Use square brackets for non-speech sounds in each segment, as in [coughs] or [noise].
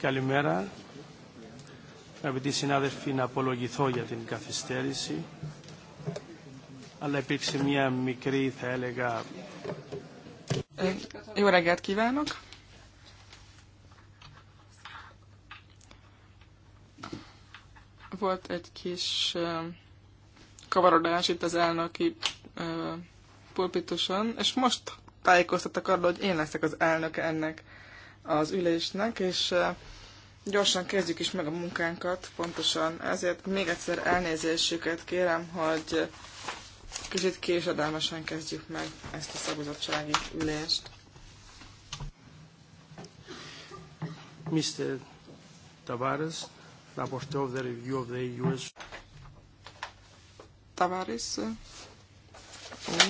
Καλημέρα. Αγαπητοί συνάδελφοι, να απολογηθώ για την καθυστέρηση, αλλά υπήρξε μια μικρή, θα έλεγα... Jó reggelt kívánok! Volt egy kis kavarodás itt az elnöki pulpituson, és most tájékoztattak arról, hogy én leszek az elnöke ennek az ülésnek, és gyorsan kezdjük is meg a munkánkat, pontosan ezért még egyszer elnézésüket kérem, hogy kicsit késedelmesen kezdjük meg ezt a szakbizottsági ülést. Mr. Tavares, rapporteur of the review of the US. Tavares,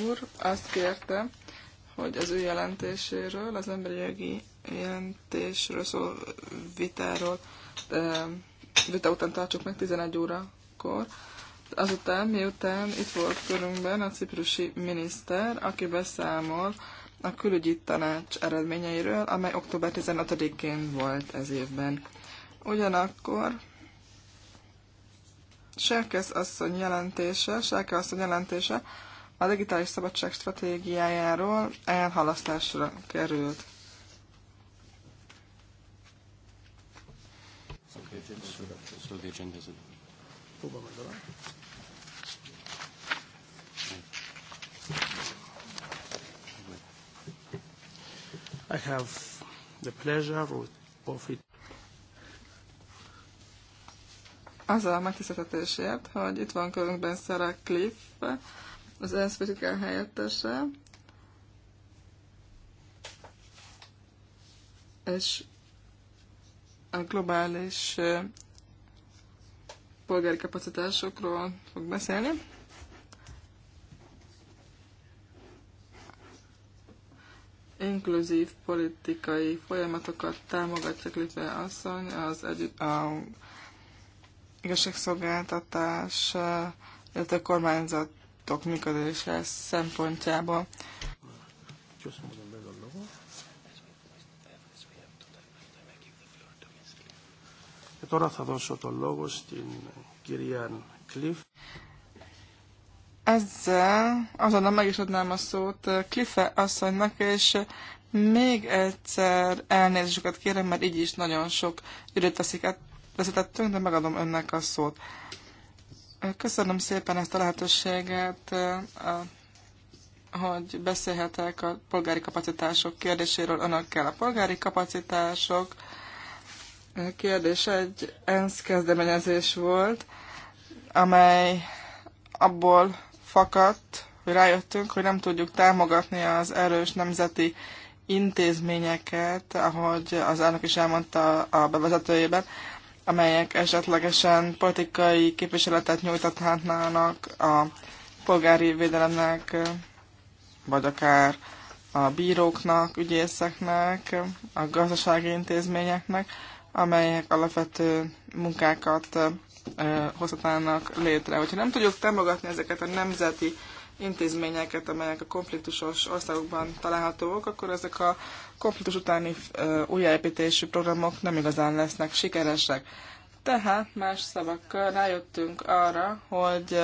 úr azt kérte, hogy az ő jelentéséről, az emberi jogi jelentésről szó vitáról vita után tartsuk meg 11 órakor. Azután, miután itt volt körünkben a ciprusi miniszter, aki beszámol a külügyi tanács eredményeiről, amely október 15-én volt ez évben. Ugyanakkor Sárkesz asszony jelentése, Sárkesz asszony jelentése a digitális szabadság stratégiájáról elhalasztásra került. I have the pleasure of it. Azzal a megtiszteltetésért, hogy itt van közünkben Sarah Cliff, az ENSZ politikán helyettese, és a globális polgári kapacitásokról fog beszélni. Inkluzív politikai folyamatokat támogatja Klitve asszony az együtt, a igazságszolgáltatás, illetve a kormányzat adatok működése szempontjából. Hát Cliff. Ezzel azonnal meg is adnám a szót eh, Cliffe asszonynak, és eh, még egyszer elnézésüket kérem, mert így is nagyon sok időt veszítettünk, de megadom önnek a szót. Köszönöm szépen ezt a lehetőséget, hogy beszélhetek a polgári kapacitások kérdéséről önökkel. A polgári kapacitások kérdése egy ENSZ kezdeményezés volt, amely abból fakadt, hogy rájöttünk, hogy nem tudjuk támogatni az erős nemzeti intézményeket, ahogy az elnök is elmondta a bevezetőjében, amelyek esetlegesen politikai képviseletet nyújtathatnának a polgári védelemnek, vagy akár a bíróknak, ügyészeknek, a gazdasági intézményeknek, amelyek alapvető munkákat hozhatnának létre. Hogyha nem tudjuk támogatni ezeket a nemzeti intézményeket, amelyek a konfliktusos országokban találhatók, akkor ezek a konfliktus utáni újjáépítési programok nem igazán lesznek sikeresek. Tehát más szavakkal rájöttünk arra, hogy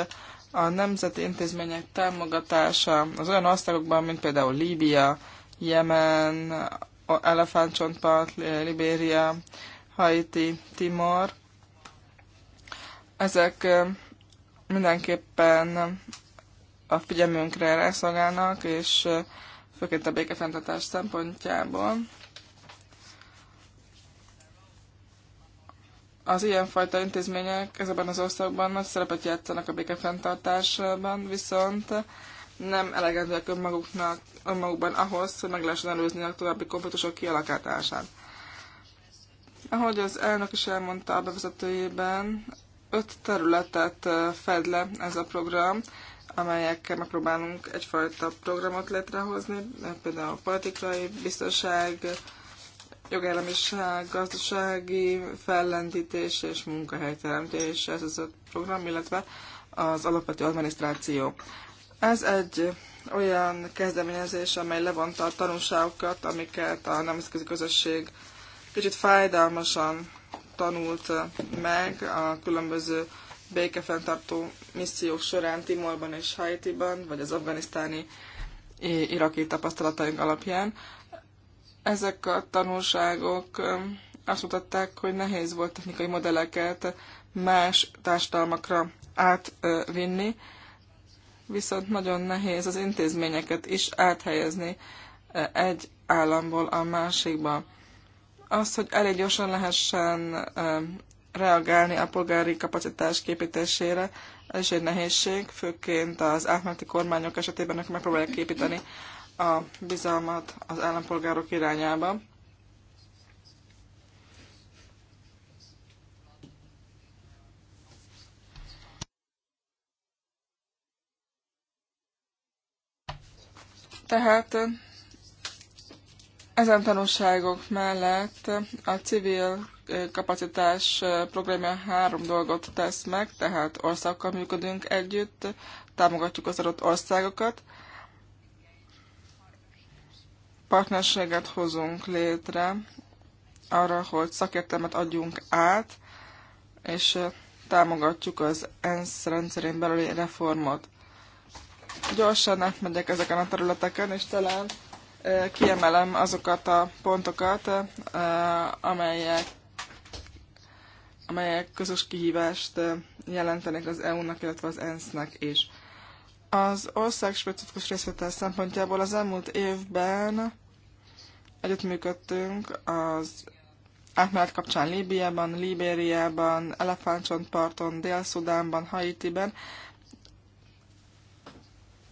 a nemzeti intézmények támogatása az olyan országokban, mint például Líbia, Jemen, Elefántcsontpart, Libéria, Haiti, Timor, ezek mindenképpen a figyelmünkre rászolgálnak, és főként a békefenntartás szempontjából. Az ilyenfajta intézmények ezekben az országban nagy szerepet játszanak a békefenntartásban, viszont nem elegendőek önmaguknak, önmagukban ahhoz, hogy meg lehessen előzni a további konfliktusok kialakítását. Ahogy az elnök is elmondta a bevezetőjében, öt területet fed le ez a program, amelyekkel megpróbálunk egyfajta programot létrehozni, például a politikai biztonság, jogállamiság, gazdasági fellendítés és munkahelyteremtés, ez az a program, illetve az alapvető adminisztráció. Ez egy olyan kezdeményezés, amely levonta a tanulságokat, amiket a nemzetközi közösség kicsit fájdalmasan tanult meg a különböző békefenntartó missziók során Timorban és Haitiban, vagy az afganisztáni iraki tapasztalataink alapján. Ezek a tanulságok azt mutatták, hogy nehéz volt technikai modelleket más társadalmakra átvinni, viszont nagyon nehéz az intézményeket is áthelyezni e, egy államból a másikba. Az, hogy elég gyorsan lehessen reagálni a polgári kapacitás képítésére. Ez is egy nehézség, főként az átmeneti kormányok esetében, akik megpróbálják képíteni a bizalmat az állampolgárok irányába. Tehát ezen tanulságok mellett a civil kapacitás programja három dolgot tesz meg, tehát országokkal működünk együtt, támogatjuk az adott országokat, partnerséget hozunk létre arra, hogy szakértelmet adjunk át, és támogatjuk az ENSZ rendszerén belüli reformot. Gyorsan átmegyek ezeken a területeken, és talán kiemelem azokat a pontokat, amelyek amelyek közös kihívást jelentenek az EU-nak, illetve az ENSZ-nek is. Az ország specifikus részvétel szempontjából az elmúlt évben együttműködtünk az átmenet kapcsán Líbiában, Libériában, Elefántcsontparton, Dél-Szudánban, Haitiben,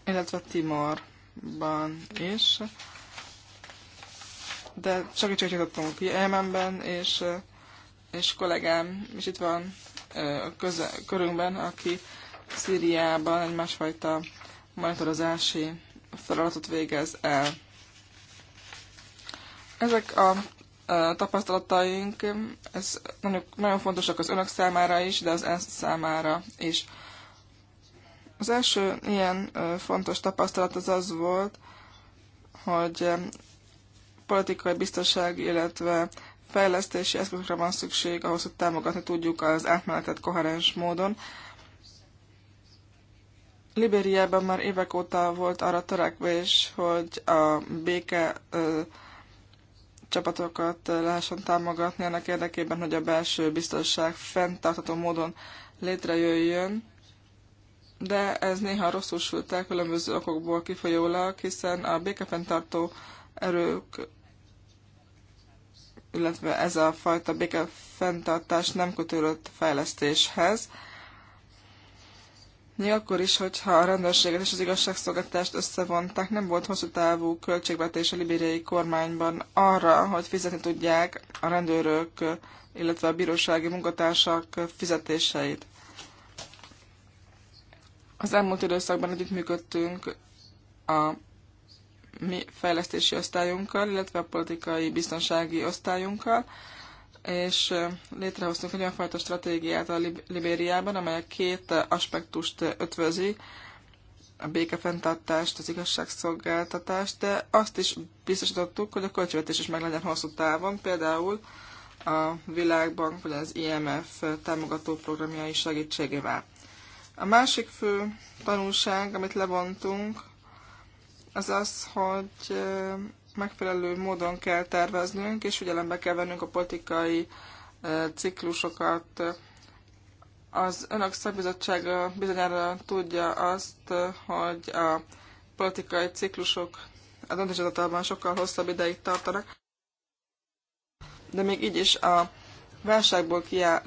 illetve Timorban is. De csak csak jutottunk Jemenben, és és kollégám is itt van köze, körünkben, aki Szíriában egy másfajta monitorozási feladatot végez el. Ezek a tapasztalataink, ez nagyon, nagyon fontosak az önök számára is, de az ENSZ számára is. Az első ilyen fontos tapasztalat az az volt, hogy politikai biztonság, illetve fejlesztési eszközökre van szükség ahhoz, hogy támogatni tudjuk az átmenetet koherens módon. Libériában már évek óta volt arra törekvés, hogy a béke ö, csapatokat lehessen támogatni annak érdekében, hogy a belső biztonság fenntartható módon létrejöjjön, de ez néha rosszul sült el különböző okokból kifolyólag, hiszen a békefenntartó erők illetve ez a fajta béke fenntartás nem kötődött fejlesztéshez. Még akkor is, hogyha a rendőrséget és az igazságszolgáltást összevonták, nem volt hosszú távú költségvetés a libériai kormányban arra, hogy fizetni tudják a rendőrök, illetve a bírósági munkatársak fizetéseit. Az elmúlt időszakban együttműködtünk a mi fejlesztési osztályunkkal, illetve a politikai biztonsági osztályunkkal, és létrehoztunk egy olyan fajta stratégiát a Lib- Libériában, amely a két aspektust ötvözi, a békefenntartást, az igazságszolgáltatást, de azt is biztosítottuk, hogy a költségvetés is meg legyen hosszú távon, például a Világbank vagy az IMF támogató programjai segítségével. A másik fő tanulság, amit levontunk, az az, hogy megfelelő módon kell terveznünk, és figyelembe kell vennünk a politikai ciklusokat. Az önök szakbizottsága bizonyára tudja azt, hogy a politikai ciklusok a döntéshozatalban sokkal hosszabb ideig tartanak, de még így is a válságból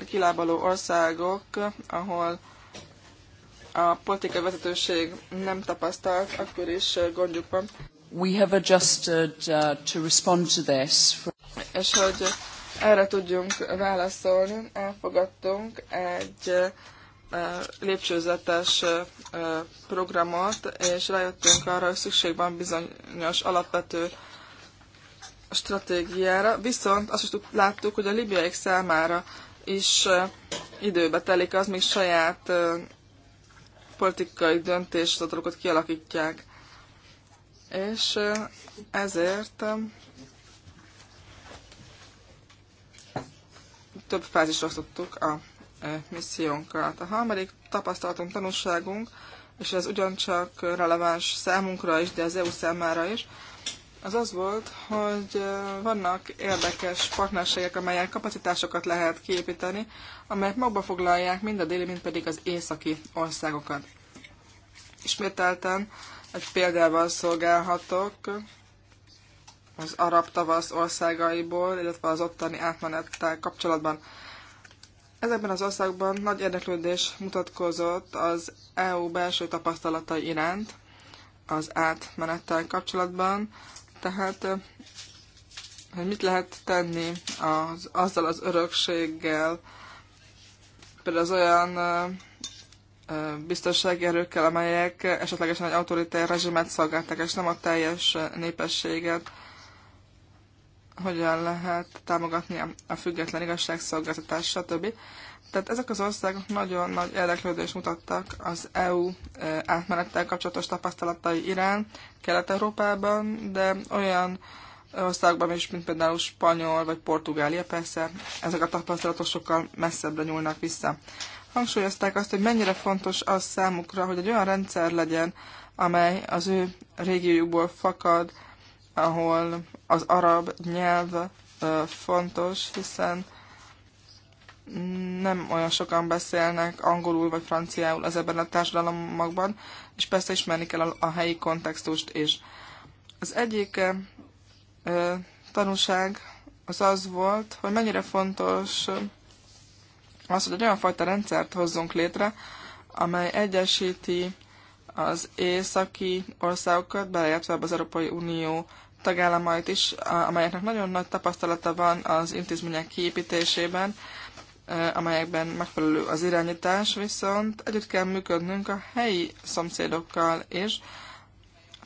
kilábaló országok, ahol a politikai vezetőség nem tapasztalt, akkor is gondjuk van. We have adjusted uh, to respond to this. És hogy erre tudjunk válaszolni, elfogadtunk egy lépcsőzetes programot, és rájöttünk arra, hogy szükség van bizonyos alapvető stratégiára, viszont azt is láttuk, hogy a libiaik számára is időbe telik az, még saját politikai döntéshozatalokat kialakítják. És ezért több fázisra osztottuk a missziónkat. A harmadik tapasztalatunk, tanulságunk, és ez ugyancsak releváns számunkra is, de az EU számára is, az az volt, hogy vannak érdekes partnerségek, amelyek kapacitásokat lehet kiépíteni, amelyek magba foglalják mind a déli, mind pedig az északi országokat. Ismételten egy példával szolgálhatok az arab tavasz országaiból, illetve az ottani átmenettel kapcsolatban. Ezekben az országban nagy érdeklődés mutatkozott az EU belső tapasztalatai iránt, az átmenettel kapcsolatban, tehát, hogy mit lehet tenni az, azzal az örökséggel, például az olyan biztonsági erőkkel, amelyek esetlegesen egy autoritári rezsimet szolgálták, és nem a teljes népességet, hogyan lehet támogatni a független igazságszolgáltatás, stb. Tehát ezek az országok nagyon nagy érdeklődést mutattak az EU e, átmenettel kapcsolatos tapasztalatai irán Kelet-Európában, de olyan országban is, mint például Spanyol vagy Portugália, persze ezek a tapasztalatok sokkal messzebbre nyúlnak vissza. Hangsúlyozták azt, hogy mennyire fontos az számukra, hogy egy olyan rendszer legyen, amely az ő régiójukból fakad, ahol az arab nyelv fontos, hiszen nem olyan sokan beszélnek angolul vagy franciául az ebben a társadalomokban, és persze ismerni kell a, a helyi kontextust is. Az egyik e, tanúság az az volt, hogy mennyire fontos az, hogy egy olyan fajta rendszert hozzunk létre, amely egyesíti az északi országokat, beleértve az Európai Unió tagállamait is, amelyeknek nagyon nagy tapasztalata van az intézmények kiépítésében, amelyekben megfelelő az irányítás, viszont együtt kell működnünk a helyi szomszédokkal is,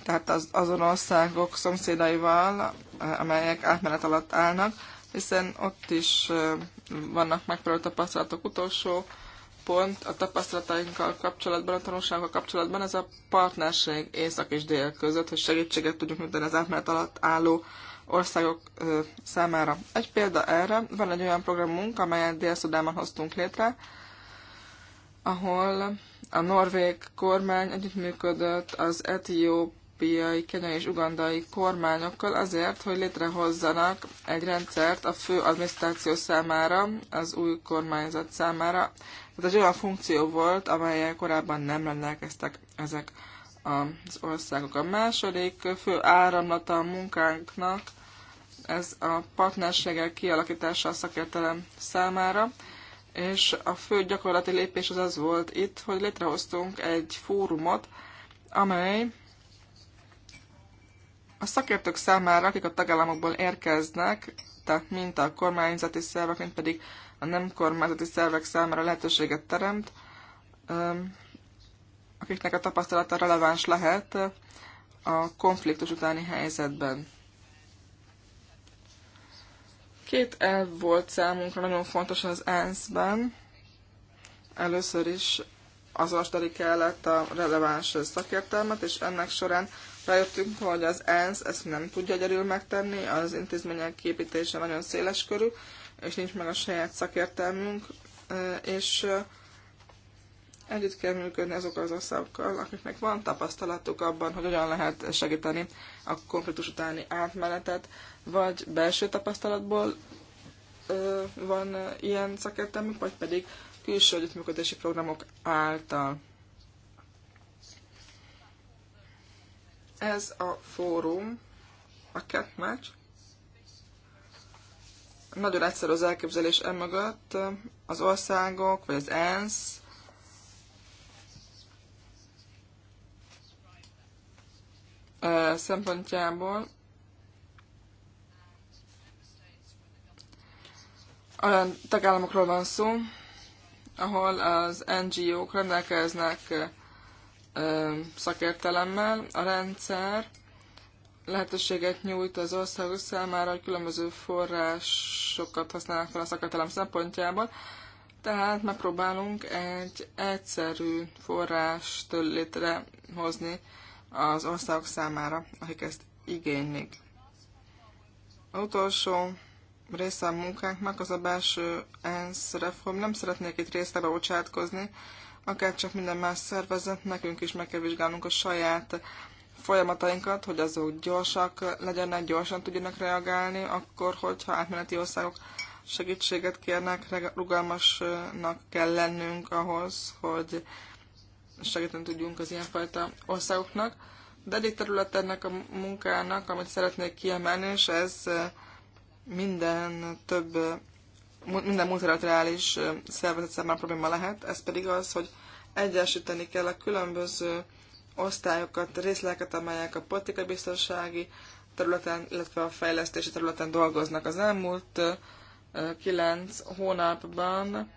tehát az, azon országok szomszédaival, amelyek átmenet alatt állnak, hiszen ott is vannak megfelelő tapasztalatok. Utolsó pont a tapasztalatainkkal kapcsolatban, a tanulsággal kapcsolatban, ez a partnerség észak és dél között, hogy segítséget tudjuk nyújtani az átmenet alatt álló országok számára. Egy példa erre, van egy olyan programunk, amelyet Dél-Szudánban hoztunk létre, ahol a norvég kormány együttműködött az etiópiai, kenyai és ugandai kormányokkal azért, hogy létrehozzanak egy rendszert a fő adminisztráció számára, az új kormányzat számára. ez egy olyan funkció volt, amelyek korábban nem rendelkeztek ezek az országok. A második fő áramlata a munkánknak ez a partnerségek kialakítása a szakértelem számára, és a fő gyakorlati lépés az az volt itt, hogy létrehoztunk egy fórumot, amely a szakértők számára, akik a tagállamokból érkeznek, tehát mint a kormányzati szervek, mint pedig a nem kormányzati szervek számára lehetőséget teremt, akiknek a tapasztalata releváns lehet a konfliktus utáni helyzetben. Két elv volt számunkra nagyon fontos az ENSZ-ben. Először is azonosítani kellett a releváns szakértelmet, és ennek során rájöttünk, hogy az ENSZ ezt nem tudja gyerül megtenni, az intézmények képítése nagyon széles körül, és nincs meg a saját szakértelmünk, és Együtt kell működni azok az országokkal, akiknek van tapasztalatuk abban, hogy hogyan lehet segíteni a konfliktus utáni átmenetet, vagy belső tapasztalatból ö, van ilyen szakértelmük, vagy pedig külső együttműködési programok által. Ez a fórum, a CatMatch. nagyon egyszerű az elképzelés emögött, az országok, vagy az ENSZ, szempontjából olyan tagállamokról van szó, ahol az NGO-k rendelkeznek szakértelemmel. A rendszer lehetőséget nyújt az országok számára, hogy különböző forrásokat használnak fel a szakértelem szempontjából, tehát megpróbálunk egy egyszerű forrást létrehozni az országok számára, akik ezt igénylik. Az utolsó része a munkánknak az a belső ENSZ reform. Nem szeretnék itt részlebe bocsátkozni, akár csak minden más szervezet, nekünk is meg kell vizsgálnunk a saját folyamatainkat, hogy azok gyorsak legyenek, gyorsan tudjanak reagálni, akkor, hogyha átmeneti országok segítséget kérnek, rugalmasnak kell lennünk ahhoz, hogy segíteni tudjunk az ilyenfajta országoknak. De egyik terület ennek a munkának, amit szeretnék kiemelni, és ez minden több, minden multilaterális szervezet számára probléma lehet, ez pedig az, hogy egyesíteni kell a különböző osztályokat, részleket, amelyek a politikai biztonsági területen, illetve a fejlesztési területen dolgoznak. Az elmúlt kilenc hónapban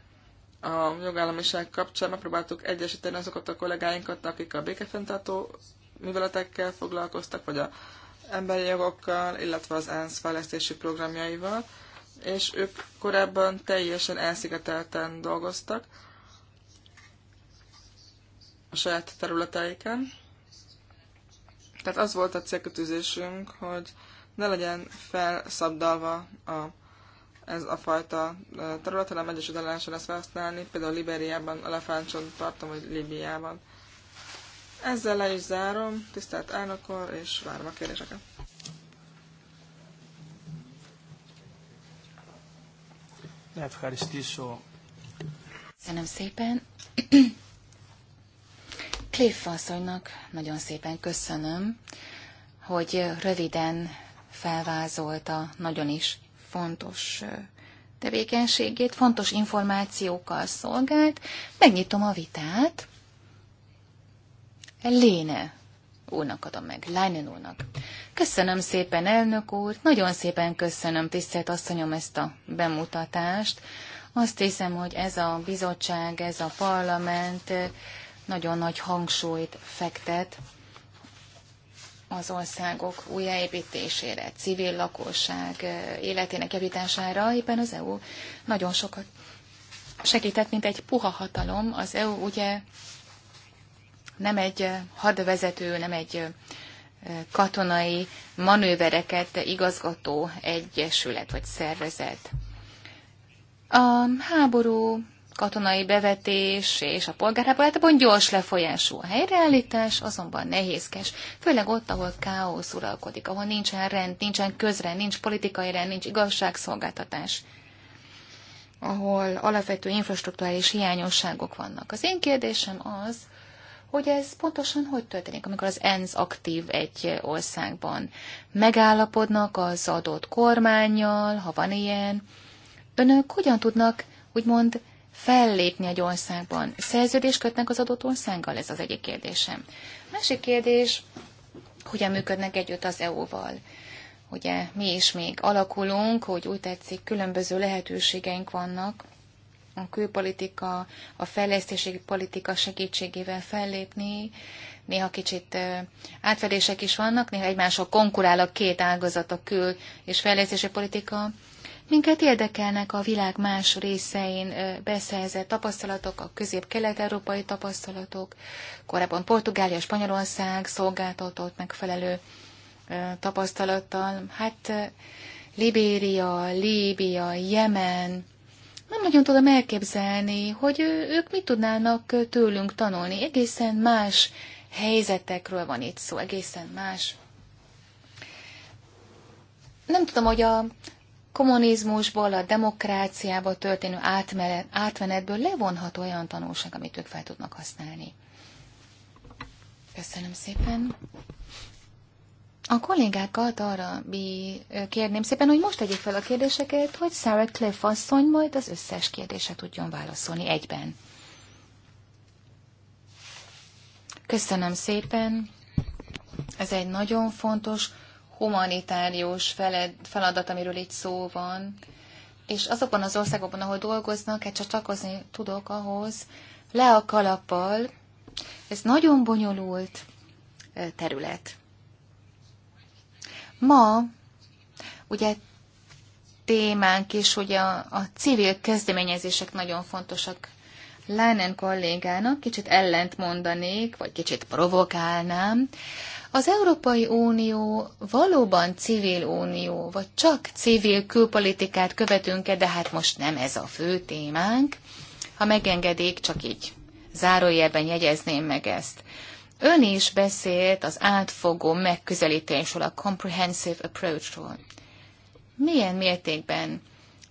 a jogállamiság kapcsán megpróbáltuk egyesíteni azokat a kollégáinkat, akik a békefenntartó műveletekkel foglalkoztak, vagy a emberi jogokkal, illetve az ENSZ fejlesztési programjaival, és ők korábban teljesen elszigetelten dolgoztak a saját területeiken. Tehát az volt a célkötőzésünk, hogy ne legyen felszabdalva a ez a fajta terület, hanem egyes Államokban lesz használni, például Libériában, lefáncson, tartom hogy Libiában. Ezzel le is zárom, tisztelt elnökor, és várom a kérdéseket. Köszönöm szépen. [clears throat] Cliff asszonynak nagyon szépen köszönöm, hogy röviden felvázolta nagyon is fontos tevékenységét, fontos információkkal szolgált. Megnyitom a vitát. Léne úrnak adom meg, Leinen úrnak. Köszönöm szépen, elnök úr, nagyon szépen köszönöm, tisztelt asszonyom, ezt a bemutatást. Azt hiszem, hogy ez a bizottság, ez a parlament nagyon nagy hangsúlyt fektet az országok újjáépítésére, civil lakosság életének javítására, éppen az EU nagyon sokat segített, mint egy puha hatalom. Az EU ugye nem egy hadvezető, nem egy katonai manővereket igazgató egyesület vagy szervezet. A háború katonai bevetés és a polgárháború gyors lefolyású. A helyreállítás azonban nehézkes, főleg ott, ahol káosz uralkodik, ahol nincsen rend, nincsen közrend, nincs politikai rend, nincs igazságszolgáltatás ahol alapvető infrastruktúrális hiányosságok vannak. Az én kérdésem az, hogy ez pontosan hogy történik, amikor az ENSZ aktív egy országban. Megállapodnak az adott kormányjal, ha van ilyen. Önök hogyan tudnak úgymond fellépni egy országban. Szerződést kötnek az adott országgal? Ez az egyik kérdésem. Másik kérdés, hogyan működnek együtt az EU-val? Ugye mi is még alakulunk, hogy úgy tetszik, különböző lehetőségeink vannak a külpolitika, a fejlesztési politika segítségével fellépni, néha kicsit átfedések is vannak, néha egymással konkurál a két ágazat, a kül- és fejlesztési politika. Minket érdekelnek a világ más részein beszerzett tapasztalatok, a közép-kelet-európai tapasztalatok, korábban Portugália, Spanyolország szolgáltatott megfelelő tapasztalattal. Hát Libéria, Líbia, Jemen, nem nagyon tudom elképzelni, hogy ők mit tudnának tőlünk tanulni. Egészen más helyzetekről van itt szó, egészen más. Nem tudom, hogy a kommunizmusból a demokráciába történő átmenetből levonhat olyan tanulság, amit ők fel tudnak használni. Köszönöm szépen. A kollégákat arra bí, kérném szépen, hogy most tegyék fel a kérdéseket, hogy Sarah Cliff asszony majd az összes kérdése tudjon válaszolni egyben. Köszönöm szépen. Ez egy nagyon fontos humanitárius feladat, amiről itt szó van, és azokban az országokban, ahol dolgoznak, egy csak csakozni tudok ahhoz, le a kalappal, ez nagyon bonyolult terület. Ma ugye témánk is, hogy a, a civil kezdeményezések nagyon fontosak Leinen kollégának, kicsit ellent mondanék, vagy kicsit provokálnám. Az Európai Unió valóban civil unió, vagy csak civil külpolitikát követünk-e, de hát most nem ez a fő témánk. Ha megengedik, csak így zárójelben jegyezném meg ezt. Ön is beszélt az átfogó megközelítésről, a comprehensive approachról. Milyen mértékben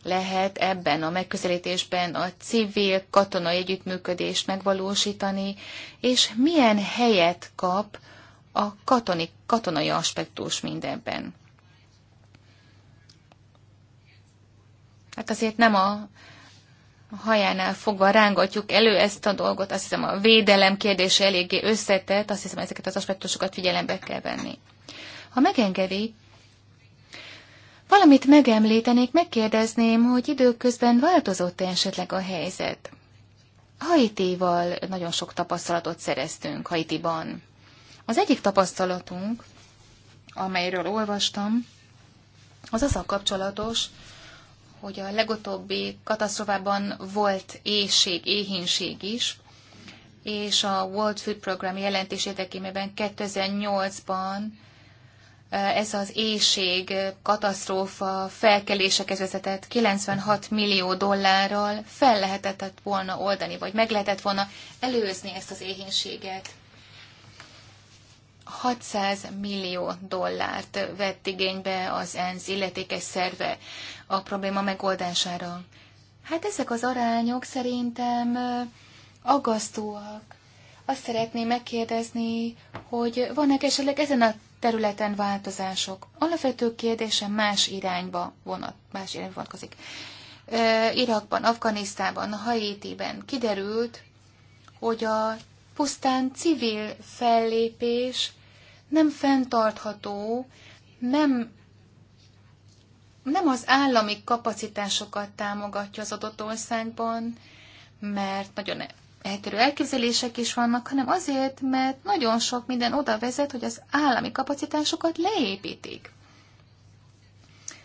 lehet ebben a megközelítésben a civil katonai együttműködést megvalósítani, és milyen helyet kap a katonik, katonai aspektus mindenben. Hát azért nem a hajánál fogva rángatjuk elő ezt a dolgot, azt hiszem a védelem kérdése eléggé összetett, azt hiszem ezeket az aspektusokat figyelembe kell venni. Ha megengedi, valamit megemlítenék, megkérdezném, hogy időközben változott-e esetleg a helyzet. Haitival nagyon sok tapasztalatot szereztünk Haitiban. Az egyik tapasztalatunk, amelyről olvastam, az az a kapcsolatos, hogy a legutóbbi katasztrófában volt éjség, éhínség is, és a World Food Program jelentés érdekében 2008-ban e, ez az éjség, katasztrófa, felkelésekhez vezetett 96 millió dollárral fel lehetett volna oldani, vagy meg lehetett volna előzni ezt az éhénységet. 600 millió dollárt vett igénybe az ENSZ illetékes szerve a probléma megoldására. Hát ezek az arányok szerintem aggasztóak. Azt szeretném megkérdezni, hogy vannak esetleg ezen a területen változások. Alapvető kérdése más irányba vonat, más irányba vonatkozik. Irakban, Afganisztában, Haitiben kiderült, hogy a pusztán civil fellépés nem fenntartható, nem, nem az állami kapacitásokat támogatja az adott országban, mert nagyon eltérő elképzelések is vannak, hanem azért, mert nagyon sok minden oda vezet, hogy az állami kapacitásokat leépítik.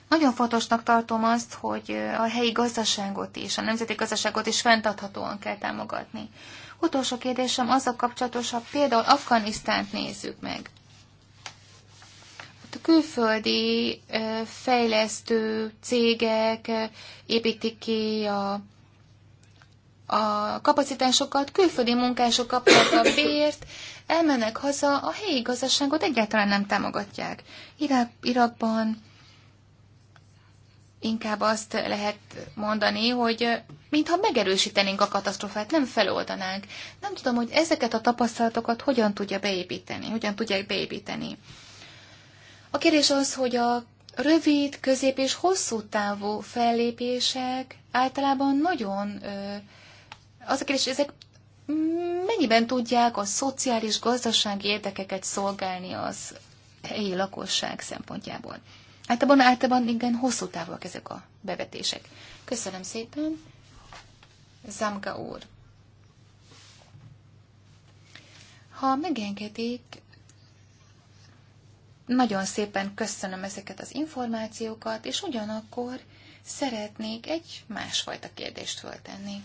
Nagyon fontosnak tartom azt, hogy a helyi gazdaságot is, a nemzeti gazdaságot is fenntarthatóan kell támogatni. Utolsó kérdésem az a kapcsolatos, ha például Afganisztánt nézzük meg külföldi fejlesztő cégek építik ki a, a kapacitásokat, külföldi munkások kapják a bért, elmennek haza, a helyi gazdaságot egyáltalán nem támogatják. Irak, Irakban inkább azt lehet mondani, hogy mintha megerősítenénk a katasztrofát, nem feloldanánk. Nem tudom, hogy ezeket a tapasztalatokat hogyan tudja beépíteni, hogyan tudják beépíteni. A kérdés az, hogy a rövid, közép és hosszú távú fellépések általában nagyon... Az a kérdés, ezek mennyiben tudják a szociális, gazdasági érdekeket szolgálni az helyi lakosság szempontjából. Általában, általában igen, hosszú távúak ezek a bevetések. Köszönöm szépen. Zamka úr. Ha megengedik, nagyon szépen köszönöm ezeket az információkat, és ugyanakkor szeretnék egy másfajta kérdést föltenni.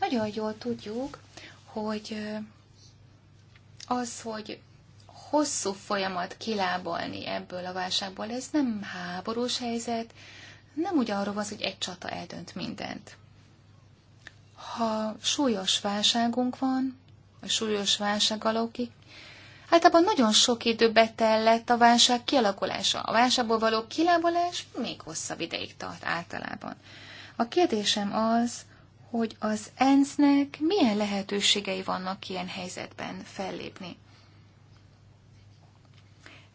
Nagyon jól tudjuk, hogy az, hogy hosszú folyamat kilábalni ebből a válságból, ez nem háborús helyzet, nem arról van, hogy egy csata eldönt mindent. Ha súlyos válságunk van, a súlyos válság alakik Hát abban nagyon sok idő betellett a válság kialakulása. A válságból való kilábolás még hosszabb ideig tart általában. A kérdésem az, hogy az ENSZ-nek milyen lehetőségei vannak ilyen helyzetben fellépni.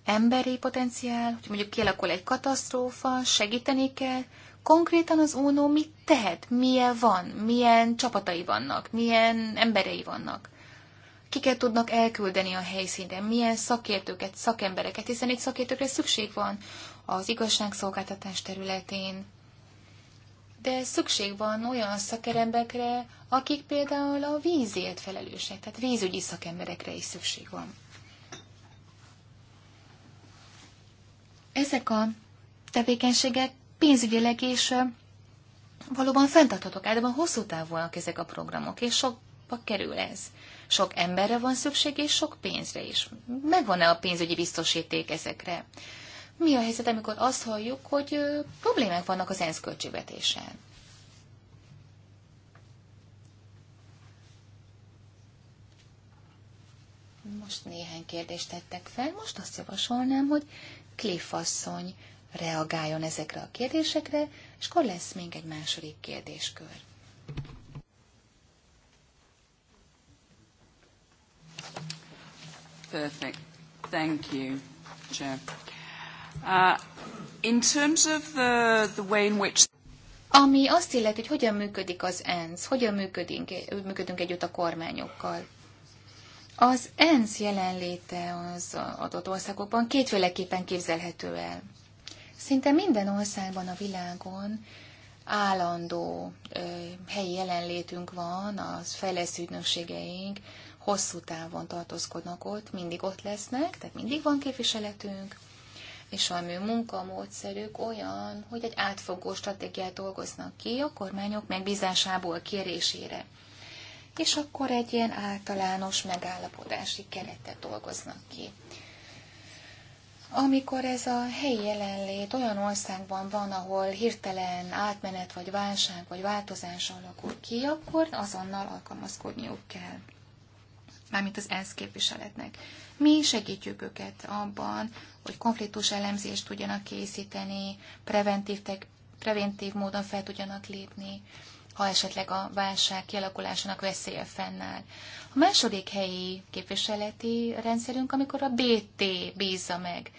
Emberi potenciál, hogy mondjuk kialakul egy katasztrófa, segíteni kell, konkrétan az UNO mit tehet, milyen van, milyen csapatai vannak, milyen emberei vannak kiket tudnak elküldeni a helyszínen? milyen szakértőket, szakembereket, hiszen itt szakértőkre szükség van az igazságszolgáltatás területén. De szükség van olyan szakemberekre, akik például a vízért felelősek, tehát vízügyi szakemberekre is szükség van. Ezek a tevékenységek pénzügyileg is valóban fenntarthatók, általában hosszú távúak ezek a programok, és sokba kerül ez. Sok emberre van szükség, és sok pénzre is. Megvan-e a pénzügyi biztosíték ezekre? Mi a helyzet, amikor azt halljuk, hogy problémák vannak az ENSZ költségvetésen? Most néhány kérdést tettek fel, most azt javasolnám, hogy Cliff asszony reagáljon ezekre a kérdésekre, és akkor lesz még egy második kérdéskör. Perfect. Thank you, Chair. Uh, in terms of the, the way in which ami azt illeti, hogy hogyan működik az ENSZ, hogyan működünk, működünk együtt a kormányokkal. Az ENSZ jelenléte az adott országokban kétféleképpen képzelhető el. Szinte minden országban a világon állandó ö, helyi jelenlétünk van, az fejlesztő ügynökségeink, hosszú távon tartózkodnak ott, mindig ott lesznek, tehát mindig van képviseletünk, és a mű munkamódszerük olyan, hogy egy átfogó stratégiát dolgoznak ki a kormányok megbízásából kérésére. És akkor egy ilyen általános megállapodási keretet dolgoznak ki. Amikor ez a helyi jelenlét olyan országban van, ahol hirtelen átmenet vagy válság vagy változás alakul ki, akkor azonnal alkalmazkodniuk kell mármint az ENSZ képviseletnek. Mi segítjük őket abban, hogy konfliktus elemzést tudjanak készíteni, preventív, tek, preventív módon fel tudjanak lépni, ha esetleg a válság kialakulásának veszélye fennáll. A második helyi képviseleti rendszerünk, amikor a BT bízza meg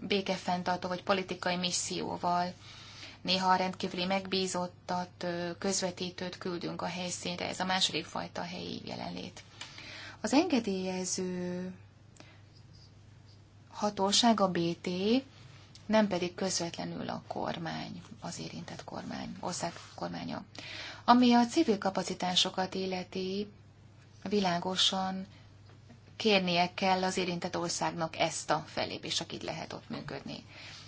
békefenntartó vagy politikai misszióval, néha a rendkívüli megbízottat, közvetítőt küldünk a helyszínre, ez a második fajta helyi jelenlét. Az engedélyező hatóság a BT, nem pedig közvetlenül a kormány, az érintett kormány, ország kormánya. Ami a civil kapacitásokat illeti, világosan kérnie kell az érintett országnak ezt a fellépést, akit lehet ott működni.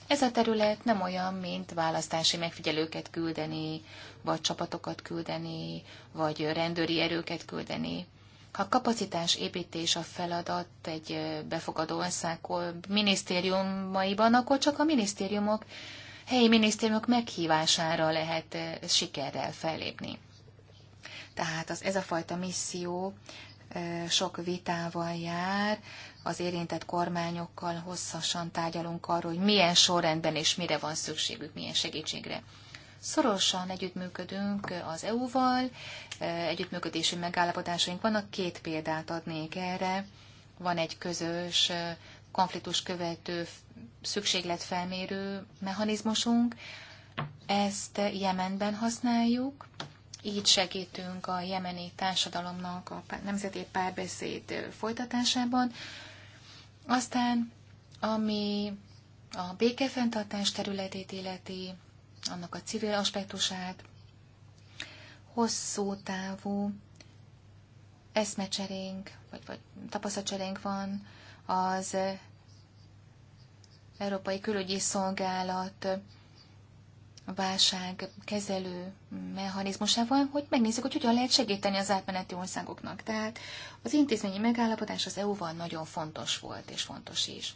Ez a terület nem olyan, mint választási megfigyelőket küldeni, vagy csapatokat küldeni, vagy rendőri erőket küldeni. A kapacitás építés a feladat egy befogadó ország minisztériumaiban, akkor csak a minisztériumok, helyi minisztériumok meghívására lehet sikerrel fellépni. Tehát az, ez a fajta misszió sok vitával jár, az érintett kormányokkal hosszasan tárgyalunk arról, hogy milyen sorrendben és mire van szükségük, milyen segítségre. Szorosan együttműködünk az EU-val, e, együttműködési megállapodásaink vannak, két példát adnék erre. Van egy közös e, konfliktus követő szükségletfelmérő mechanizmusunk, ezt Jemenben használjuk, így segítünk a jemeni társadalomnak a nemzeti párbeszéd folytatásában. Aztán, ami a békefenntartás területét illeti, annak a civil aspektusát, hosszú távú eszmecserénk, vagy, vagy tapasztalcserénk van az Európai Külügyi Szolgálat válságkezelő mechanizmusával, hogy megnézzük, hogy hogyan lehet segíteni az átmeneti országoknak. Tehát az intézményi megállapodás az EU-val nagyon fontos volt, és fontos is.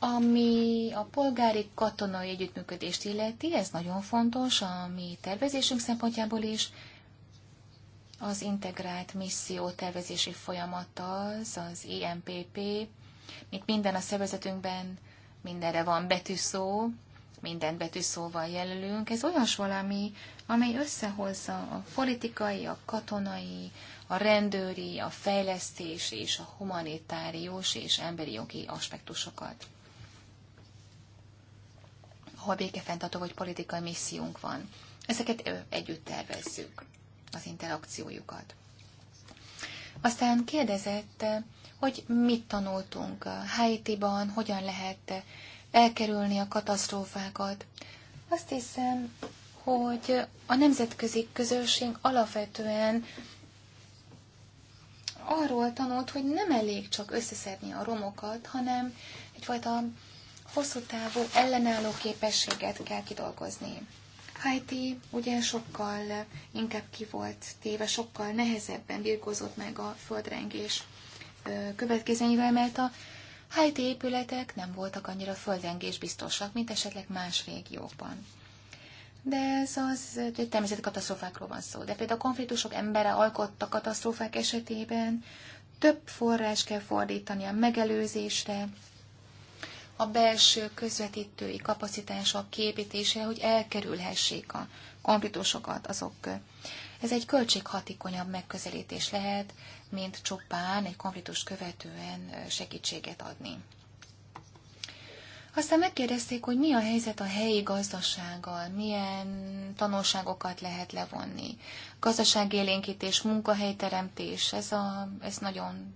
Ami a polgári katonai együttműködést illeti, ez nagyon fontos a mi tervezésünk szempontjából is. Az integrált misszió tervezési folyamat az, az IMPP, mint minden a szervezetünkben, mindenre van betűszó, minden betűszóval jelölünk. Ez olyas valami, amely összehozza a politikai, a katonai, a rendőri, a fejlesztés és a humanitárius és emberi jogi aspektusokat ahol békefenntartó vagy politikai missziónk van. Ezeket együtt tervezzük, az interakciójukat. Aztán kérdezett, hogy mit tanultunk Haiti-ban, hogyan lehet elkerülni a katasztrófákat. Azt hiszem, hogy a nemzetközi közösség alapvetően arról tanult, hogy nem elég csak összeszedni a romokat, hanem egyfajta hosszú távú ellenálló képességet kell kidolgozni. Haiti ugye sokkal inkább ki volt téve, sokkal nehezebben birkózott meg a földrengés következményével, mert a Haiti épületek nem voltak annyira földrengés biztosak, mint esetleg más régiókban. De ez az természeti katasztrófákról van szó. De például a konfliktusok embere alkotta katasztrófák esetében több forrás kell fordítani a megelőzésre, a belső közvetítői kapacitások képítésére, hogy elkerülhessék a konfliktusokat azok. Ez egy költséghatékonyabb megközelítés lehet, mint csupán egy konfliktus követően segítséget adni. Aztán megkérdezték, hogy mi a helyzet a helyi gazdasággal, milyen tanulságokat lehet levonni. Gazdaságélénkítés, munkahelyteremtés, ez, a, ez nagyon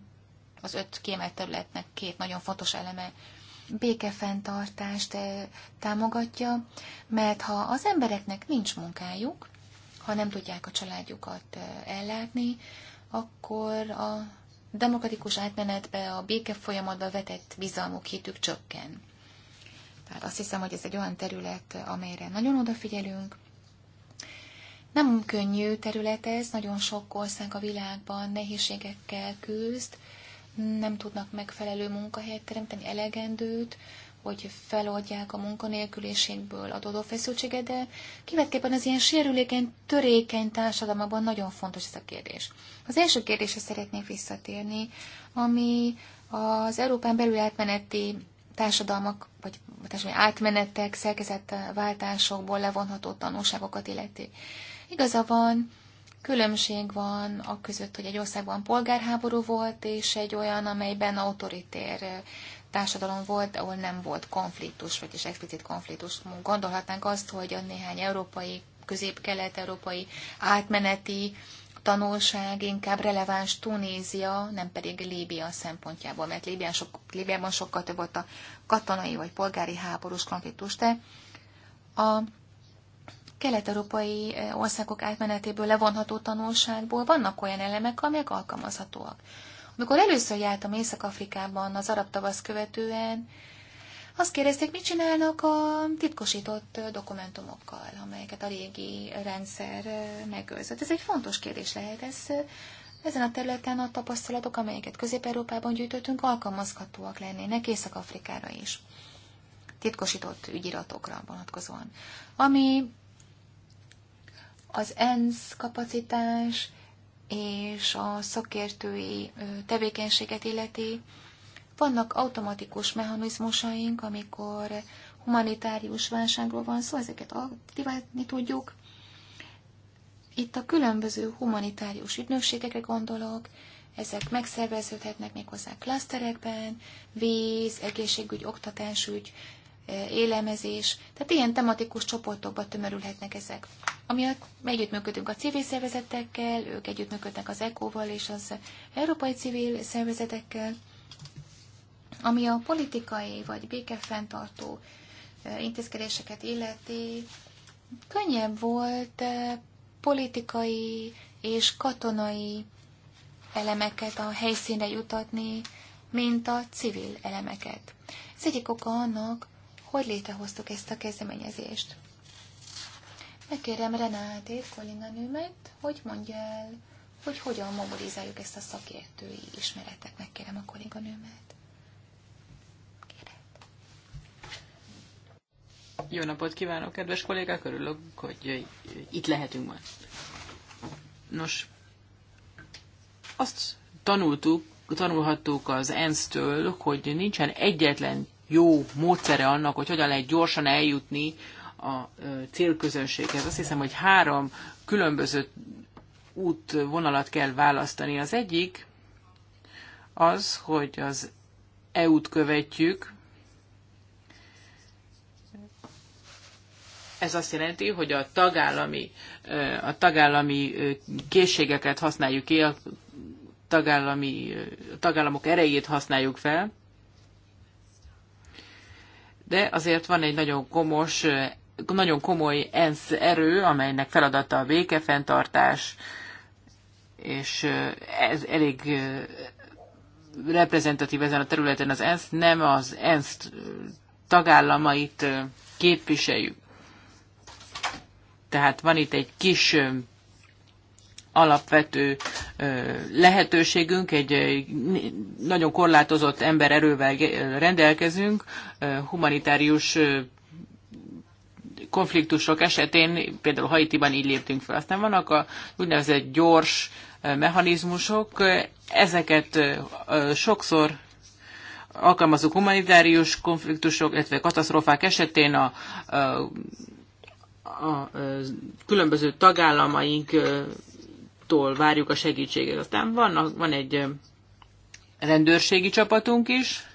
az öt kiemelt területnek két nagyon fontos eleme békefenntartást eh, támogatja, mert ha az embereknek nincs munkájuk, ha nem tudják a családjukat eh, ellátni, akkor a demokratikus átmenetbe, a béke folyamatba vetett bizalmuk hitük csökken. Tehát azt hiszem, hogy ez egy olyan terület, amelyre nagyon odafigyelünk. Nem könnyű terület ez, nagyon sok ország a világban nehézségekkel küzd, nem tudnak megfelelő munkahelyet teremteni, elegendőt, hogy feloldják a munkanélküliségből adódó feszültséget, de kivetképpen az ilyen sérülékeny, törékeny társadalmakban nagyon fontos ez a kérdés. Az első kérdésre szeretnék visszatérni, ami az Európán belül átmeneti társadalmak, vagy társadalmi átmenetek, szerkezetváltásokból levonható tanulságokat illeti. Igaza van, Különbség van a között, hogy egy országban polgárháború volt, és egy olyan, amelyben autoritér társadalom volt, ahol nem volt konfliktus, vagyis explicit konfliktus. Gondolhatnánk azt, hogy a néhány európai, közép-kelet-európai átmeneti tanulság inkább releváns Tunézia, nem pedig Líbia szempontjából, mert Líbián sok, Líbiában sokkal több volt a katonai vagy polgári háborús konfliktus, de a kelet-európai eh, országok átmenetéből levonható tanulságból vannak olyan elemek, amelyek alkalmazhatóak. Amikor először jártam Észak-Afrikában az arab tavasz követően, azt kérdezték, mit csinálnak a titkosított eh, dokumentumokkal, amelyeket a régi rendszer eh, megőrzött. Ez egy fontos kérdés lehet. Ez, ezen a területen a tapasztalatok, amelyeket Közép-Európában gyűjtöttünk, alkalmazhatóak lennének Észak-Afrikára is titkosított ügyiratokra vonatkozóan. Ami az ENSZ kapacitás és a szakértői tevékenységet illeti. Vannak automatikus mechanizmusaink, amikor humanitárius válságról van szó, ezeket aktiválni tudjuk. Itt a különböző humanitárius ügynökségekre gondolok, ezek megszerveződhetnek méghozzá klaszterekben, víz, egészségügy, oktatásügy, élemezés tehát ilyen tematikus csoportokba tömörülhetnek ezek. Amiatt együttműködünk a civil szervezetekkel, ők együttműködnek az ECO-val és az európai civil szervezetekkel, ami a politikai vagy békefenntartó intézkedéseket illeti, könnyebb volt politikai és katonai elemeket a helyszínre jutatni, mint a civil elemeket. Ez egyik oka annak, hogy létrehoztuk ezt a kezdeményezést. Megkérem Renátét, kolléganőmet, hogy mondja el, hogy hogyan mobilizáljuk ezt a szakértői ismeretet. Megkérem a kolléganőmet. Jó napot kívánok, kedves kollégák! Örülök, hogy itt lehetünk ma. Nos, azt tanultuk, tanulhattuk az ENSZ-től, hogy nincsen egyetlen jó módszere annak, hogy hogyan lehet gyorsan eljutni a célközönséghez. Azt hiszem, hogy három különböző útvonalat kell választani. Az egyik az, hogy az EU-t követjük. Ez azt jelenti, hogy a tagállami, a tagállami készségeket használjuk ki, a tagállami, a tagállamok erejét használjuk fel. De azért van egy nagyon komos nagyon komoly ENSZ erő, amelynek feladata a békefenntartás, és ez elég reprezentatív ezen a területen az ENSZ, nem az ENSZ tagállamait képviseljük. Tehát van itt egy kis alapvető lehetőségünk, egy nagyon korlátozott embererővel rendelkezünk, humanitárius konfliktusok esetén, például Haitiban így léptünk fel. Aztán vannak a úgynevezett gyors eh, mechanizmusok, ezeket eh, eh, sokszor alkalmazunk humanitárius konfliktusok, illetve katasztrófák esetén a, a, a különböző tagállamainktól várjuk a segítséget. Aztán vannak, van egy rendőrségi csapatunk is,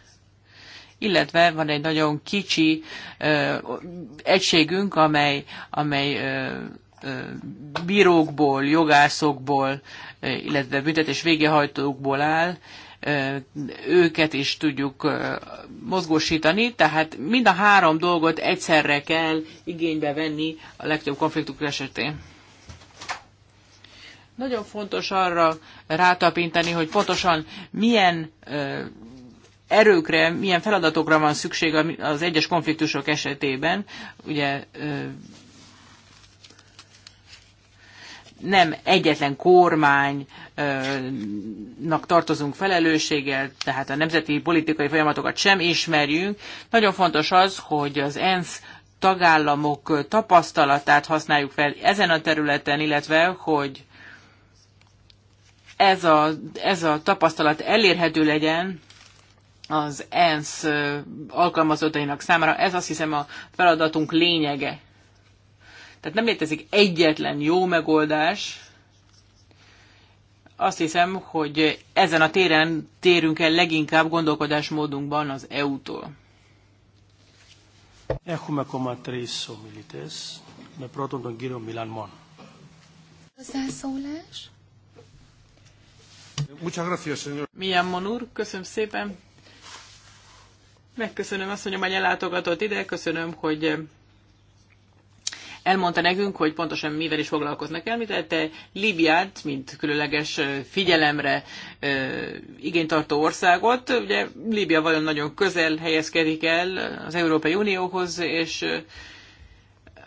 illetve van egy nagyon kicsi ö, egységünk, amely, amely ö, ö, bírókból, jogászokból, ö, illetve büntetés végehajtókból áll, őket is tudjuk mozgósítani, tehát mind a három dolgot egyszerre kell igénybe venni a legtöbb konfliktus esetén. Nagyon fontos arra rátapintani, hogy pontosan milyen erőkre, milyen feladatokra van szükség az egyes konfliktusok esetében. Ugye nem egyetlen kormánynak tartozunk felelősséggel, tehát a nemzeti politikai folyamatokat sem ismerjünk. Nagyon fontos az, hogy az ENSZ tagállamok tapasztalatát használjuk fel ezen a területen, illetve hogy ez a, ez a tapasztalat elérhető legyen az ENSZ alkalmazottainak számára. Ez azt hiszem a feladatunk lényege. Tehát nem létezik egyetlen jó megoldás. Azt hiszem, hogy ezen a téren térünk el leginkább gondolkodásmódunkban az EU-tól. Έχουμε ακόμα τρεις ομιλητές, με πρώτον τον κύριο Μιλάν Μόν. Muchas gracias, señor. Milyen Monur, köszönöm szépen. Megköszönöm azt, hogy ellátogatott ide, köszönöm, hogy elmondta nekünk, hogy pontosan mivel is foglalkoznak el, említette Libiát, mint különleges figyelemre igénytartó országot. Ugye Líbia vajon nagyon közel helyezkedik el az Európai Unióhoz, és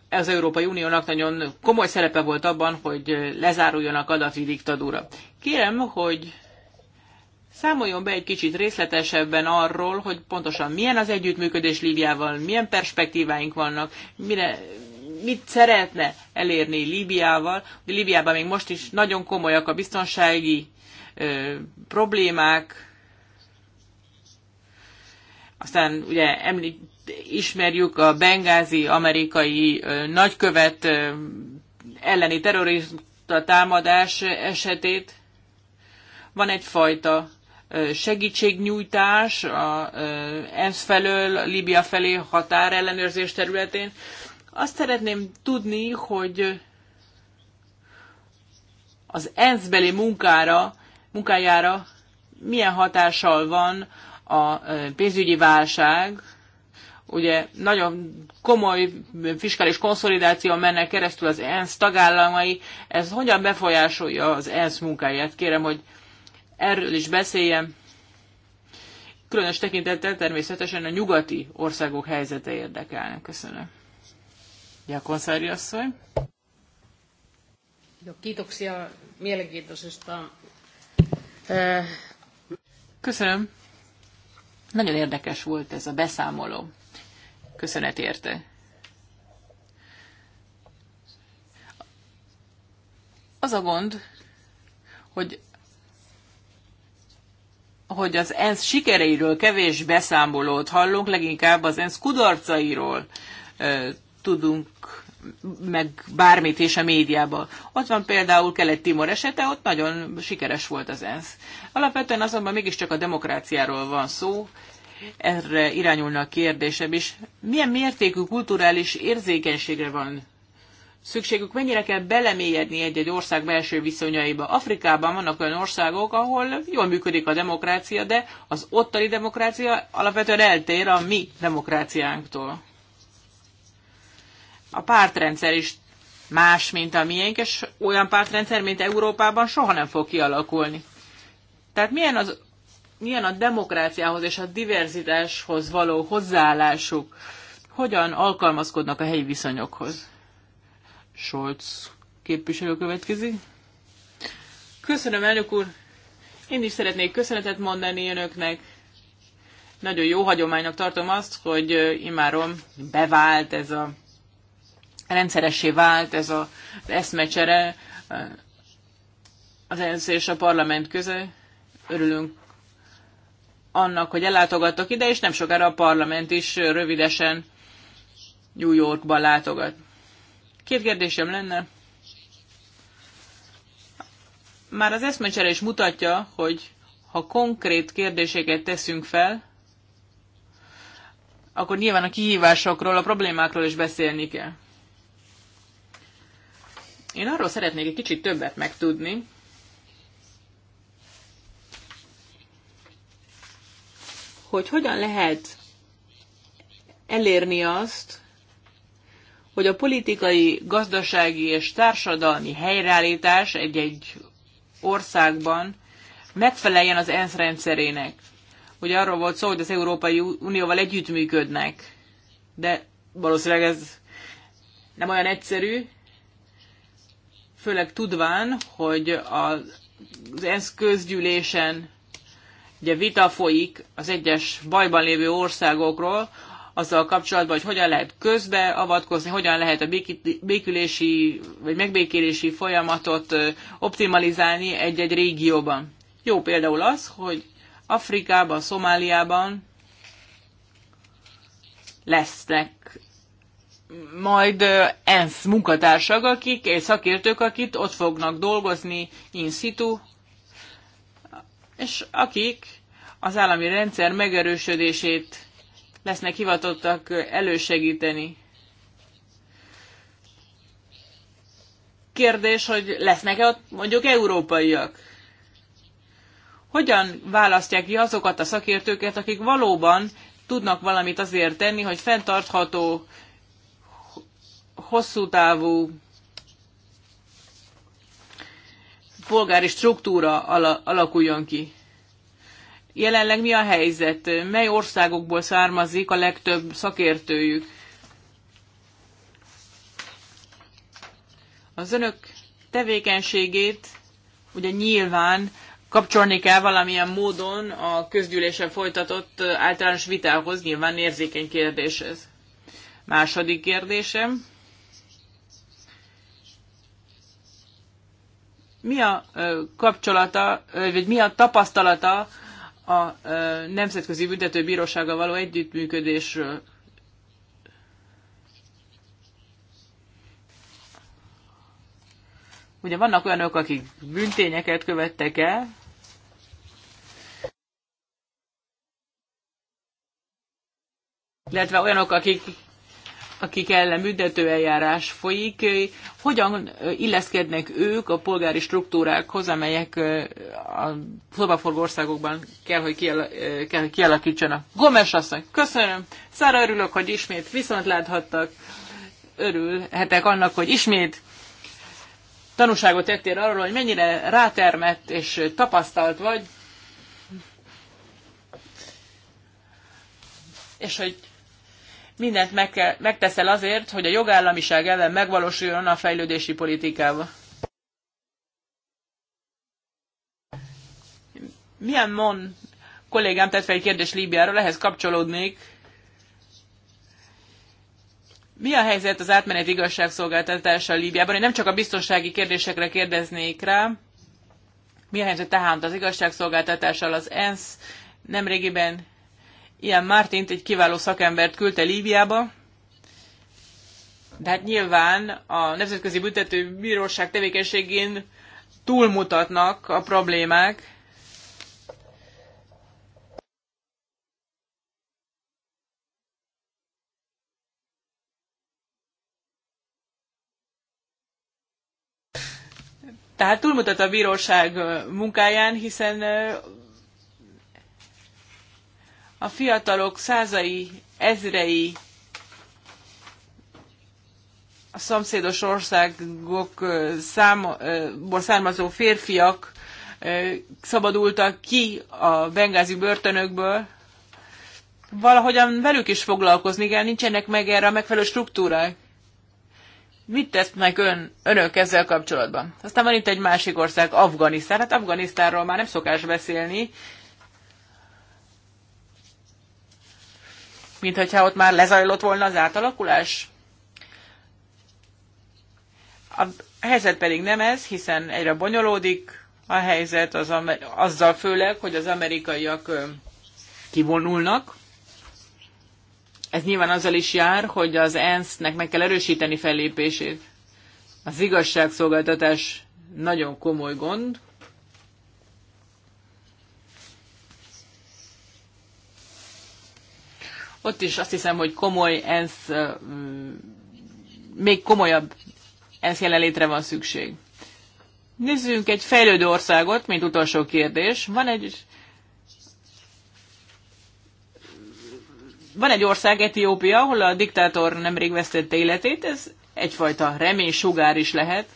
az Európai Uniónak nagyon komoly szerepe volt abban, hogy lezáruljon a Gaddafi diktadúra. Kérem, hogy Számoljon be egy kicsit részletesebben arról, hogy pontosan milyen az együttműködés Líbiával, milyen perspektíváink vannak, mire, mit szeretne elérni Líbiával. De Líbiában még most is nagyon komolyak a biztonsági ö, problémák. Aztán ugye említ, ismerjük a bengázi amerikai ö, nagykövet ö, elleni terrorista támadás esetét. Van egyfajta segítségnyújtás a ENSZ felől Líbia felé határellenőrzés területén. Azt szeretném tudni, hogy az ENSZ beli munkára, munkájára milyen hatással van a pénzügyi válság, ugye nagyon komoly fiskális konszolidáció mennek keresztül az ENSZ tagállamai, ez hogyan befolyásolja az ENSZ munkáját? Kérem, hogy erről is beszéljen, különös tekintettel természetesen a nyugati országok helyzete érdekelne. Köszönöm. Jakonszári asszony. Köszönöm. Nagyon érdekes volt ez a beszámoló. Köszönet érte. Az a gond, hogy hogy az ENSZ sikereiről kevés beszámolót hallunk, leginkább az ENSZ kudarcairól e, tudunk meg bármit is a médiában. Ott van például Kelet-Timor esete, ott nagyon sikeres volt az ENSZ. Alapvetően azonban mégiscsak a demokráciáról van szó, erre irányulna a kérdésem is. Milyen mértékű kulturális érzékenységre van szükségük, mennyire kell belemélyedni egy-egy ország belső viszonyaiba. Afrikában vannak olyan országok, ahol jól működik a demokrácia, de az ottani demokrácia alapvetően eltér a mi demokráciánktól. A pártrendszer is más, mint a miénk, és olyan pártrendszer, mint Európában soha nem fog kialakulni. Tehát milyen, az, milyen a demokráciához és a diverzitáshoz való hozzáállásuk? Hogyan alkalmazkodnak a helyi viszonyokhoz? Scholz képviselő következik. Köszönöm, elnök úr! Én is szeretnék köszönetet mondani önöknek. Nagyon jó hagyománynak tartom azt, hogy imárom bevált ez a rendszeressé vált ez a, az eszmecsere az ENSZ és a parlament köze. Örülünk annak, hogy ellátogattak ide, és nem sokára a parlament is rövidesen New Yorkban látogat. Két kérdésem lenne. Már az eszmecsere is mutatja, hogy ha konkrét kérdéseket teszünk fel, akkor nyilván a kihívásokról, a problémákról is beszélni kell. Én arról szeretnék egy kicsit többet megtudni, hogy hogyan lehet elérni azt, hogy a politikai, gazdasági és társadalmi helyreállítás egy-egy országban megfeleljen az ENSZ rendszerének. Ugye arról volt szó, hogy az Európai Unióval együttműködnek, de valószínűleg ez nem olyan egyszerű, főleg tudván, hogy az ENSZ közgyűlésen ugye vita folyik az egyes bajban lévő országokról, azzal kapcsolatban, hogy hogyan lehet közbeavatkozni, hogyan lehet a békülési vagy megbékélési folyamatot optimalizálni egy-egy régióban. Jó például az, hogy Afrikában, Szomáliában lesznek majd ENSZ munkatársak, akik, és szakértők, akik ott fognak dolgozni in situ, és akik az állami rendszer megerősödését lesznek hivatottak elősegíteni. Kérdés, hogy lesznek-e ott mondjuk európaiak? Hogyan választják ki azokat a szakértőket, akik valóban tudnak valamit azért tenni, hogy fenntartható, hosszú távú polgári struktúra alakuljon ki? jelenleg mi a helyzet, mely országokból származik a legtöbb szakértőjük. Az önök tevékenységét ugye nyilván kapcsolni kell valamilyen módon a közgyűlésen folytatott általános vitához, nyilván érzékeny kérdés Második kérdésem. Mi a kapcsolata, vagy mi a tapasztalata a Nemzetközi Büntetőbírósággal való együttműködésről. Ugye vannak olyanok, akik büntényeket követtek el, illetve olyanok, akik akik ellen eljárás, folyik, hogyan illeszkednek ők a polgári struktúrákhoz, amelyek a szobaforgó országokban kell, hogy, kell, hogy kialakítsanak. Gomes asszony, köszönöm, szára örülök, hogy ismét viszont láthattak, örülhetek annak, hogy ismét tanúságot tettél arról, hogy mennyire rátermett és tapasztalt vagy, és hogy mindent meg kell, megteszel azért, hogy a jogállamiság ellen megvalósuljon a fejlődési politikában. Milyen mon kollégám tett fel egy kérdést Líbiáról, ehhez kapcsolódnék. Mi a helyzet az átmeneti igazságszolgáltatása Líbiában? Én nem csak a biztonsági kérdésekre kérdeznék rá. Mi a helyzet tehát az igazságszolgáltatással az ENSZ nemrégiben Ilyen Mártint egy kiváló szakembert küldte Líbiába, de hát nyilván a Nemzetközi Büntető Bíróság tevékenységén túlmutatnak a problémák. Tehát túlmutat a bíróság munkáján, hiszen a fiatalok százai, ezrei a szomszédos országokból származó férfiak szabadultak ki a bengázi börtönökből, valahogyan velük is foglalkozni kell, nincsenek meg erre a megfelelő struktúrák. Mit tesznek ön, önök ezzel kapcsolatban? Aztán van itt egy másik ország, Afganisztán. Hát Afganisztánról már nem szokás beszélni, mint hogyha ott már lezajlott volna az átalakulás. A helyzet pedig nem ez, hiszen egyre bonyolódik a helyzet az azzal főleg, hogy az amerikaiak kivonulnak. Ez nyilván azzal is jár, hogy az ENSZ-nek meg kell erősíteni fellépését. Az igazságszolgáltatás nagyon komoly gond, Ott is azt hiszem, hogy komoly ENSZ, még komolyabb ENSZ jelenlétre van szükség. Nézzünk egy fejlődő országot, mint utolsó kérdés. Van egy van egy ország, Etiópia, ahol a diktátor nemrég vesztette életét, ez egyfajta remény sugár is lehet.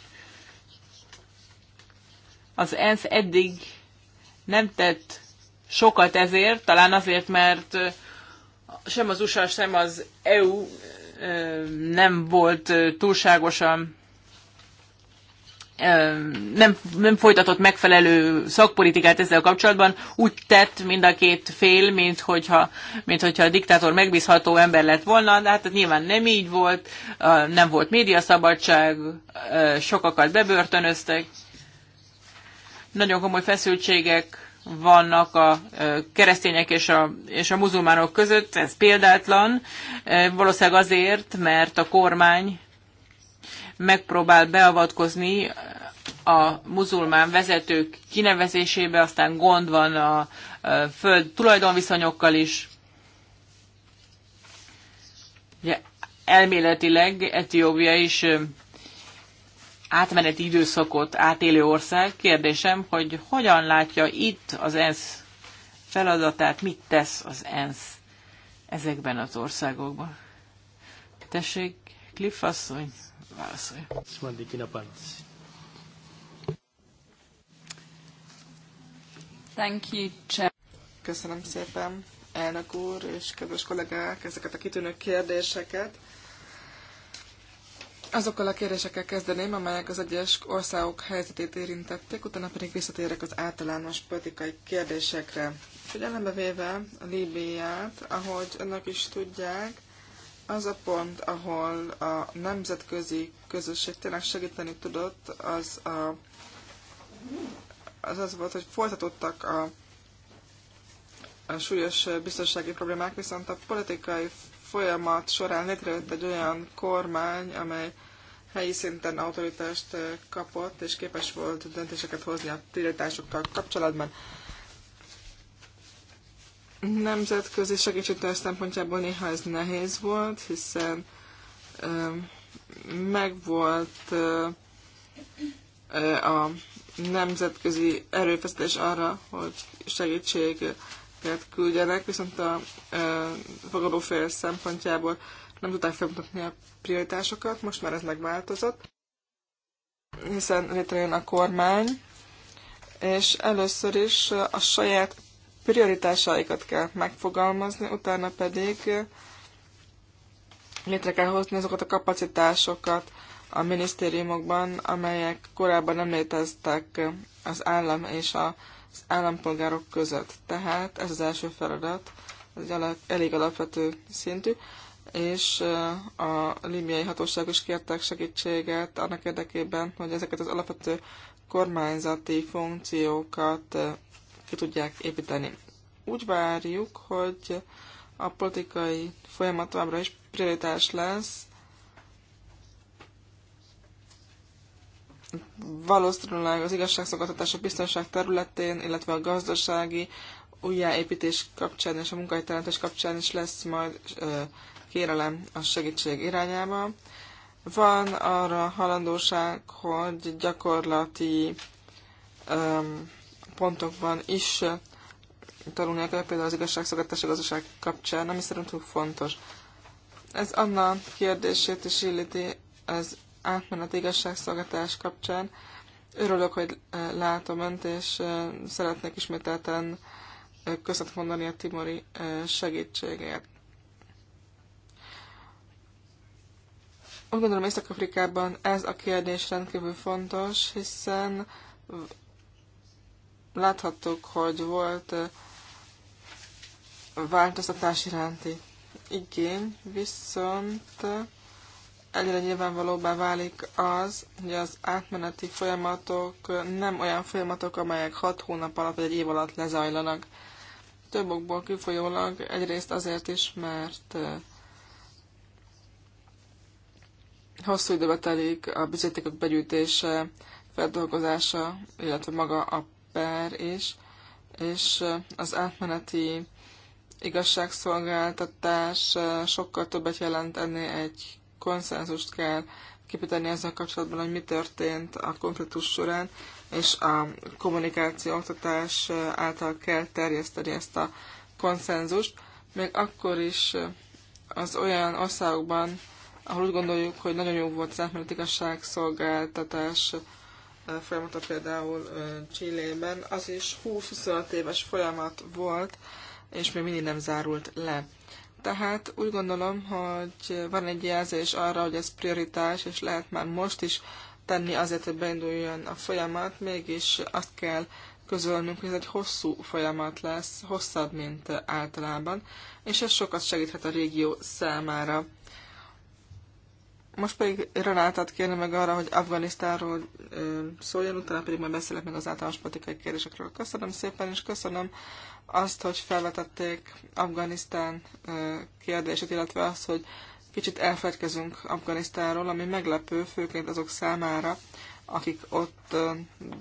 Az ENSZ eddig nem tett sokat ezért, talán azért, mert sem az USA, sem az EU nem volt túlságosan nem, nem folytatott megfelelő szakpolitikát ezzel kapcsolatban, úgy tett mind a két fél, mint hogyha, mint hogyha a diktátor megbízható ember lett volna, de hát nyilván nem így volt, nem volt médiaszabadság, sokakat bebörtönöztek, nagyon komoly feszültségek vannak a keresztények és a, és a muzulmánok között, ez példátlan, valószínűleg azért, mert a kormány megpróbál beavatkozni a muzulmán vezetők kinevezésébe, aztán gond van a föld tulajdonviszonyokkal is. Ugye elméletileg Etiópia is átmeneti időszakot átélő ország. Kérdésem, hogy hogyan látja itt az ENSZ feladatát, mit tesz az ENSZ ezekben az országokban? Tessék, Cliff asszony, válaszolj. Thank you, Chair. Köszönöm szépen, elnök úr és kedves kollégák, ezeket a kitűnő kérdéseket azokkal a kérdésekkel kezdeném, amelyek az egyes országok helyzetét érintették, utána pedig visszatérek az általános politikai kérdésekre. Figyelembe véve a Líbiát, ahogy önök is tudják, az a pont, ahol a nemzetközi közösség tényleg segíteni tudott, az a, az, az volt, hogy folytatottak a, a súlyos biztonsági problémák, viszont a politikai folyamat során létrejött egy olyan kormány, amely helyi szinten autoritást kapott, és képes volt döntéseket hozni a tiltásokkal kapcsolatban. Nemzetközi segítségtől szempontjából néha ez nehéz volt, hiszen megvolt a nemzetközi erőfeszítés arra, hogy segítséget küldjenek, viszont a fogadófél szempontjából nem tudták felmutatni a prioritásokat, most már ez megváltozott, hiszen létrejön a kormány, és először is a saját prioritásaikat kell megfogalmazni, utána pedig létre kell hozni azokat a kapacitásokat a minisztériumokban, amelyek korábban nem léteztek az állam és az állampolgárok között. Tehát ez az első feladat, ez elég alapvető szintű és a libiai hatóság is kértek segítséget annak érdekében, hogy ezeket az alapvető kormányzati funkciókat ki tudják építeni. Úgy várjuk, hogy a politikai folyamat továbbra is prioritás lesz. Valószínűleg az igazságszolgáltatás a biztonság területén, illetve a gazdasági újjáépítés kapcsán és a munkahelyteremtés kapcsán is lesz majd ö, kérelem a segítség irányába. Van arra halandóság, hogy gyakorlati um, pontokban is tanulnia kell, például az igazságszolgáltatási gazdaság kapcsán, ami szerintünk fontos. Ez Anna kérdését is illeti az átmenet igazságszolgáltatás kapcsán. Örülök, hogy látom Önt, és szeretnék ismételten köszönet mondani a Timori segítségért. Úgy gondolom, Észak-Afrikában ez a kérdés rendkívül fontos, hiszen láthattuk, hogy volt változtatás iránti igény, viszont egyre nyilvánvalóbbá válik az, hogy az átmeneti folyamatok nem olyan folyamatok, amelyek 6 hónap alatt vagy egy év alatt lezajlanak. Több okból kifolyólag egyrészt azért is, mert hosszú időbe telik a bizonyítékok begyűjtése, feldolgozása, illetve maga a per is, és az átmeneti igazságszolgáltatás sokkal többet jelent ennél egy konszenzust kell kipíteni ezzel kapcsolatban, hogy mi történt a konfliktus során, és a kommunikáció oktatás által kell terjeszteni ezt a konszenzust, még akkor is az olyan országokban, ahol úgy gondoljuk, hogy nagyon jó volt az átmeneti igazságszolgáltatás folyamata például Csillében, az is 20-25 éves folyamat volt, és még mindig nem zárult le. Tehát úgy gondolom, hogy van egy jelzés arra, hogy ez prioritás, és lehet már most is tenni azért, hogy beinduljon a folyamat, mégis azt kell közölnünk, hogy ez egy hosszú folyamat lesz, hosszabb, mint általában, és ez sokat segíthet a régió számára. Most pedig Renátát kérni meg arra, hogy Afganisztánról szóljon, utána pedig majd beszélek meg az általános politikai kérdésekről. Köszönöm szépen, és köszönöm azt, hogy felvetették Afganisztán kérdését, illetve azt, hogy kicsit elfelejtkezünk Afganisztánról, ami meglepő, főként azok számára, akik ott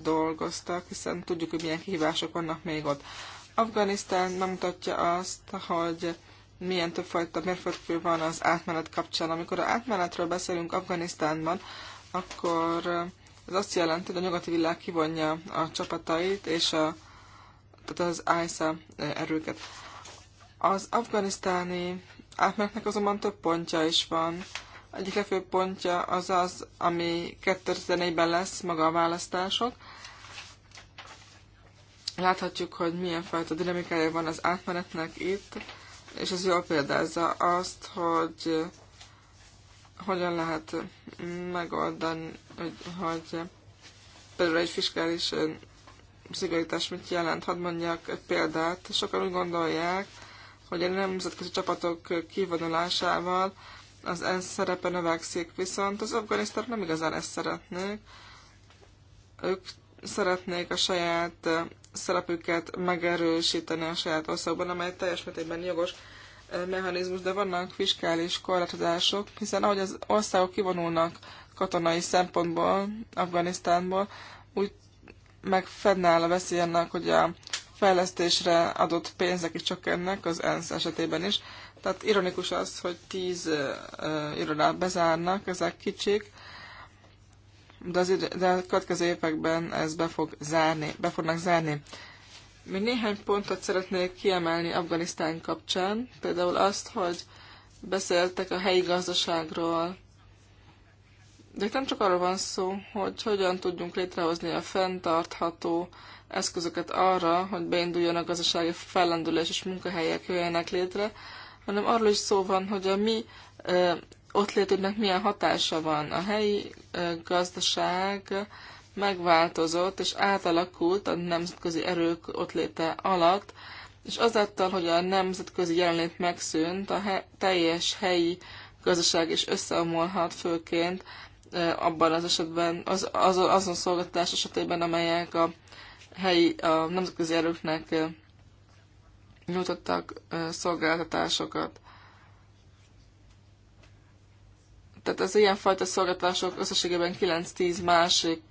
dolgoztak, hiszen tudjuk, hogy milyen kihívások vannak még ott. Afganisztán mutatja azt, hogy milyen többfajta mérföldkő van az átmenet kapcsán. Amikor az átmenetről beszélünk Afganisztánban, akkor ez azt jelenti, hogy a nyugati világ kivonja a csapatait és a, tehát az ISA erőket. Az afganisztáni átmenetnek azonban több pontja is van. Egyik legfőbb pontja az az, ami 2014-ben lesz, maga a választások. Láthatjuk, hogy milyen fajta dinamikája van az átmenetnek itt és ez jól példázza azt, hogy hogyan lehet megoldani, hogy, hogy például egy fiskális szigorítás mit jelent. Hadd mondjak egy példát. Sokan úgy gondolják, hogy a nemzetközi csapatok kivonulásával az ENSZ szerepe növekszik, viszont az afganisztánok nem igazán ezt szeretnék. Ők szeretnék a saját szerepüket megerősíteni a saját országban, amely teljes mértékben jogos eh, mechanizmus, de vannak fiskális korlátozások, hiszen ahogy az országok kivonulnak katonai szempontból Afganisztánból, úgy meg fennáll a veszély ennek, hogy a fejlesztésre adott pénzek is csökkennek az ENSZ esetében is. Tehát ironikus az, hogy tíz uh, eh, eh, irodát bezárnak, ezek kicsik, de, az, de a következő években ez be fog zárni, be fognak zárni. Még néhány pontot szeretnék kiemelni Afganisztán kapcsán, például azt, hogy beszéltek a helyi gazdaságról, de itt nem csak arról van szó, hogy hogyan tudjunk létrehozni a fenntartható eszközöket arra, hogy beinduljon a gazdasági fellendülés és munkahelyek jöjjenek létre, hanem arról is szó van, hogy a mi ott létünknek milyen hatása van. A helyi gazdaság megváltozott és átalakult a nemzetközi erők ott léte alatt, és azáltal, hogy a nemzetközi jelenlét megszűnt, a he- teljes helyi gazdaság is összeomolhat főként abban az esetben, az, az, azon szolgáltatás esetében, amelyek a helyi, a nemzetközi erőknek nyújtottak szolgáltatásokat. Tehát az ilyenfajta szolgáltatások összességében 9-10 másik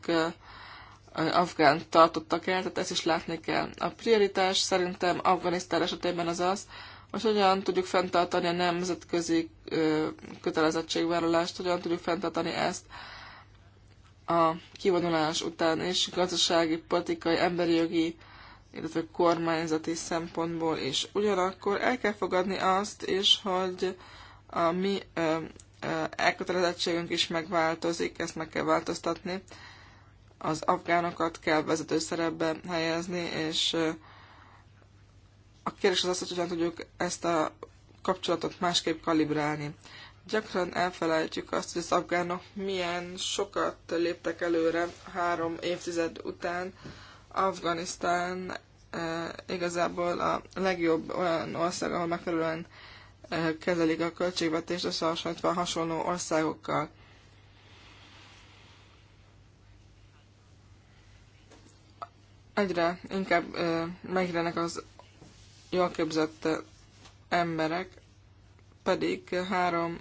afgán tartottak el, tehát ezt is látni kell. A prioritás szerintem Afganisztán esetében az az, hogy hogyan tudjuk fenntartani a nemzetközi kötelezettségvállalást, hogyan tudjuk fenntartani ezt a kivonulás után, és gazdasági, politikai, emberi jogi, illetve kormányzati szempontból is. Ugyanakkor el kell fogadni azt is, hogy a mi elkötelezettségünk is megváltozik, ezt meg kell változtatni. Az afgánokat kell vezető szerepbe helyezni, és a kérdés az az, hogy hogyan tudjuk ezt a kapcsolatot másképp kalibrálni. Gyakran elfelejtjük azt, hogy az afgánok milyen sokat léptek előre három évtized után. Afganisztán e, igazából a legjobb olyan ország, ahol megfelelően kezelik a költségvetést összehasonlítva a hasonló országokkal. Egyre inkább megjelenek az jól képzett emberek, pedig három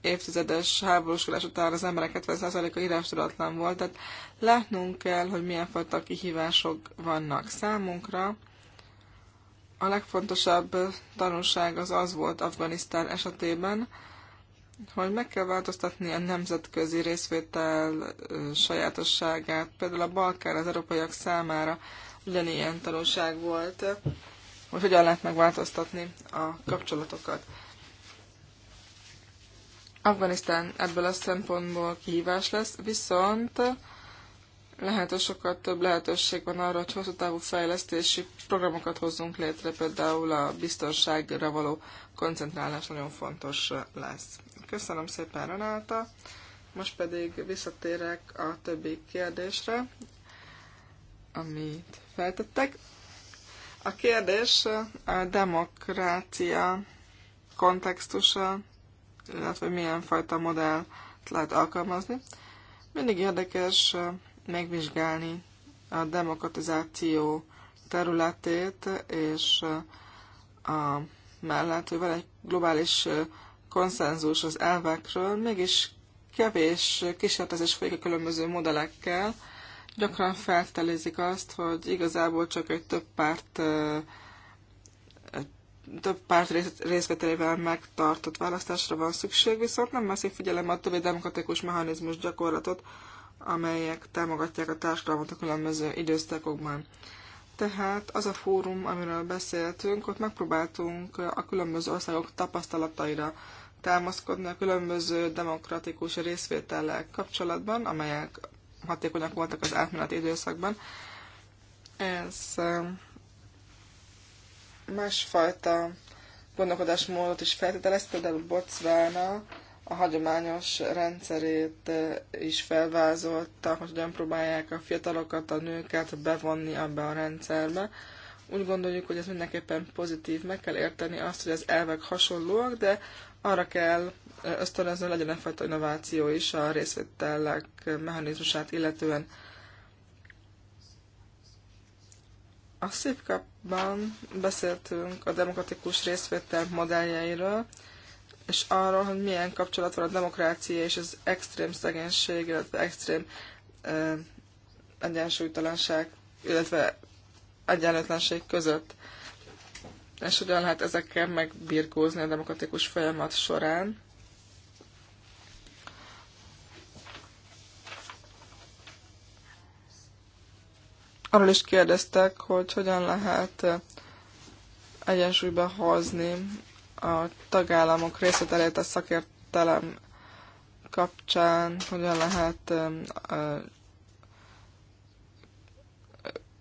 évtizedes háborúskodás után az emberek 70%-a tudatlan volt, tehát látnunk kell, hogy milyen fajta kihívások vannak számunkra. A legfontosabb tanulság az az volt Afganisztán esetében, hogy meg kell változtatni a nemzetközi részvétel sajátosságát. Például a Balkán az európaiak számára ugyanilyen tanulság volt, hogy hogyan lehet megváltoztatni a kapcsolatokat. Afganisztán ebből a szempontból kihívás lesz, viszont lehet, sokkal több lehetőség van arra, hogy hosszú távú fejlesztési programokat hozzunk létre, például a biztonságra való koncentrálás nagyon fontos lesz. Köszönöm szépen Renáta, most pedig visszatérek a többi kérdésre, amit feltettek. A kérdés a demokrácia kontextusa, illetve milyen fajta modellt lehet alkalmazni. Mindig érdekes megvizsgálni a demokratizáció területét, és a mellett, hogy van egy globális konszenzus az elvekről, mégis kevés kísérletezés folyik a különböző modellekkel, gyakran feltelezik azt, hogy igazából csak egy több párt több párt részvételével megtartott választásra van szükség, viszont nem veszik figyelembe a többi demokratikus mechanizmus gyakorlatot, amelyek támogatják a társadalmat a különböző időszakokban. Tehát az a fórum, amiről beszéltünk, ott megpróbáltunk a különböző országok tapasztalataira támaszkodni a különböző demokratikus részvétellel kapcsolatban, amelyek hatékonyak voltak az átmeneti időszakban. Ez um, másfajta gondolkodásmódot is feltételez, például Botswana a hagyományos rendszerét eh, is felvázolta, hogy hogyan próbálják a fiatalokat, a nőket bevonni abba a rendszerbe. Úgy gondoljuk, hogy ez mindenképpen pozitív, meg kell érteni azt, hogy az elvek hasonlóak, de arra kell eh, ösztönözni, hogy legyen egyfajta innováció is a részvételek mechanizmusát illetően. A szép kapban beszéltünk a demokratikus részvétel modelljeiről, és arról, hogy milyen kapcsolat van a demokrácia és az extrém szegénység, illetve extrém uh, egyensúlytalanság, illetve egyenlőtlenség között, és hogyan lehet ezekkel megbirkózni a demokratikus folyamat során. Arról is kérdeztek, hogy hogyan lehet egyensúlyba hozni a tagállamok részvételét a szakértelem kapcsán, hogyan lehet um,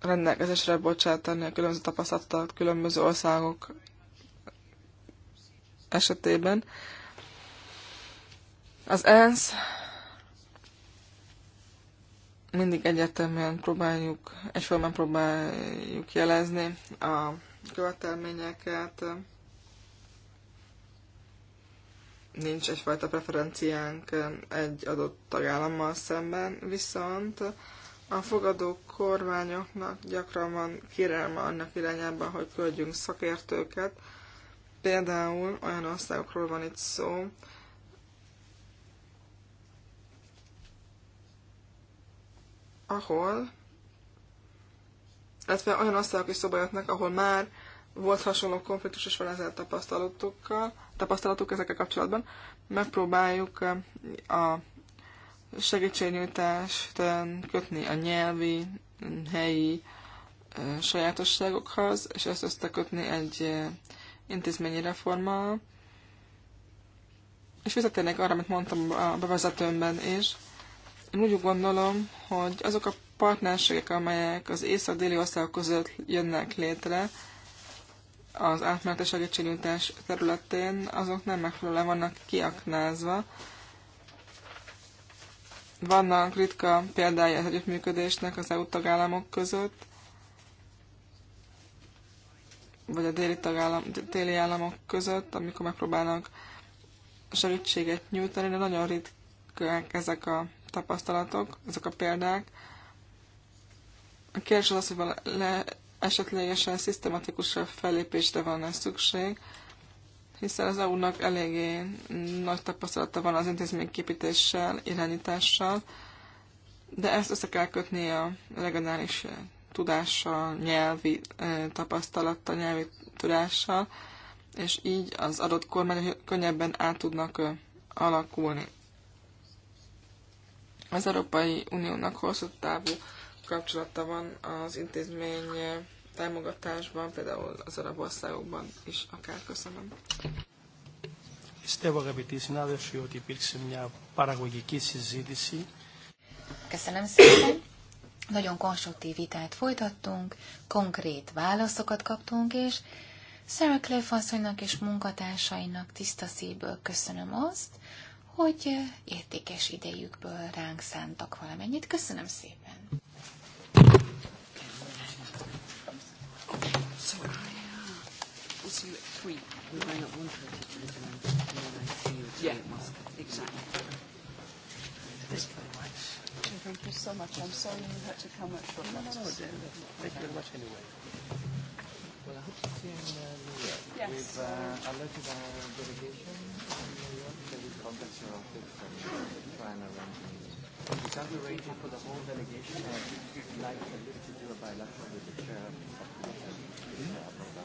rendelkezésre bocsátani a különböző tapasztalatot különböző országok esetében. Az ENSZ mindig egyértelműen próbáljuk, egyformán próbáljuk jelezni a követelményeket, nincs egyfajta preferenciánk egy adott tagállammal szemben, viszont a fogadó kormányoknak gyakran van kérelme annak irányában, hogy küldjünk szakértőket. Például olyan országokról van itt szó, ahol, illetve olyan országok is szóba jöttnek, ahol már volt hasonló konfliktus és ezzel tapasztalatokkal, tapasztalatuk ezekkel kapcsolatban. Megpróbáljuk eh, a segítségnyújtást eh, kötni a nyelvi, helyi eh, sajátosságokhoz, és ezt összekötni egy intézményi reforma. És visszatérnék arra, amit mondtam a bevezetőmben is. Én úgy gondolom, hogy azok a partnerségek, amelyek az észak-déli országok között jönnek létre, az átmenetes segítségnyújtás területén, azok nem megfelelően vannak kiaknázva. Vannak ritka példája az együttműködésnek az EU tagállamok között, vagy a déli, tagállam, déli államok között, amikor megpróbálnak segítséget nyújtani, de nagyon ritkák ezek a tapasztalatok, ezek a példák. A kérdés az hogy le, esetlegesen szisztematikusabb fellépésre van szükség, hiszen az EU-nak eléggé nagy tapasztalata van az intézményképítéssel, irányítással, de ezt össze kell kötni a regionális tudással, nyelvi tapasztalattal, nyelvi tudással, és így az adott kormányok könnyebben át tudnak alakulni. Az Európai Uniónak hosszú távú kapcsolata van az intézmény támogatásban, például az arab országokban is akár. Köszönöm. Πιστεύω αγαπητοί συνάδελφοι ότι υπήρξε μια παραγωγική συζήτηση. Köszönöm szépen. Nagyon konstruktív vitát folytattunk, konkrét válaszokat kaptunk, és Sarah Cliff asszonynak és munkatársainak tiszta szívből köszönöm azt, hogy értékes idejükből ránk szántak valamennyit. Köszönöm szépen! see you at three. We rang at one thirty to the and then I see you at Yeah, exactly. That's fine. Thank you so much. I'm sorry you had to come at short notice. No, no, no. Thank you very much anyway. Well, I hope to see you in uh, New York. Yes. We've uh, alerted our uh, delegation in New York. They will contact you on Thursday to try and arrange a meeting. Is that the arrangement for the whole delegation. I'd like at least to do a bilateral with the chair of the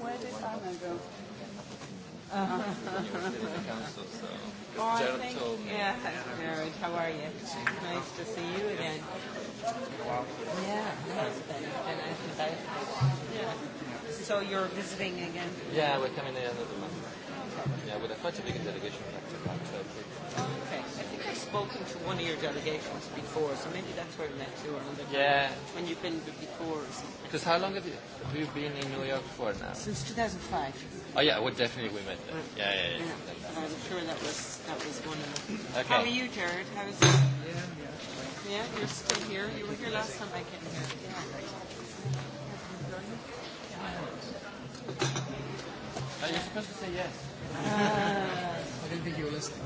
Where did Anna go? Uh, council, so, oh, Gerald I think, told me. Yeah, Gerald, how are you? Nice to see you again. Yeah, it's been, it's been nice to Yeah. So you're visiting again? Yeah, we're coming in another month. Yeah, well, they're quite a big delegation back to okay. I think I've spoken to one of your delegations before, so maybe that's where I met you another time. Yeah. When you've been before or something. Because how long have you, have you been in New York for now? Since 2005. Oh, yeah, well, definitely we met then. Yeah, yeah, yeah. yeah. yeah. I'm sure that was, that was one of them. Okay. How are you, Jared? How is it? Yeah, yeah. Yeah, you're still here? You were here last time I came here. Yeah. Are you supposed to say yes? I didn't think you were listening.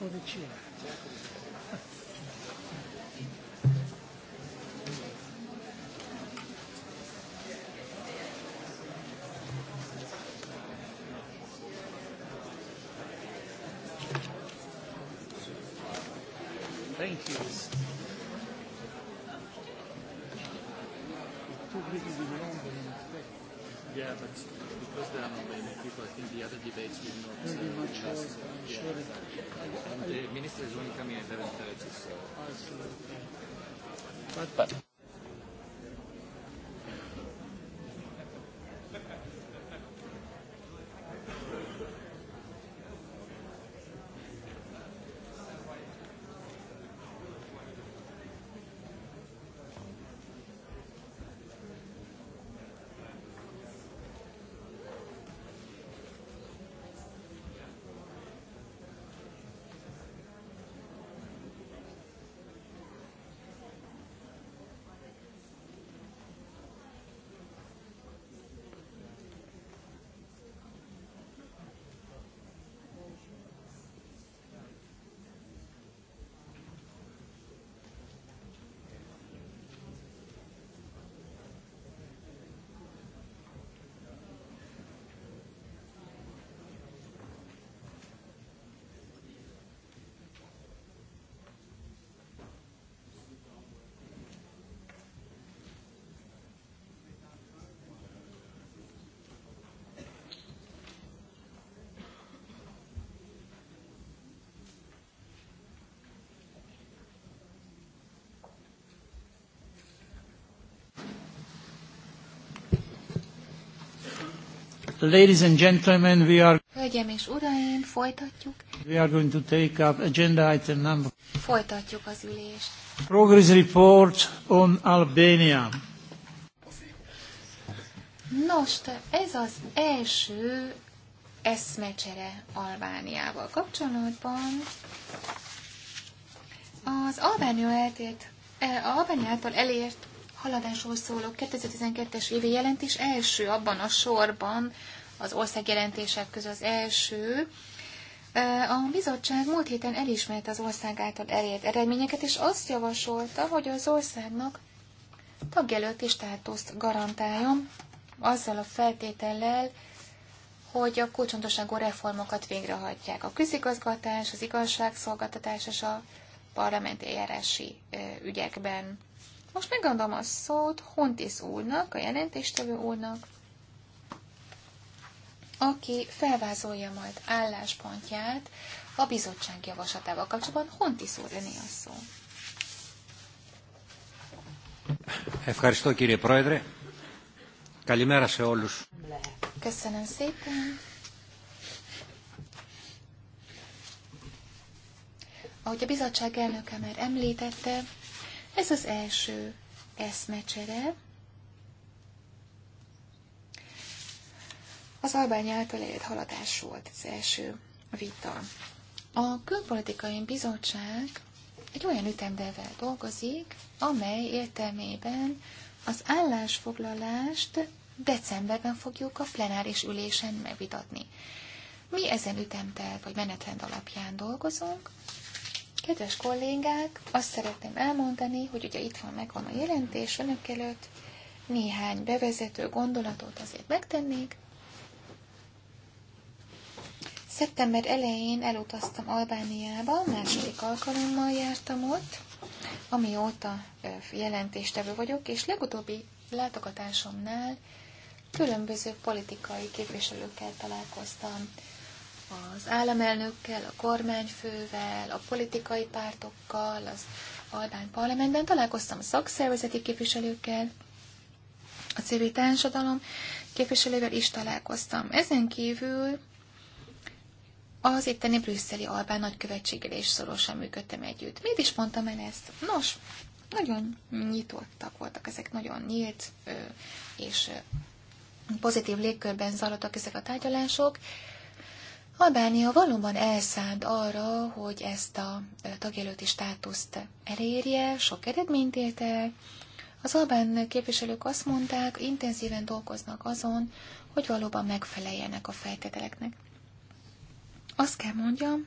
troppo vicino. Thank you. Yeah, but because there are not many people, I think the other debates will not. Very much questa è l'unica mia intervenzione che so. But Ladies and gentlemen, we are... Hölgyem és uraim, folytatjuk. We are going to take up agenda item number... Folytatjuk az ülést. Progress report on Albania. Nos, ez az első eszmecsere Albániával kapcsolatban. Az Albánia eltért, eh, elért haladásról szóló 2012-es évi jelentés első abban a sorban, az országjelentések közül az első. A bizottság múlt héten elismerte az ország által elért eredményeket, és azt javasolta, hogy az országnak tagjelölti státuszt garantáljon, azzal a feltétellel, hogy a kulcsontosságú reformokat végrehajtják. A közigazgatás, az igazságszolgáltatás és a parlamenti eljárási ügyekben. Most megadom a szót Hontis úrnak, a jelentéstevő úrnak, aki felvázolja majd álláspontját a bizottság javaslatával kapcsolatban. Hontis úr, öné a szó. Köszönöm szépen. Ahogy a bizottság elnöke már említette, ez az első eszmecsere. Az albány által élt haladás volt az első vita. A Külpolitikai Bizottság egy olyan ütemdevel dolgozik, amely értelmében az állásfoglalást decemberben fogjuk a plenáris ülésen megvitatni. Mi ezen ütemtel vagy menetrend alapján dolgozunk, Kedves kollégák, azt szeretném elmondani, hogy ugye itt van, megvan a jelentés önök előtt, néhány bevezető gondolatot azért megtennék. Szeptember elején elutaztam Albániába, második alkalommal jártam ott, amióta jelentéstevő vagyok, és legutóbbi látogatásomnál különböző politikai képviselőkkel találkoztam az államelnökkel, a kormányfővel, a politikai pártokkal, az Albán parlamentben találkoztam a szakszervezeti képviselőkkel, a civil társadalom képviselővel is találkoztam. Ezen kívül az itteni brüsszeli albán nagykövetséggel is szorosan működtem együtt. Miért is mondtam el ezt? Nos, nagyon nyitottak voltak ezek, nagyon nyílt és pozitív légkörben zajlottak ezek a tárgyalások. Albánia valóban elszánt arra, hogy ezt a tagjelölti státuszt elérje, sok eredményt ért el. Az albán képviselők azt mondták, intenzíven dolgoznak azon, hogy valóban megfeleljenek a feltételeknek. Azt kell mondjam,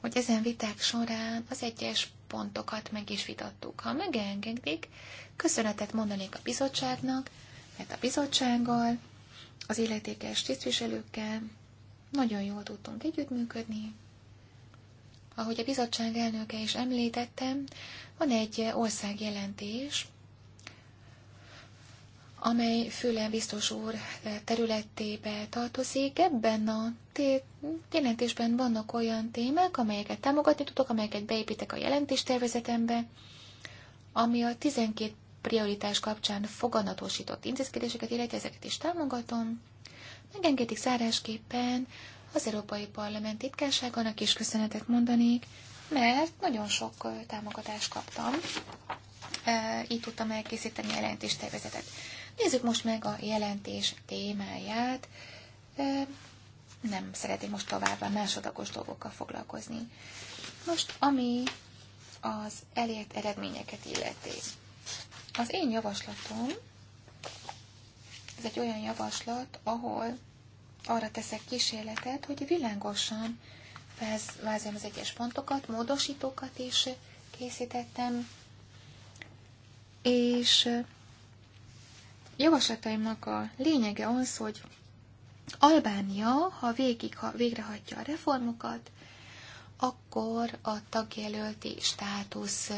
hogy ezen viták során az egyes pontokat meg is vitattuk. Ha megengedik, köszönetet mondanék a bizottságnak, mert a bizottsággal, az illetékes tisztviselőkkel nagyon jól tudtunk együttműködni. Ahogy a bizottság elnöke is említettem, van egy országjelentés, amely főle biztos úr területébe tartozik. Ebben a jelentésben vannak olyan témák, amelyeket támogatni tudok, amelyeket beépítek a jelentéstervezetembe, ami a 12 prioritás kapcsán foganatosított intézkedéseket, illetve ezeket is támogatom. Megengedik zárásképpen az Európai Parlament titkárságának is köszönetet mondanék, mert nagyon sok támogatást kaptam. Így tudtam elkészíteni a jelentéstervezetet. Nézzük most meg a jelentés témáját. Nem szeretnék most a másodlagos dolgokkal foglalkozni. Most, ami az elért eredményeket illeti. Az én javaslatom ez egy olyan javaslat, ahol arra teszek kísérletet, hogy világosan felvázoljam az egyes pontokat, módosítókat is készítettem, és javaslataimnak a lényege az, hogy Albánia, ha, végig, ha végrehajtja a reformokat, akkor a tagjelölti státusz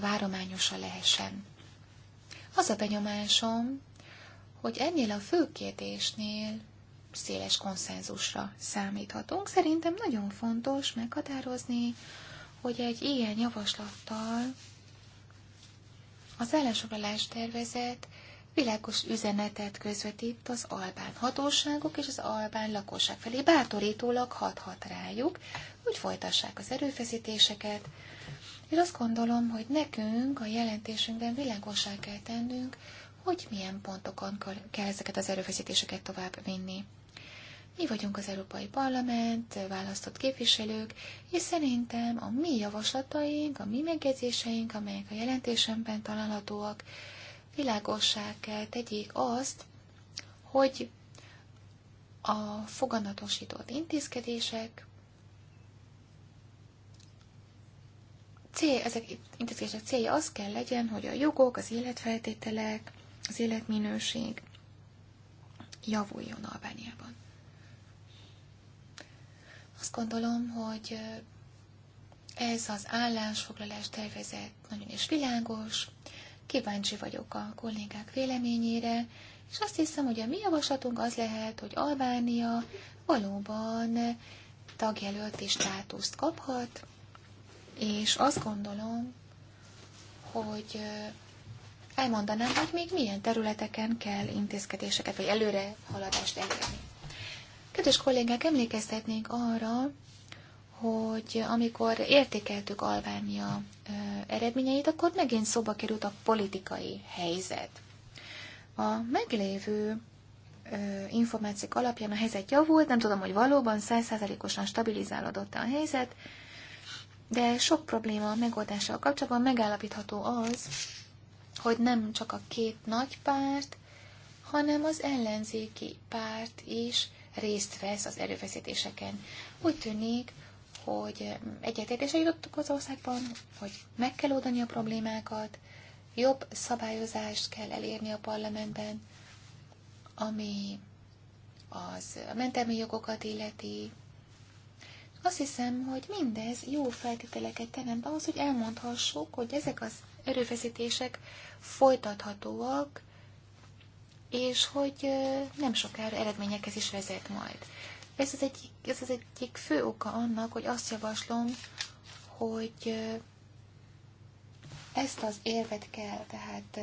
várományosa lehessen. Az a benyomásom, hogy ennél a fő kérdésnél széles konszenzusra számíthatunk. Szerintem nagyon fontos meghatározni, hogy egy ilyen javaslattal az állásfoglalás tervezet világos üzenetet közvetít az albán hatóságok és az albán lakosság felé, bátorítólag hathat rájuk, hogy folytassák az erőfeszítéseket, és azt gondolom, hogy nekünk a jelentésünkben világosá kell tennünk, hogy milyen pontokon kell ezeket az erőfeszítéseket tovább vinni. Mi vagyunk az Európai Parlament, választott képviselők, és szerintem a mi javaslataink, a mi megjegyzéseink, amelyek a jelentésemben találhatóak, világossá kell tegyék azt, hogy a foganatosított intézkedések, cél, ezek intézkedések célja az kell legyen, hogy a jogok, az életfeltételek, az életminőség javuljon Albániában. Azt gondolom, hogy ez az állásfoglalás tervezet nagyon is világos, kíváncsi vagyok a kollégák véleményére, és azt hiszem, hogy a mi javaslatunk az lehet, hogy Albánia valóban tagjelölti státuszt kaphat, és azt gondolom, hogy elmondanám, hogy még milyen területeken kell intézkedéseket vagy előre haladást elérni. Kedves kollégák, emlékeztetnénk arra, hogy amikor értékeltük Albánia eredményeit, akkor megint szóba került a politikai helyzet. A meglévő információk alapján a helyzet javult, nem tudom, hogy valóban százszázalékosan stabilizálódott a helyzet, de sok probléma megoldással kapcsolatban megállapítható az, hogy nem csak a két nagy párt, hanem az ellenzéki párt is részt vesz az erőfeszítéseken. Úgy tűnik, hogy egyetértésre jutottuk az országban, hogy meg kell oldani a problémákat, jobb szabályozást kell elérni a parlamentben, ami az mentelmi jogokat illeti. Azt hiszem, hogy mindez jó feltételeket teremt ahhoz, hogy elmondhassuk, hogy ezek az erőfeszítések folytathatóak, és hogy nem sokára eredményekhez is vezet majd. Ez az egyik, ez az egyik fő oka annak, hogy azt javaslom, hogy ezt az érvet kell tehát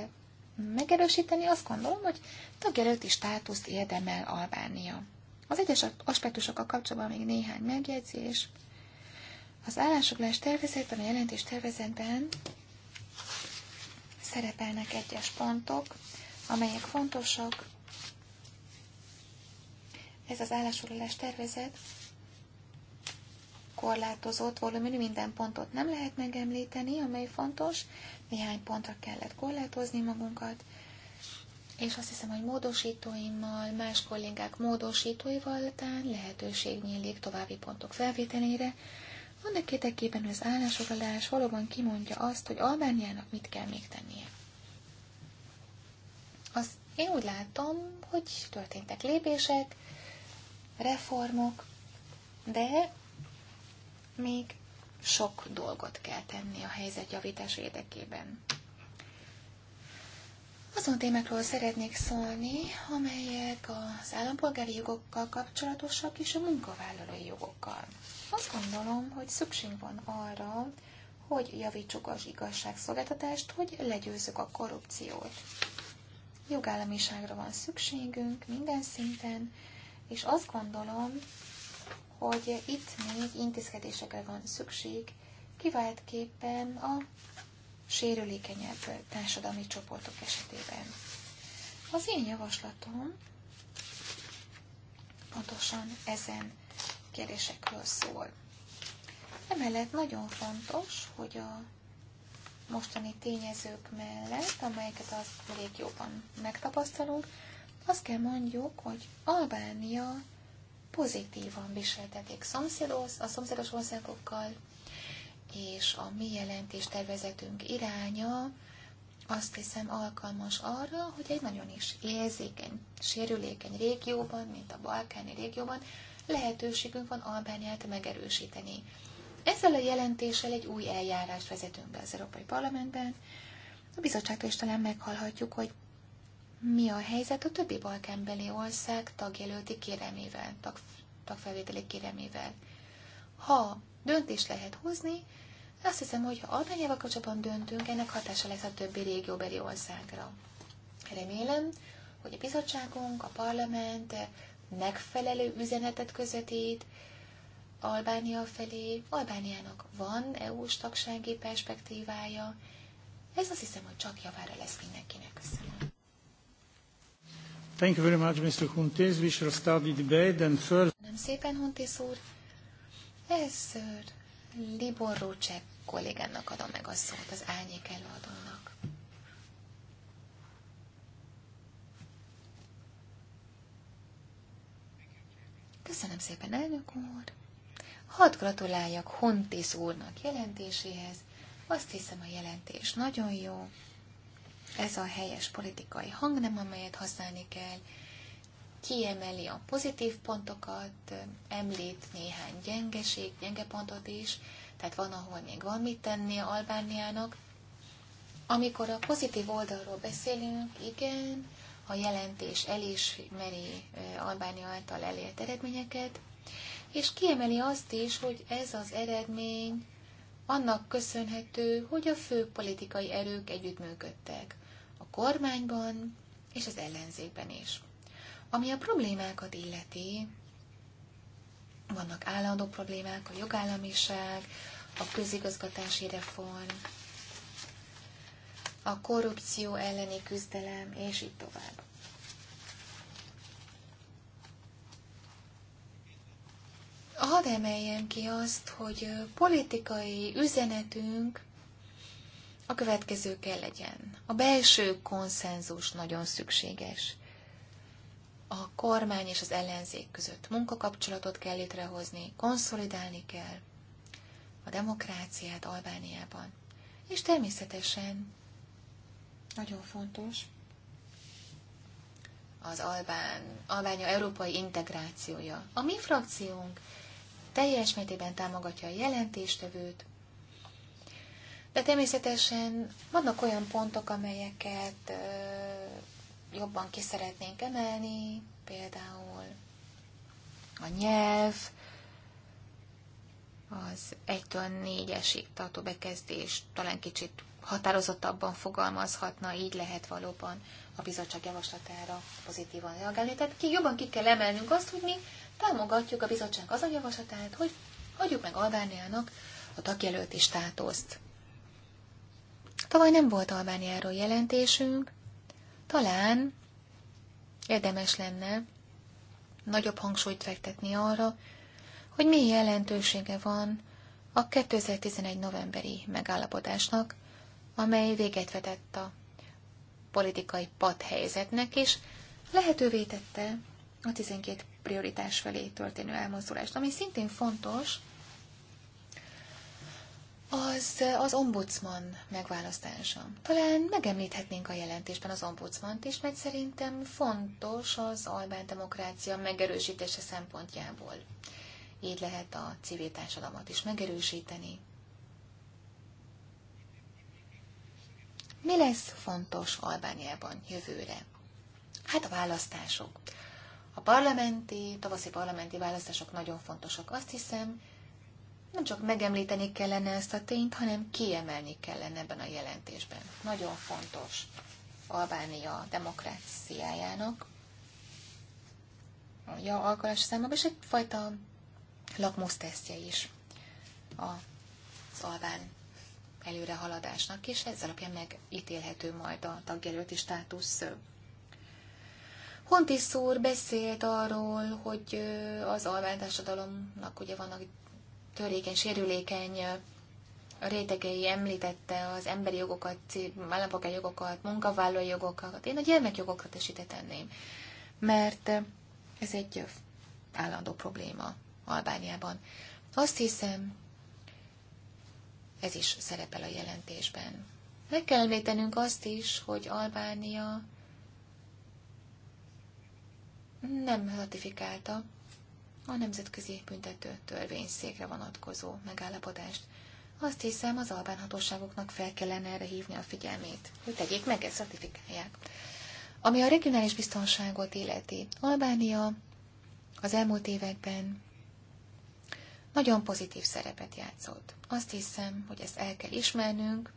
megerősíteni, azt gondolom, hogy tagjelölti státuszt érdemel Albánia. Az egyes aspektusokkal kapcsolatban még néhány megjegyzés. Az állásoglás tervezetben, a jelentés tervezetben szerepelnek egyes pontok, amelyek fontosak. Ez az állásolás tervezet korlátozott volumenű, minden pontot nem lehet megemlíteni, amely fontos, néhány pontra kellett korlátozni magunkat, és azt hiszem, hogy módosítóimmal, más kollégák módosítóival talán lehetőség nyílik további pontok felvételére, annak érdekében, hogy az állásfoglalás valóban kimondja azt, hogy Albániának mit kell még tennie. Az én úgy látom, hogy történtek lépések, reformok, de még sok dolgot kell tenni a helyzet javítás érdekében. Azon témákról szeretnék szólni, amelyek az állampolgári jogokkal kapcsolatosak és a munkavállalói jogokkal. Azt gondolom, hogy szükség van arra, hogy javítsuk az igazságszolgáltatást, hogy legyőzzük a korrupciót. Jogállamiságra van szükségünk minden szinten, és azt gondolom, hogy itt még intézkedésekre van szükség, kiváltképpen a sérülékenyebb társadalmi csoportok esetében. Az én javaslatom pontosan ezen kérdésekről szól. Emellett nagyon fontos, hogy a mostani tényezők mellett, amelyeket az régióban megtapasztalunk, azt kell mondjuk, hogy Albánia pozitívan viseltetik szomszédos, a szomszédos országokkal, és a mi jelentés tervezetünk iránya azt hiszem alkalmas arra, hogy egy nagyon is érzékeny, sérülékeny régióban, mint a balkáni régióban, lehetőségünk van Albániát megerősíteni. Ezzel a jelentéssel egy új eljárást vezetünk be az Európai Parlamentben. A bizottságtól is talán meghallhatjuk, hogy mi a helyzet a többi balkánbeli ország tagjelölti kéremével, tag, tagfelvételi kéremével. Ha döntést lehet hozni, azt hiszem, hogy ha Albániával kapcsolatban döntünk, ennek hatása lesz a többi régióbeli országra. Remélem, hogy a bizottságunk, a parlament megfelelő üzenetet közvetít Albánia felé. Albániának van EU-s tagsági perspektívája. Ez azt hiszem, hogy csak javára lesz mindenkinek. Köszönöm. Thank you very much, Mr. Huntes. We shall start the debate and first... Nem szépen, Huntes úr. Először Libor Rócsek kollégának adom meg a szót, az Ányék előadónak. Köszönöm szépen, elnök úr! Hadd gratuláljak Hontész úrnak jelentéséhez. Azt hiszem, a jelentés nagyon jó. Ez a helyes politikai hang nem amelyet használni kell. Kiemeli a pozitív pontokat, említ néhány gyengeség, gyenge pontot is, tehát van, ahol még van mit a Albániának. Amikor a pozitív oldalról beszélünk, igen, a jelentés elismeri Albánia által elért eredményeket, és kiemeli azt is, hogy ez az eredmény annak köszönhető, hogy a fő politikai erők együttműködtek a kormányban és az ellenzékben is. Ami a problémákat illeti, vannak állandó problémák, a jogállamiság, a közigazgatási reform, a korrupció elleni küzdelem, és így tovább. Hadd emeljem ki azt, hogy politikai üzenetünk a következő kell legyen. A belső konszenzus nagyon szükséges. A kormány és az ellenzék között munkakapcsolatot kell létrehozni, konszolidálni kell a demokráciát Albániában. És természetesen nagyon fontos az Albán, Albánia európai integrációja. A mi frakciónk teljes mértékben támogatja a jelentéstevőt, de természetesen vannak olyan pontok, amelyeket jobban ki szeretnénk emelni, például a nyelv, az 1-től 4 tartó bekezdés talán kicsit határozottabban fogalmazhatna, így lehet valóban a bizottság javaslatára pozitívan reagálni. Tehát ki jobban ki kell emelnünk azt, hogy mi támogatjuk a bizottság az a javaslatát, hogy hagyjuk meg Albániának a tagjelölti státuszt. Tavaly nem volt Albániáról jelentésünk, talán érdemes lenne nagyobb hangsúlyt fektetni arra, hogy mi jelentősége van a 2011. novemberi megállapodásnak, amely véget vetett a politikai padhelyzetnek, és lehetővé tette a 12 prioritás felé történő elmozdulást, ami szintén fontos, az, az ombudsman megválasztása. Talán megemlíthetnénk a jelentésben az ombudsmant is, mert szerintem fontos az albán demokrácia megerősítése szempontjából. Így lehet a civil társadalmat is megerősíteni. Mi lesz fontos Albániában jövőre? Hát a választások. A parlamenti, tavaszi parlamenti választások nagyon fontosak. Azt hiszem, nem csak megemlíteni kellene ezt a tényt, hanem kiemelni kellene ebben a jelentésben. Nagyon fontos Albánia demokráciájának a ja, alkalás számában, és egyfajta lakmusztesztje is az albán előrehaladásnak, és ez alapján megítélhető majd a tagjelölti státusz. Honti szúr beszélt arról, hogy az albán társadalomnak ugye vannak törékeny, sérülékeny rétegei említette az emberi jogokat, állampolgári jogokat, munkavállalói jogokat, én a gyermekjogokat is ide tenném, mert ez egy állandó probléma Albániában. Azt hiszem, ez is szerepel a jelentésben. Meg kell említenünk azt is, hogy Albánia nem ratifikálta a Nemzetközi Büntető Törvényszékre vonatkozó megállapodást. Azt hiszem, az albán hatóságoknak fel kellene erre hívni a figyelmét, hogy tegyék meg, ezt ratifikálják. Ami a regionális biztonságot illeti, Albánia az elmúlt években nagyon pozitív szerepet játszott. Azt hiszem, hogy ezt el kell ismernünk,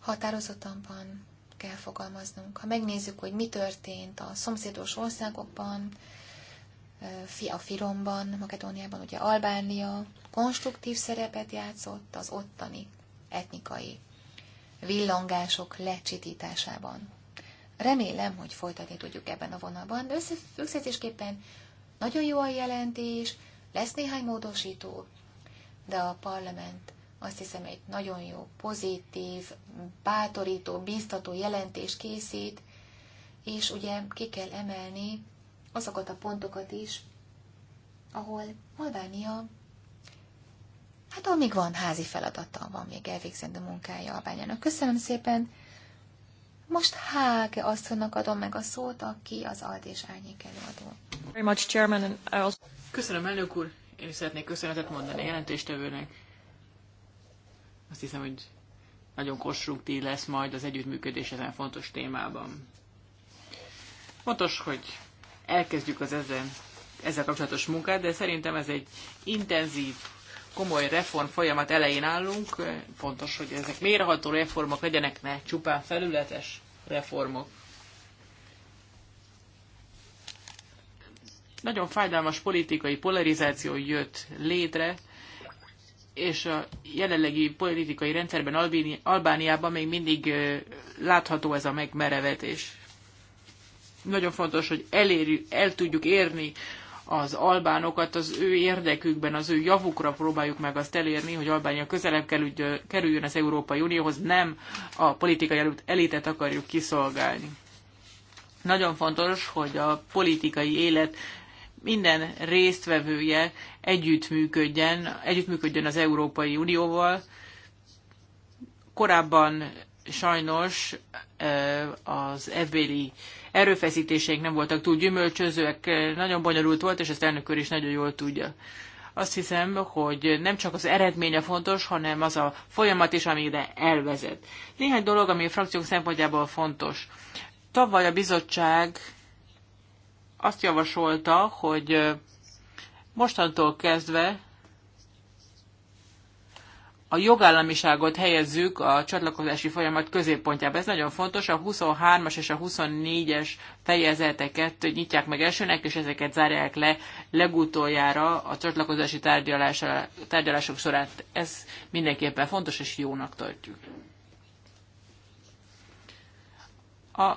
határozottanban kell fogalmaznunk. Ha megnézzük, hogy mi történt a szomszédos országokban, a Firomban, Makedóniában, ugye Albánia konstruktív szerepet játszott az ottani etnikai villangások lecsitításában. Remélem, hogy folytatni tudjuk ebben a vonalban, de összefüggésképpen nagyon jó a jelentés, lesz néhány módosító, de a parlament azt hiszem egy nagyon jó, pozitív, bátorító, bíztató jelentés készít, és ugye ki kell emelni azokat a pontokat is, ahol Albánia, hát amíg van házi feladata, van még elvégzendő munkája Albániának. Köszönöm szépen! Most Háge asszonynak adom meg a szót, aki az Ald és Árnyék előadó. Köszönöm, elnök úr. Én is szeretnék köszönetet mondani a jelentéstevőnek. Azt hiszem, hogy nagyon konstruktív lesz majd az együttműködés ezen fontos témában. Fontos, hogy elkezdjük az ezen, ezzel kapcsolatos munkát, de szerintem ez egy intenzív komoly reform folyamat elején állunk. Fontos, hogy ezek mérható reformok legyenek, ne csupán felületes reformok. Nagyon fájdalmas politikai polarizáció jött létre, és a jelenlegi politikai rendszerben Albániában még mindig látható ez a megmerevetés. Nagyon fontos, hogy elérjük, el tudjuk érni az albánokat az ő érdekükben, az ő javukra próbáljuk meg azt elérni, hogy Albánia közelebb kerüljön az Európai Unióhoz, nem a politikai elitet akarjuk kiszolgálni. Nagyon fontos, hogy a politikai élet minden résztvevője együttműködjen, együttműködjön az Európai Unióval. Korábban sajnos eh, az ebéli erőfeszítéseink nem voltak túl gyümölcsözőek, nagyon bonyolult volt, és ezt elnök is nagyon jól tudja. Azt hiszem, hogy nem csak az eredménye fontos, hanem az a folyamat is, ami ide elvezet. Néhány dolog, ami a frakciók szempontjából fontos. Tavaly a bizottság azt javasolta, hogy mostantól kezdve a jogállamiságot helyezzük a csatlakozási folyamat középpontjába. Ez nagyon fontos, a 23-as és a 24-es fejezeteket nyitják meg elsőnek, és ezeket zárják le legutoljára a csatlakozási tárgyalások során. Ez mindenképpen fontos, és jónak tartjuk. A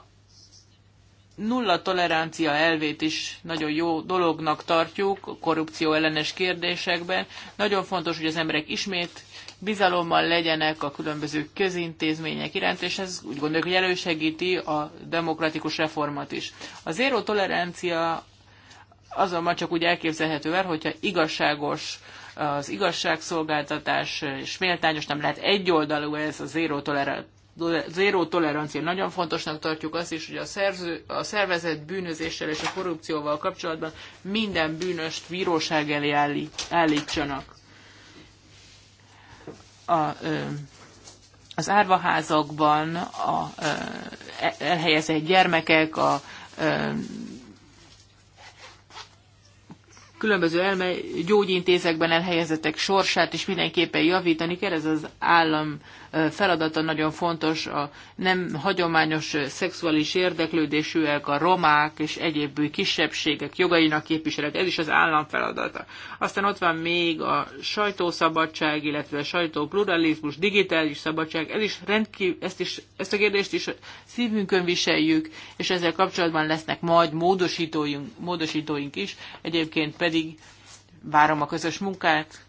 nulla tolerancia elvét is nagyon jó dolognak tartjuk korrupció ellenes kérdésekben. Nagyon fontos, hogy az emberek ismét bizalommal legyenek a különböző közintézmények iránt, és ez úgy gondoljuk, hogy elősegíti a demokratikus reformat is. A zéró tolerancia azonban csak úgy elképzelhető el, hogyha igazságos az igazságszolgáltatás és méltányos, nem lehet egyoldalú ez a zéró tolerancia zéró tolerancia. Nagyon fontosnak tartjuk azt is, hogy a, szerző, a szervezet bűnözéssel és a korrupcióval kapcsolatban minden bűnöst bíróság elé állítsanak a, az árvaházakban a e, elhelyezett gyermekek, a különböző elme gyógyintézekben elhelyezettek sorsát is mindenképpen javítani kell. Ez az állam feladata nagyon fontos. A nem hagyományos szexuális érdeklődésűek, a romák és egyéb kisebbségek jogainak képviselet, ez is az állam feladata. Aztán ott van még a sajtószabadság, illetve a sajtópluralizmus, digitális szabadság, ez is rendkív, ezt, is, ezt a kérdést is szívünkön viseljük, és ezzel kapcsolatban lesznek majd módosítóink, módosítóink is. Egyébként pedig pedig várom a közös munkát.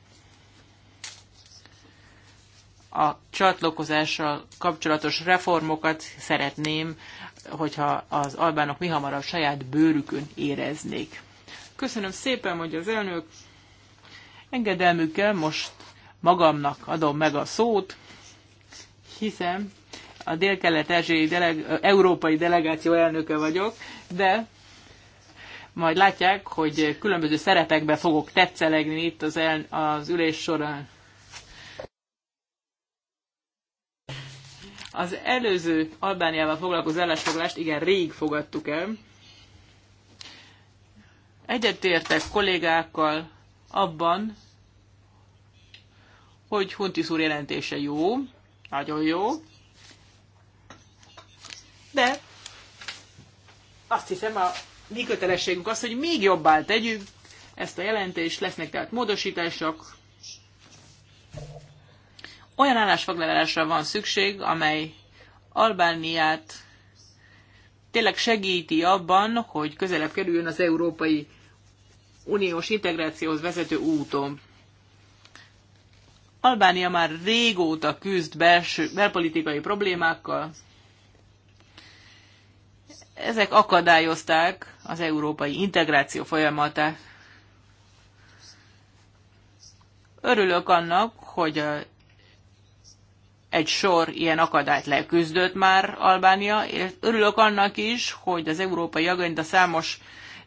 A csatlakozással kapcsolatos reformokat szeretném, hogyha az albánok mi hamarabb saját bőrükön éreznék. Köszönöm szépen, hogy az elnök engedelmükkel most magamnak adom meg a szót, hiszen a dél-kelet-ázsiai európai delegáció elnöke vagyok, de majd látják, hogy különböző szerepekbe fogok tetszelegni itt az, el, az ülés során. Az előző Albániával foglalkozó állásfoglalást igen rég fogadtuk el. Egyetértek kollégákkal abban, hogy Huntis úr jelentése jó, nagyon jó, de azt hiszem a mi kötelességünk az, hogy még jobbá tegyük ezt a jelentést, lesznek tehát módosítások. Olyan állásfoglalásra van szükség, amely Albániát tényleg segíti abban, hogy közelebb kerüljön az Európai Uniós integrációhoz vezető úton. Albánia már régóta küzd belső, belpolitikai problémákkal, ezek akadályozták az európai integráció folyamatát. Örülök annak, hogy egy sor ilyen akadályt leküzdött már Albánia. Örülök annak is, hogy az európai agenda számos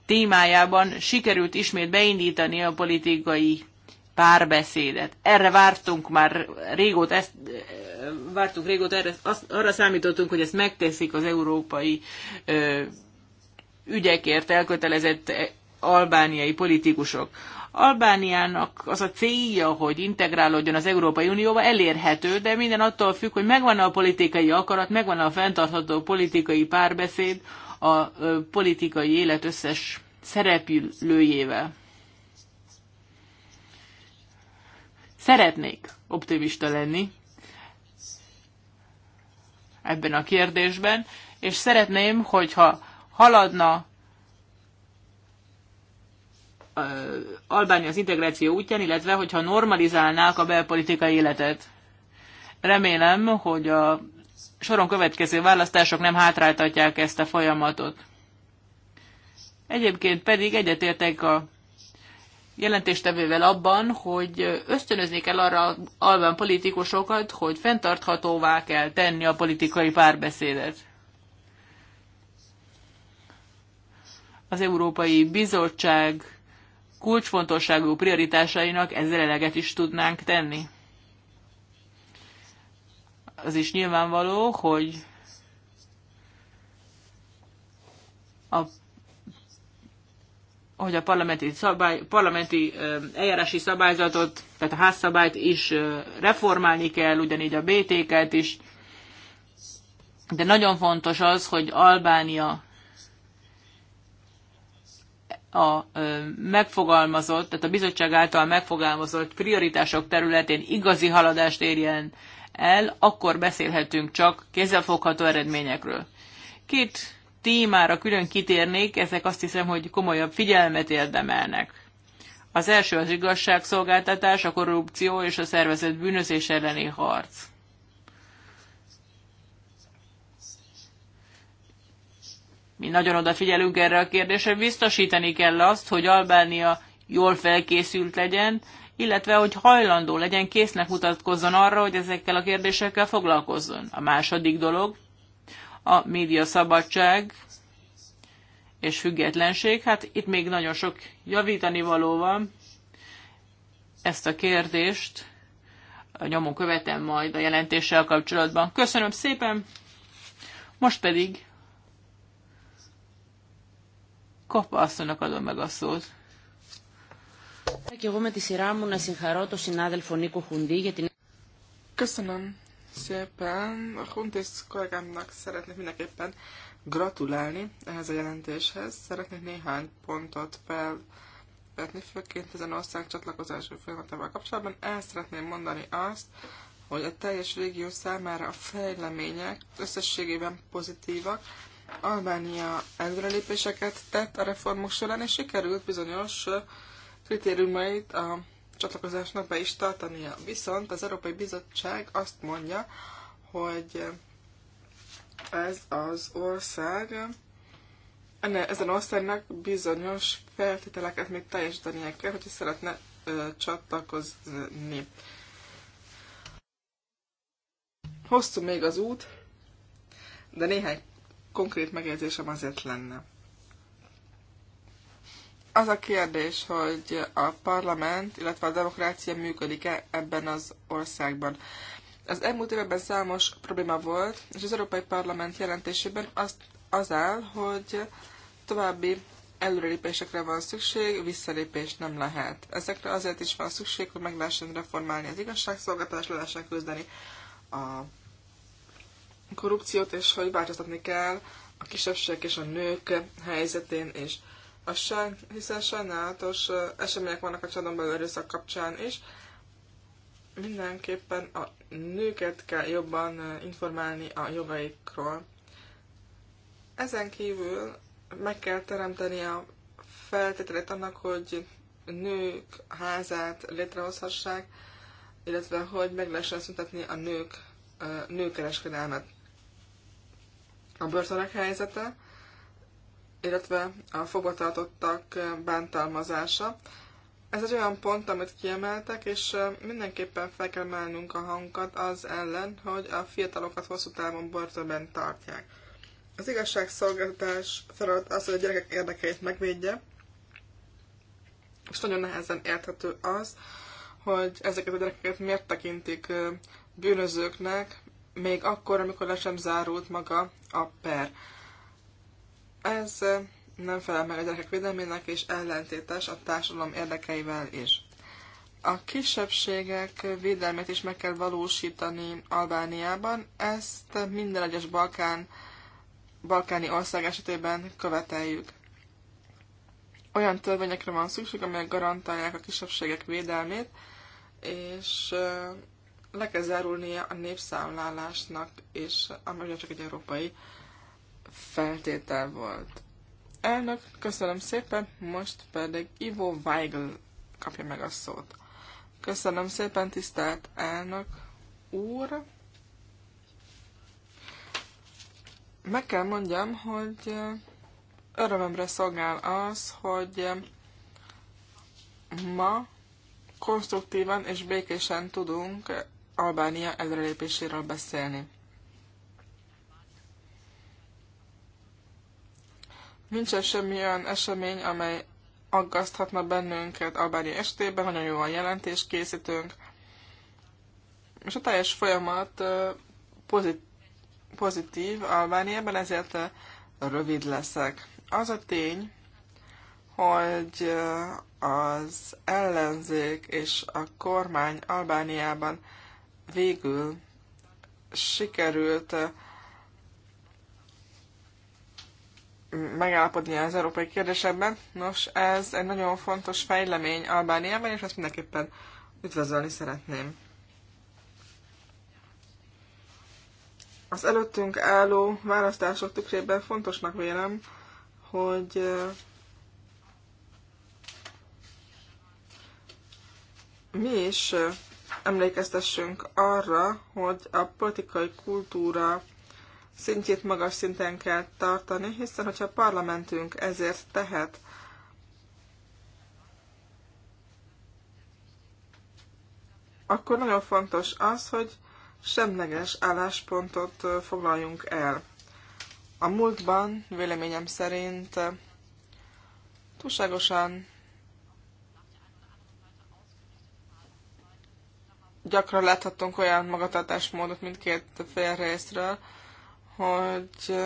témájában sikerült ismét beindítani a politikai párbeszédet. Erre vártunk már régóta, ezt, eh, vártunk régóta, erre, azt, arra számítottunk, hogy ezt megteszik az európai ö, ügyekért elkötelezett eh, albániai politikusok. Albániának az a célja, hogy integrálódjon az Európai Unióba, elérhető, de minden attól függ, hogy megvan a politikai akarat, megvan a fenntartható politikai párbeszéd a politikai élet összes szereplőjével. Szeretnék optimista lenni ebben a kérdésben, és szeretném, hogyha haladna Albánia az integráció útján, illetve hogyha normalizálnák a belpolitikai életet. Remélem, hogy a soron következő választások nem hátráltatják ezt a folyamatot. Egyébként pedig egyetértek a jelentéstevővel abban, hogy ösztönözni kell arra alban politikusokat, hogy fenntarthatóvá kell tenni a politikai párbeszédet. Az Európai Bizottság kulcsfontosságú prioritásainak ezzel eleget is tudnánk tenni. Az is nyilvánvaló, hogy a hogy a parlamenti, szabály, parlamenti eljárási szabályzatot, tehát a házszabályt is reformálni kell, ugyanígy a BT-ket is. De nagyon fontos az, hogy Albánia a megfogalmazott, tehát a bizottság által megfogalmazott prioritások területén igazi haladást érjen el, akkor beszélhetünk csak kézzelfogható eredményekről. Két témára külön kitérnék, ezek azt hiszem, hogy komolyabb figyelmet érdemelnek. Az első az igazságszolgáltatás, a korrupció és a szervezett bűnözés elleni harc. Mi nagyon odafigyelünk erre a kérdésre, biztosítani kell azt, hogy Albánia jól felkészült legyen, illetve hogy hajlandó legyen, késznek mutatkozzon arra, hogy ezekkel a kérdésekkel foglalkozzon. A második dolog, a média szabadság és függetlenség. Hát itt még nagyon sok javítani való van. Ezt a kérdést a nyomon követem majd a jelentéssel kapcsolatban. Köszönöm szépen! Most pedig Kappa asszonynak adom meg a szót. Köszönöm szépen. A Huntis kollégámnak szeretnék mindenképpen gratulálni ehhez a jelentéshez. Szeretnék néhány pontot felvetni, főként ezen ország csatlakozási folyamatával kapcsolatban. El szeretném mondani azt, hogy a teljes régió számára a fejlemények összességében pozitívak. Albánia előrelépéseket tett a reformok során, és sikerült bizonyos kritériumait a csatlakozásnak be is tartania. Viszont az Európai Bizottság azt mondja, hogy ez az ország, enne, ezen országnak bizonyos feltételeket még teljesítenie kell, hogyha szeretne ö, csatlakozni. Hosszú még az út, de néhány konkrét megjegyzésem azért lenne. Az a kérdés, hogy a parlament, illetve a demokrácia működik-e ebben az országban. Az elmúlt években számos probléma volt, és az Európai Parlament jelentésében az, az áll, hogy további előrelépésekre van szükség, visszalépés nem lehet. Ezekre azért is van szükség, hogy meg lehessen reformálni az igazságszolgáltatást, le lehessen küzdeni a korrupciót, és hogy változtatni kell a kisebbségek és a nők helyzetén, és a saj, hiszen sajnálatos események vannak a családon belül erőszak kapcsán is. Mindenképpen a nőket kell jobban informálni a jogaikról. Ezen kívül meg kell teremteni a feltételét annak, hogy nők házát létrehozhassák, illetve hogy meg lehessen szüntetni a nők nőkereskedelmet. A börtönök helyzete, illetve a fogvatartottak bántalmazása. Ez egy olyan pont, amit kiemeltek, és mindenképpen fel kell emelnünk a hangkat az ellen, hogy a fiatalokat hosszú távon börtönben tartják. Az igazságszolgáltatás feladat az, hogy a gyerekek érdekeit megvédje, és nagyon nehezen érthető az, hogy ezeket a gyerekeket miért tekintik bűnözőknek, még akkor, amikor le sem zárult maga a per. Ez nem felel meg a gyerekek védelmének, és ellentétes a társadalom érdekeivel is. A kisebbségek védelmét is meg kell valósítani Albániában, ezt minden egyes Balkán, balkáni ország esetében követeljük. Olyan törvényekre van szükség, amelyek garantálják a kisebbségek védelmét, és le kell zárulnia a népszámlálásnak, és amely csak egy európai feltétel volt. Elnök, köszönöm szépen, most pedig Ivo Weigl kapja meg a szót. Köszönöm szépen, tisztelt elnök úr. Meg kell mondjam, hogy örömömre szolgál az, hogy ma konstruktívan és békésen tudunk Albánia előrelépéséről beszélni. Nincsen semmilyen esemény, amely aggaszthatna bennünket Albánia estében, nagyon jó a jelentés készítünk, és a teljes folyamat pozit- pozitív Albániában, ezért rövid leszek. Az a tény, hogy az ellenzék és a kormány Albániában végül sikerült megállapodni az európai kérdésekben. Nos, ez egy nagyon fontos fejlemény Albániában, és ezt mindenképpen üdvözölni szeretném. Az előttünk álló választások tükrében fontosnak vélem, hogy eh, mi is eh, emlékeztessünk arra, hogy a politikai kultúra szintjét magas szinten kell tartani, hiszen hogyha a parlamentünk ezért tehet, akkor nagyon fontos az, hogy semleges álláspontot foglaljunk el. A múltban véleményem szerint túlságosan gyakran láthattunk olyan magatartásmódot mindkét fél részről, hogy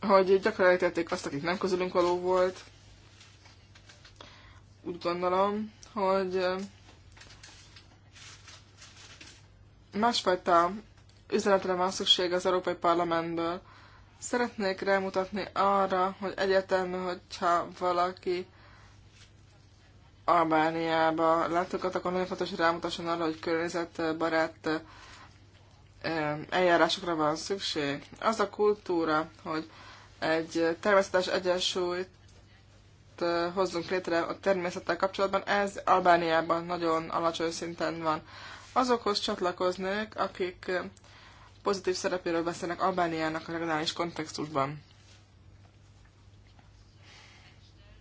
hogy gyakran elítették azt, akik nem közülünk való volt. Úgy gondolom, hogy másfajta üzenetre van szükség az Európai Parlamentből. Szeretnék rámutatni arra, hogy egyetemű, hogyha valaki Albániába látogat, akkor nagyon fontos, hogy rámutasson arra, hogy környezetbarát eljárásokra van szükség. Az a kultúra, hogy egy természetes egyensúlyt hozzunk létre a természettel kapcsolatban, ez Albániában nagyon alacsony szinten van. Azokhoz csatlakoznék, akik pozitív szerepéről beszélnek Albániának a regionális kontextusban.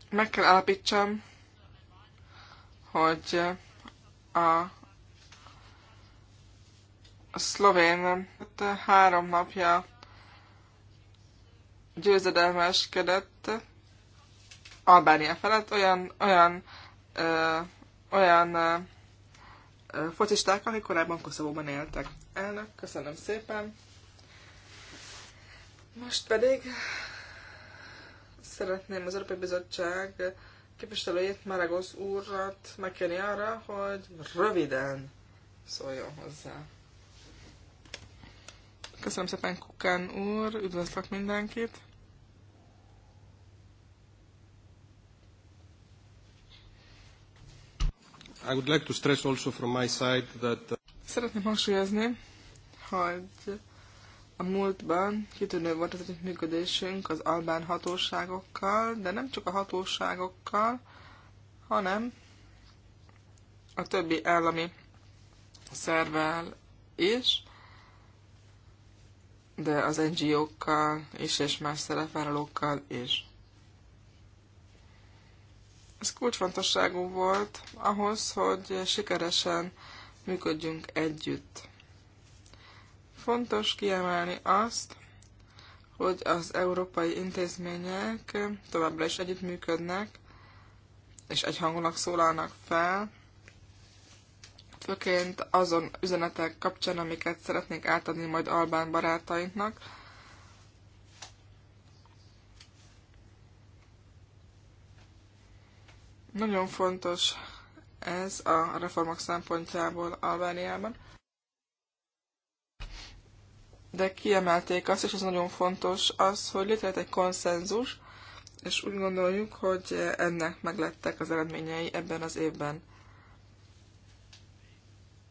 Meg kell állapítsam, hogy a a szlovén három napja győzedelmeskedett Albánia felett olyan, olyan, ö, olyan ö, focisták, akik korábban Koszovóban éltek. Elnök, köszönöm szépen. Most pedig szeretném az Európai Bizottság képviselőjét, Maragosz úrat megkérni arra, hogy röviden szóljon hozzá. Köszönöm szépen, Kukán úr, üdvözlök mindenkit! I would like to stress also from my side that... Uh, Szeretném hangsúlyozni, hogy a múltban kitűnő volt az együttműködésünk az albán hatóságokkal, de nem csak a hatóságokkal, hanem a többi állami szervvel is, de az NGO-kkal is, és más szerepvállalókkal is. Ez kulcsfontosságú volt ahhoz, hogy sikeresen működjünk együtt. Fontos kiemelni azt, hogy az európai intézmények továbbra is együttműködnek, és egyhangulag szólalnak fel, főként azon üzenetek kapcsán, amiket szeretnék átadni majd albán barátainknak. Nagyon fontos ez a reformok szempontjából Albániában de kiemelték azt, és ez nagyon fontos, az, hogy létrejött egy konszenzus, és úgy gondoljuk, hogy ennek meglettek az eredményei ebben az évben.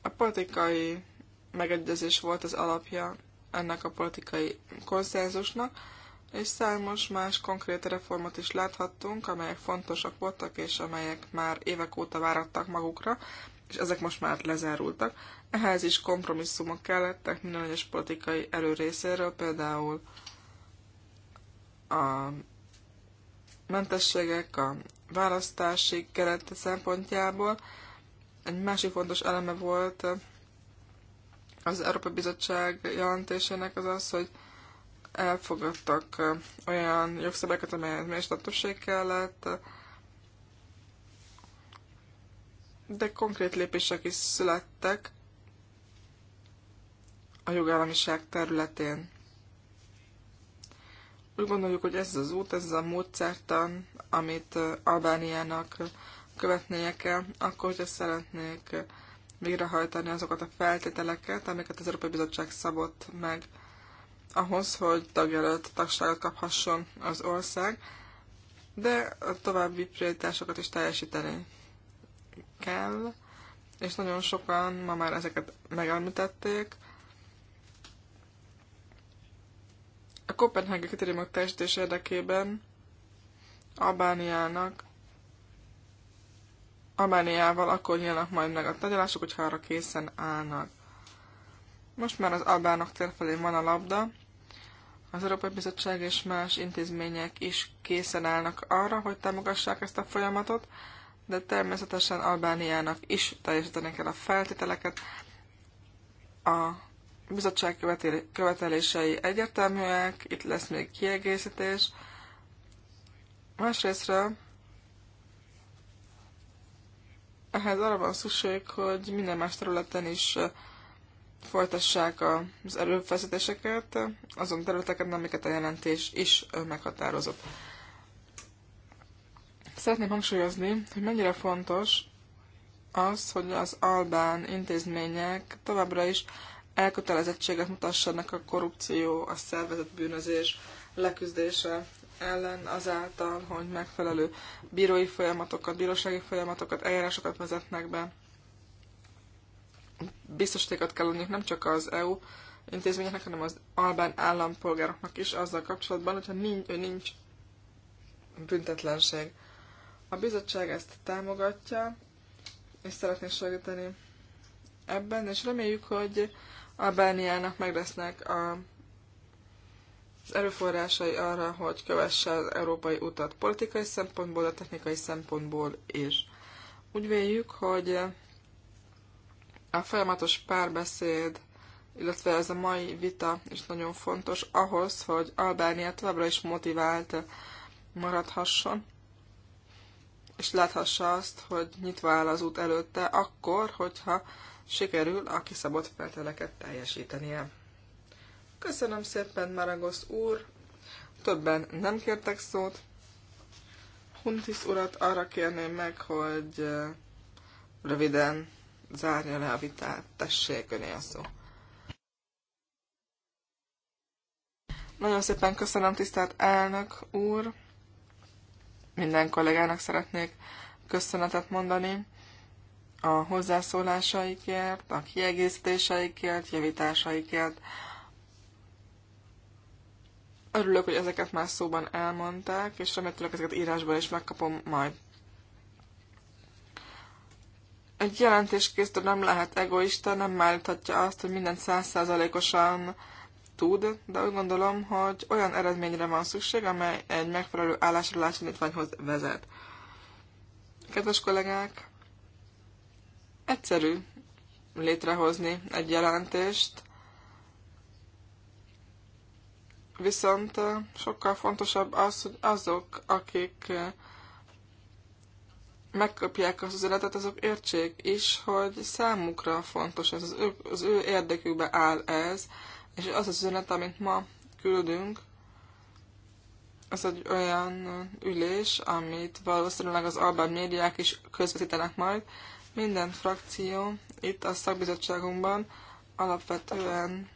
A politikai megegyezés volt az alapja ennek a politikai konszenzusnak, és számos más konkrét reformot is láthattunk, amelyek fontosak voltak, és amelyek már évek óta várattak magukra, és ezek most már lezárultak. Ehhez is kompromisszumok kellettek minden egyes politikai erő részéről, például a mentességek, a választási keret szempontjából. Egy másik fontos eleme volt az Európai Bizottság jelentésének az az, hogy elfogadtak olyan jogszabályokat, amelyet mély statusség kellett, de konkrét lépések is születtek a jogállamiság területén. Úgy gondoljuk, hogy ez az út, ez az a módszertan, amit Albániának követnie kell, akkor, hogyha szeretnék végrehajtani azokat a feltételeket, amiket az Európai Bizottság szabott meg ahhoz, hogy tagjelölt tagságot kaphasson az ország, de a további prioritásokat is teljesíteni kell, és nagyon sokan ma már ezeket megelmítették. A Kopenhágai kritériumok testés érdekében Albániának Albániával akkor nyílnak majd meg a tagyalások, hogyha arra készen állnak. Most már az albánok térfelé van a labda, az Európai Bizottság és más intézmények is készen állnak arra, hogy támogassák ezt a folyamatot, de természetesen Albániának is teljesíteni kell a feltételeket a bizottság követelései egyértelműek, itt lesz még kiegészítés. Másrésztről ehhez arra van szükség, hogy minden más területen is folytassák az erőfeszítéseket, azon területeken, amiket a jelentés is meghatározott. Szeretném hangsúlyozni, hogy mennyire fontos az, hogy az albán intézmények továbbra is elkötelezettséget mutassanak a korrupció, a szervezett bűnözés leküzdése ellen azáltal, hogy megfelelő bírói folyamatokat, bírósági folyamatokat, eljárásokat vezetnek be. Biztosítékat kell adniuk nem csak az EU intézményeknek, hanem az albán állampolgároknak is azzal kapcsolatban, hogyha nincs, nincs büntetlenség. A bizottság ezt támogatja, és szeretné segíteni ebben, és reméljük, hogy Albániának meg lesznek a, az erőforrásai arra, hogy kövesse az európai utat politikai szempontból, a technikai szempontból is. Úgy véljük, hogy a folyamatos párbeszéd, illetve ez a mai vita is nagyon fontos ahhoz, hogy Albánia továbbra is motivált maradhasson, és láthassa azt, hogy nyitva áll az út előtte, akkor, hogyha sikerül a kiszabott felteleket teljesítenie. Köszönöm szépen, Maragosz úr! Többen nem kértek szót. Huntis urat arra kérném meg, hogy röviden zárja le a vitát. Tessék, öné a szó. Nagyon szépen köszönöm, tisztelt elnök úr! Minden kollégának szeretnék köszönetet mondani a hozzászólásaikért, a kiegészítéseikért, javításaikért. Örülök, hogy ezeket már szóban elmondták, és remélhetőleg ezeket írásban is megkapom majd. Egy jelentéskészítő nem lehet egoista, nem állíthatja azt, hogy mindent százszázalékosan tud, de úgy gondolom, hogy olyan eredményre van szükség, amely egy megfelelő állásrólás indítványhoz vezet. Kedves kollégák, Egyszerű létrehozni egy jelentést, viszont sokkal fontosabb az, hogy azok, akik megkapják az üzenetet, azok értsék is, hogy számukra fontos ez, az ő, az ő érdekükbe áll ez, és az az üzenet, amit ma küldünk, az egy olyan ülés, amit valószínűleg az albán médiák is közvetítenek majd, minden frakció itt a szakbizottságunkban alapvetően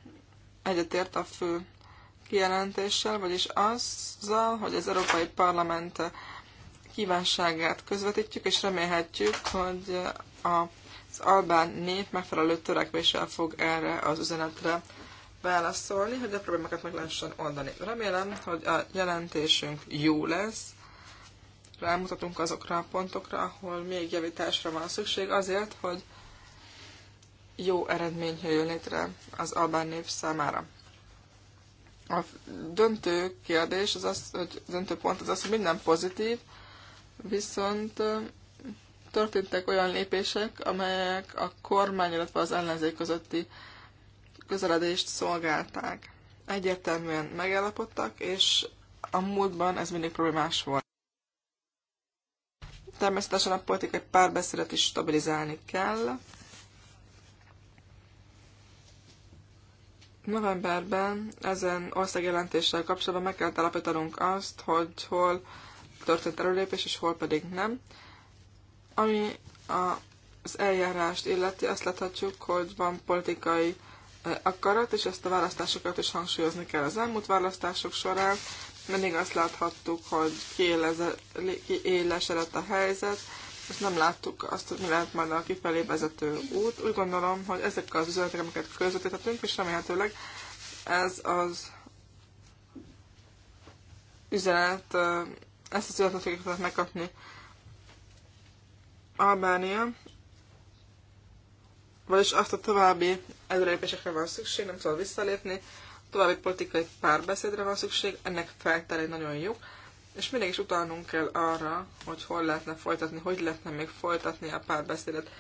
egyetért a fő kijelentéssel, vagyis azzal, hogy az Európai Parlament kívánságát közvetítjük, és remélhetjük, hogy az albán nép megfelelő törekvéssel fog erre az üzenetre válaszolni, hogy a problémákat meg lehessen oldani. Remélem, hogy a jelentésünk jó lesz, rámutatunk azokra a pontokra, ahol még javításra van szükség azért, hogy jó eredmény jöjjön létre az albán nép számára. A döntő kérdés, az az, hogy döntő pont az az, hogy minden pozitív, viszont történtek olyan lépések, amelyek a kormány, illetve az ellenzék közötti közeledést szolgálták. Egyértelműen megállapodtak, és a múltban ez mindig problémás volt. Természetesen a politikai párbeszédet is stabilizálni kell. Novemberben ezen országjelentéssel kapcsolatban meg kell állapítanunk azt, hogy hol történt előlépés, és hol pedig nem. Ami a, az eljárást illeti, azt láthatjuk, hogy van politikai eh, akarat, és ezt a választásokat is hangsúlyozni kell az elmúlt választások során mindig azt láthattuk, hogy kiélesedett a helyzet, és nem láttuk azt, hogy mi lehet majd a kifelé vezető út. Úgy gondolom, hogy ezek az üzenetek, amiket közvetítettünk, és remélhetőleg ez az üzenet, ezt az üzenetet fogjuk megkapni Albánia, vagyis azt a további előrépésekre van szükség, nem tudod visszalépni, további politikai párbeszédre van szükség, ennek feltelei nagyon jó, és mindig is utalnunk kell arra, hogy hol lehetne folytatni, hogy lehetne még folytatni a párbeszédet.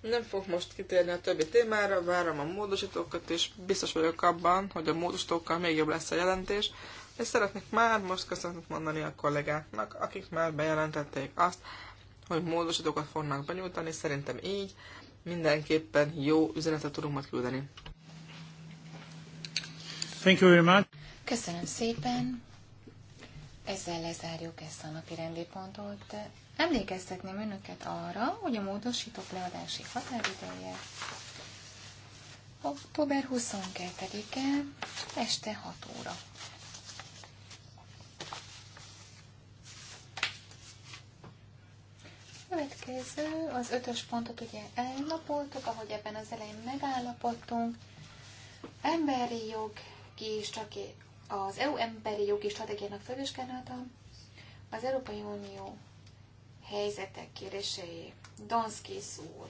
Nem fog most kitérni a többi témára, várom a módosítókat, és biztos vagyok abban, hogy a módosítókkal még jobb lesz a jelentés, és szeretnék már most köszönetet mondani a kollégáknak, akik már bejelentették azt, hogy módosítókat fognak benyújtani, szerintem így mindenképpen jó üzenetet tudunk majd küldeni. Thank you very much. Köszönöm szépen. Ezzel lezárjuk ezt a napi rendi pontot. Emlékeztetném önöket arra, hogy a módosított leadási határideje október 22-e este 6 óra. Következő, az ötös pontot ugye elnapoltuk, ahogy ebben az elején megállapodtunk. Emberi jog jogi csak az EU emberi jogi stratégiának felvizsgálata az Európai Unió helyzetek kérései. Donszki úr.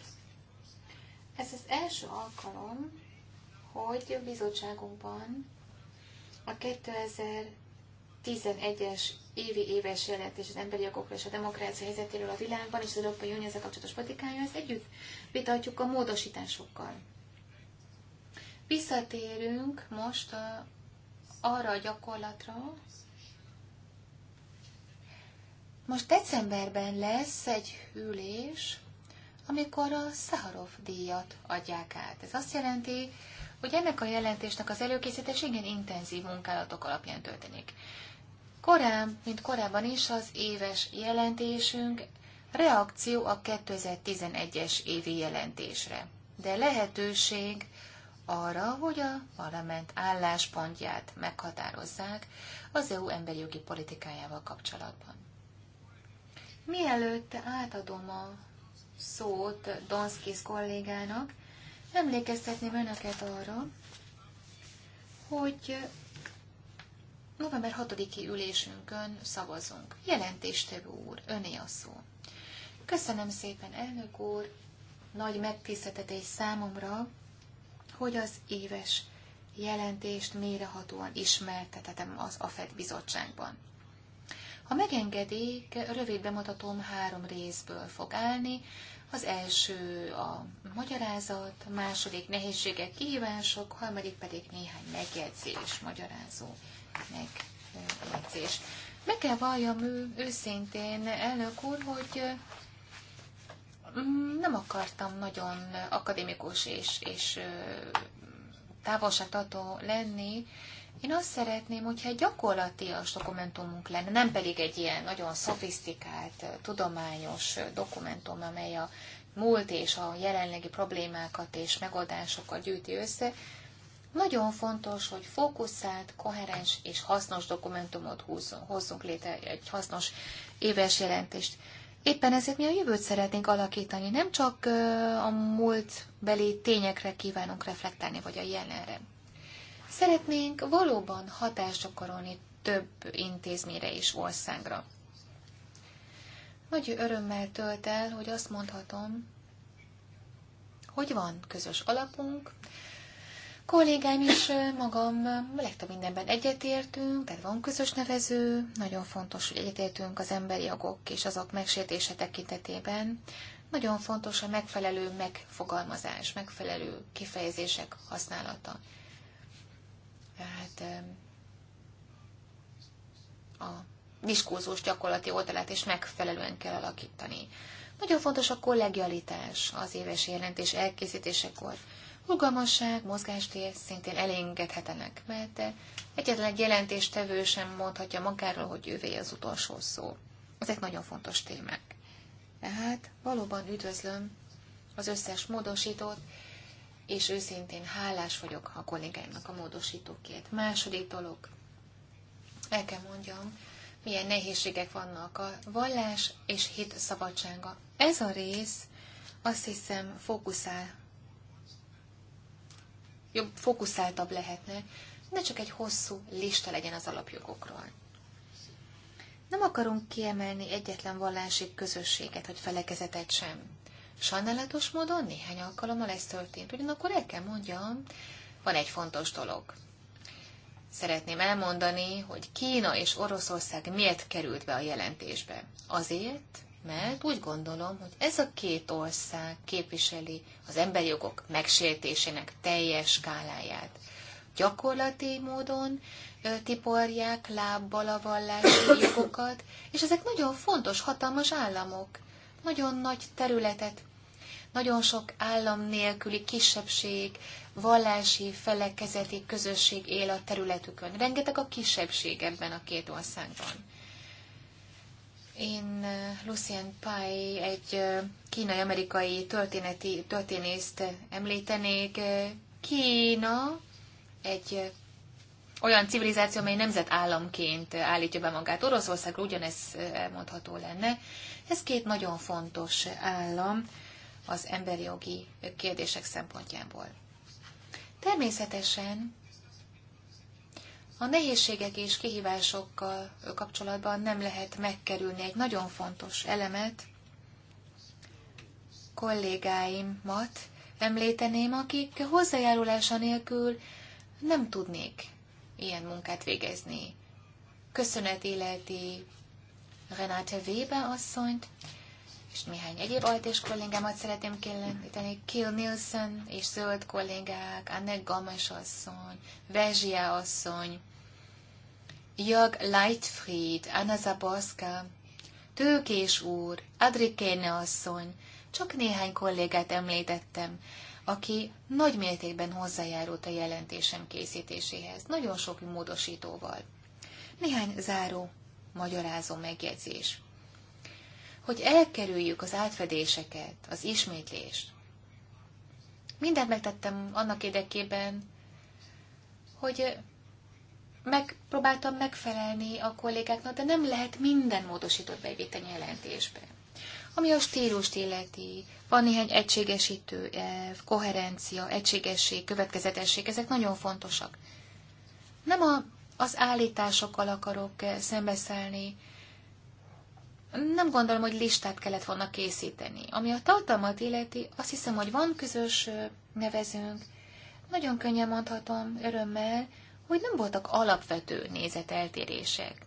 Ez az első alkalom, hogy a bizottságunkban a 2011-es évi éves jelentés az emberi jogokról és a demokrácia helyzetéről a világban és az Európai Unió ezzel kapcsolatos politikája, ezt együtt vitatjuk a módosításokkal. Visszatérünk most a, arra a gyakorlatra, most decemberben lesz egy ülés, amikor a Szaharov díjat adják át. Ez azt jelenti, hogy ennek a jelentésnek az előkészítés igen intenzív munkálatok alapján történik. Korán, mint korábban is, az éves jelentésünk reakció a 2011-es évi jelentésre, de lehetőség arra, hogy a parlament álláspontját meghatározzák az EU emberi jogi politikájával kapcsolatban. Mielőtt átadom a szót Donskis kollégának, emlékeztetném önöket arra, hogy november 6-i ülésünkön szavazunk. Jelentéstevő úr, öné a szó. Köszönöm szépen, elnök úr, nagy megtiszteltetés számomra, hogy az éves jelentést mérehatóan ismertetetem az AFED bizottságban. Ha megengedik, rövid bemutatom három részből fog állni. Az első a magyarázat, a második nehézségek, kihívások, harmadik pedig néhány megjegyzés, magyarázó megjegyzés. Meg kell valljam őszintén, elnök úr, hogy nem akartam nagyon akadémikus és, és távolságtartó lenni. Én azt szeretném, hogyha egy gyakorlatias dokumentumunk lenne, nem pedig egy ilyen nagyon szofisztikált, tudományos dokumentum, amely a múlt és a jelenlegi problémákat és megoldásokat gyűjti össze. Nagyon fontos, hogy fókuszált, koherens és hasznos dokumentumot hozzunk létre, egy hasznos éves jelentést. Éppen ezért mi a jövőt szeretnénk alakítani, nem csak a múlt beli tényekre kívánunk reflektálni, vagy a jelenre. Szeretnénk valóban hatást gyakorolni több intézményre és országra. Nagy örömmel tölt el, hogy azt mondhatom, hogy van közös alapunk, kollégám is, magam legtöbb mindenben egyetértünk, tehát van közös nevező, nagyon fontos, hogy egyetértünk az emberi jogok és azok megsértése tekintetében. Nagyon fontos a megfelelő megfogalmazás, megfelelő kifejezések használata. Tehát a diskurzus gyakorlati oldalát is megfelelően kell alakítani. Nagyon fontos a kollegialitás az éves jelentés elkészítésekor Rugalmasság, mozgástér szintén elengedhetenek, mert egyetlen jelentéstevő sem mondhatja magáról, hogy ővé az utolsó szó. Ezek nagyon fontos témák. Tehát valóban üdvözlöm az összes módosítót, és őszintén hálás vagyok a kollégáimnak a módosítókért. Második dolog, el kell mondjam, milyen nehézségek vannak a vallás és hit szabadsága. Ez a rész azt hiszem fókuszál jobb fókuszáltabb lehetne, de csak egy hosszú lista legyen az alapjogokról. Nem akarunk kiemelni egyetlen vallási közösséget hogy felekezetet sem. Sajnálatos módon néhány alkalommal ez történt, ugyanakkor el kell mondjam, van egy fontos dolog. Szeretném elmondani, hogy Kína és Oroszország miért került be a jelentésbe. Azért, mert úgy gondolom, hogy ez a két ország képviseli az emberi jogok megsértésének teljes skáláját. Gyakorlati módon tiporják lábbal a vallási [coughs] jogokat, és ezek nagyon fontos, hatalmas államok. Nagyon nagy területet, nagyon sok állam nélküli kisebbség, vallási, felekezeti közösség él a területükön. Rengeteg a kisebbség ebben a két országban én Lucien Pai, egy kínai-amerikai történeti, történészt említenék. Kína egy olyan civilizáció, amely nemzetállamként állítja be magát. Oroszországról ugyanez mondható lenne. Ez két nagyon fontos állam az emberi jogi kérdések szempontjából. Természetesen a nehézségek és kihívásokkal kapcsolatban nem lehet megkerülni egy nagyon fontos elemet, kollégáimat említeném, akik hozzájárulása nélkül nem tudnék ilyen munkát végezni. Köszönet életi Renate Weber asszonyt, és néhány egyéb ajtés kollégámat szeretném kieleníteni, Kill Nielsen és zöld kollégák, Anne Gamas asszony, Vezsia asszony, Jörg Lightfried, Anna Zaborska, Tőkés úr, Adrikéne asszony, csak néhány kollégát említettem, aki nagy mértékben hozzájárult a jelentésem készítéséhez, nagyon sok módosítóval. Néhány záró, magyarázó megjegyzés. Hogy elkerüljük az átfedéseket, az ismétlést. Mindent megtettem annak érdekében, hogy megpróbáltam megfelelni a kollégáknak, de nem lehet minden módosított bevéteni jelentésbe. Ami a stílust illeti, van néhány egységesítő elv, eh, koherencia, egységesség, következetesség, ezek nagyon fontosak. Nem a, az állításokkal akarok eh, szembeszállni, nem gondolom, hogy listát kellett volna készíteni. Ami a tartalmat illeti, azt hiszem, hogy van közös eh, nevezőnk. Nagyon könnyen mondhatom örömmel, hogy nem voltak alapvető nézeteltérések.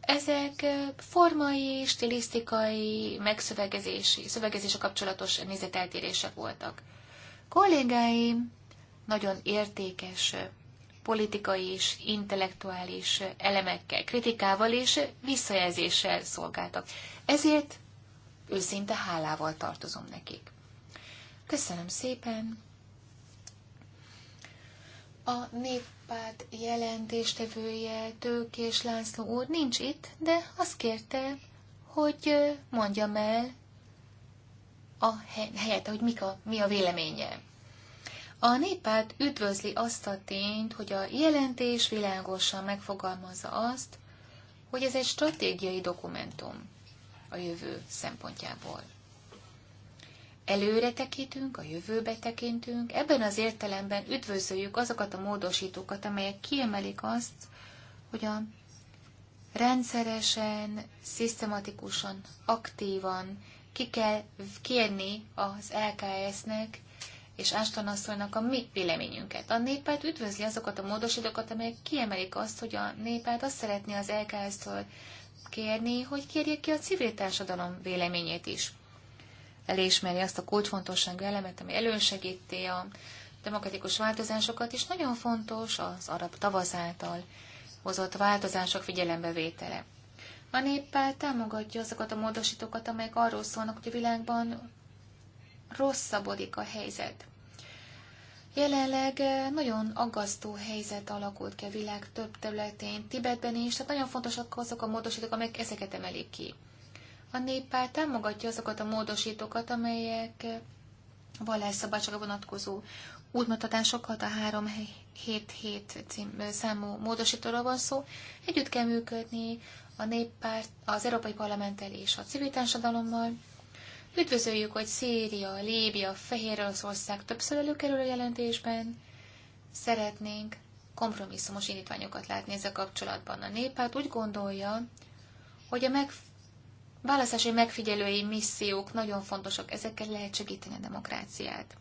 Ezek formai, stilisztikai, megszövegezési, szövegezése kapcsolatos nézeteltérések voltak. Kollégáim nagyon értékes politikai és intellektuális elemekkel, kritikával és visszajelzéssel szolgáltak. Ezért őszinte hálával tartozom nekik. Köszönöm szépen! A néppárt jelentéstevője Tőkés László úr nincs itt, de azt kérte, hogy mondjam el a helyet, hogy mik a, mi a véleménye. A néppárt üdvözli azt a tényt, hogy a jelentés világosan megfogalmazza azt, hogy ez egy stratégiai dokumentum a jövő szempontjából előre tekintünk, a jövőbe tekintünk. Ebben az értelemben üdvözöljük azokat a módosítókat, amelyek kiemelik azt, hogy a rendszeresen, szisztematikusan, aktívan ki kell kérni az LKS-nek és Ashton asszonynak a mi véleményünket. A néppárt üdvözli azokat a módosítókat, amelyek kiemelik azt, hogy a néppárt azt szeretné az LKS-től kérni, hogy kérje ki a civil társadalom véleményét is elismeri azt a kulcsfontosságú elemet, ami elősegíti a demokratikus változásokat, és nagyon fontos az arab tavasz által hozott változások figyelembevétele. A néppel támogatja azokat a módosítókat, amelyek arról szólnak, hogy a világban rosszabbodik a helyzet. Jelenleg nagyon aggasztó helyzet alakult ki a világ több területén, Tibetben is, tehát nagyon fontosak azok a módosítók, amelyek ezeket emelik ki. A néppár támogatja azokat a módosítókat, amelyek a vallásszabadságra vonatkozó útmutatásokat a 377 cím, számú módosítóra van szó. Együtt kell működni a néppárt, az Európai Parlamenttel és a civil társadalommal. Üdvözöljük, hogy Szíria, Líbia, Fehér Oroszország többször előkerül a jelentésben. Szeretnénk kompromisszumos indítványokat látni ezzel kapcsolatban. A néppárt úgy gondolja, hogy a megfelelő választási megfigyelői missziók nagyon fontosak, ezekkel lehet segíteni a demokráciát.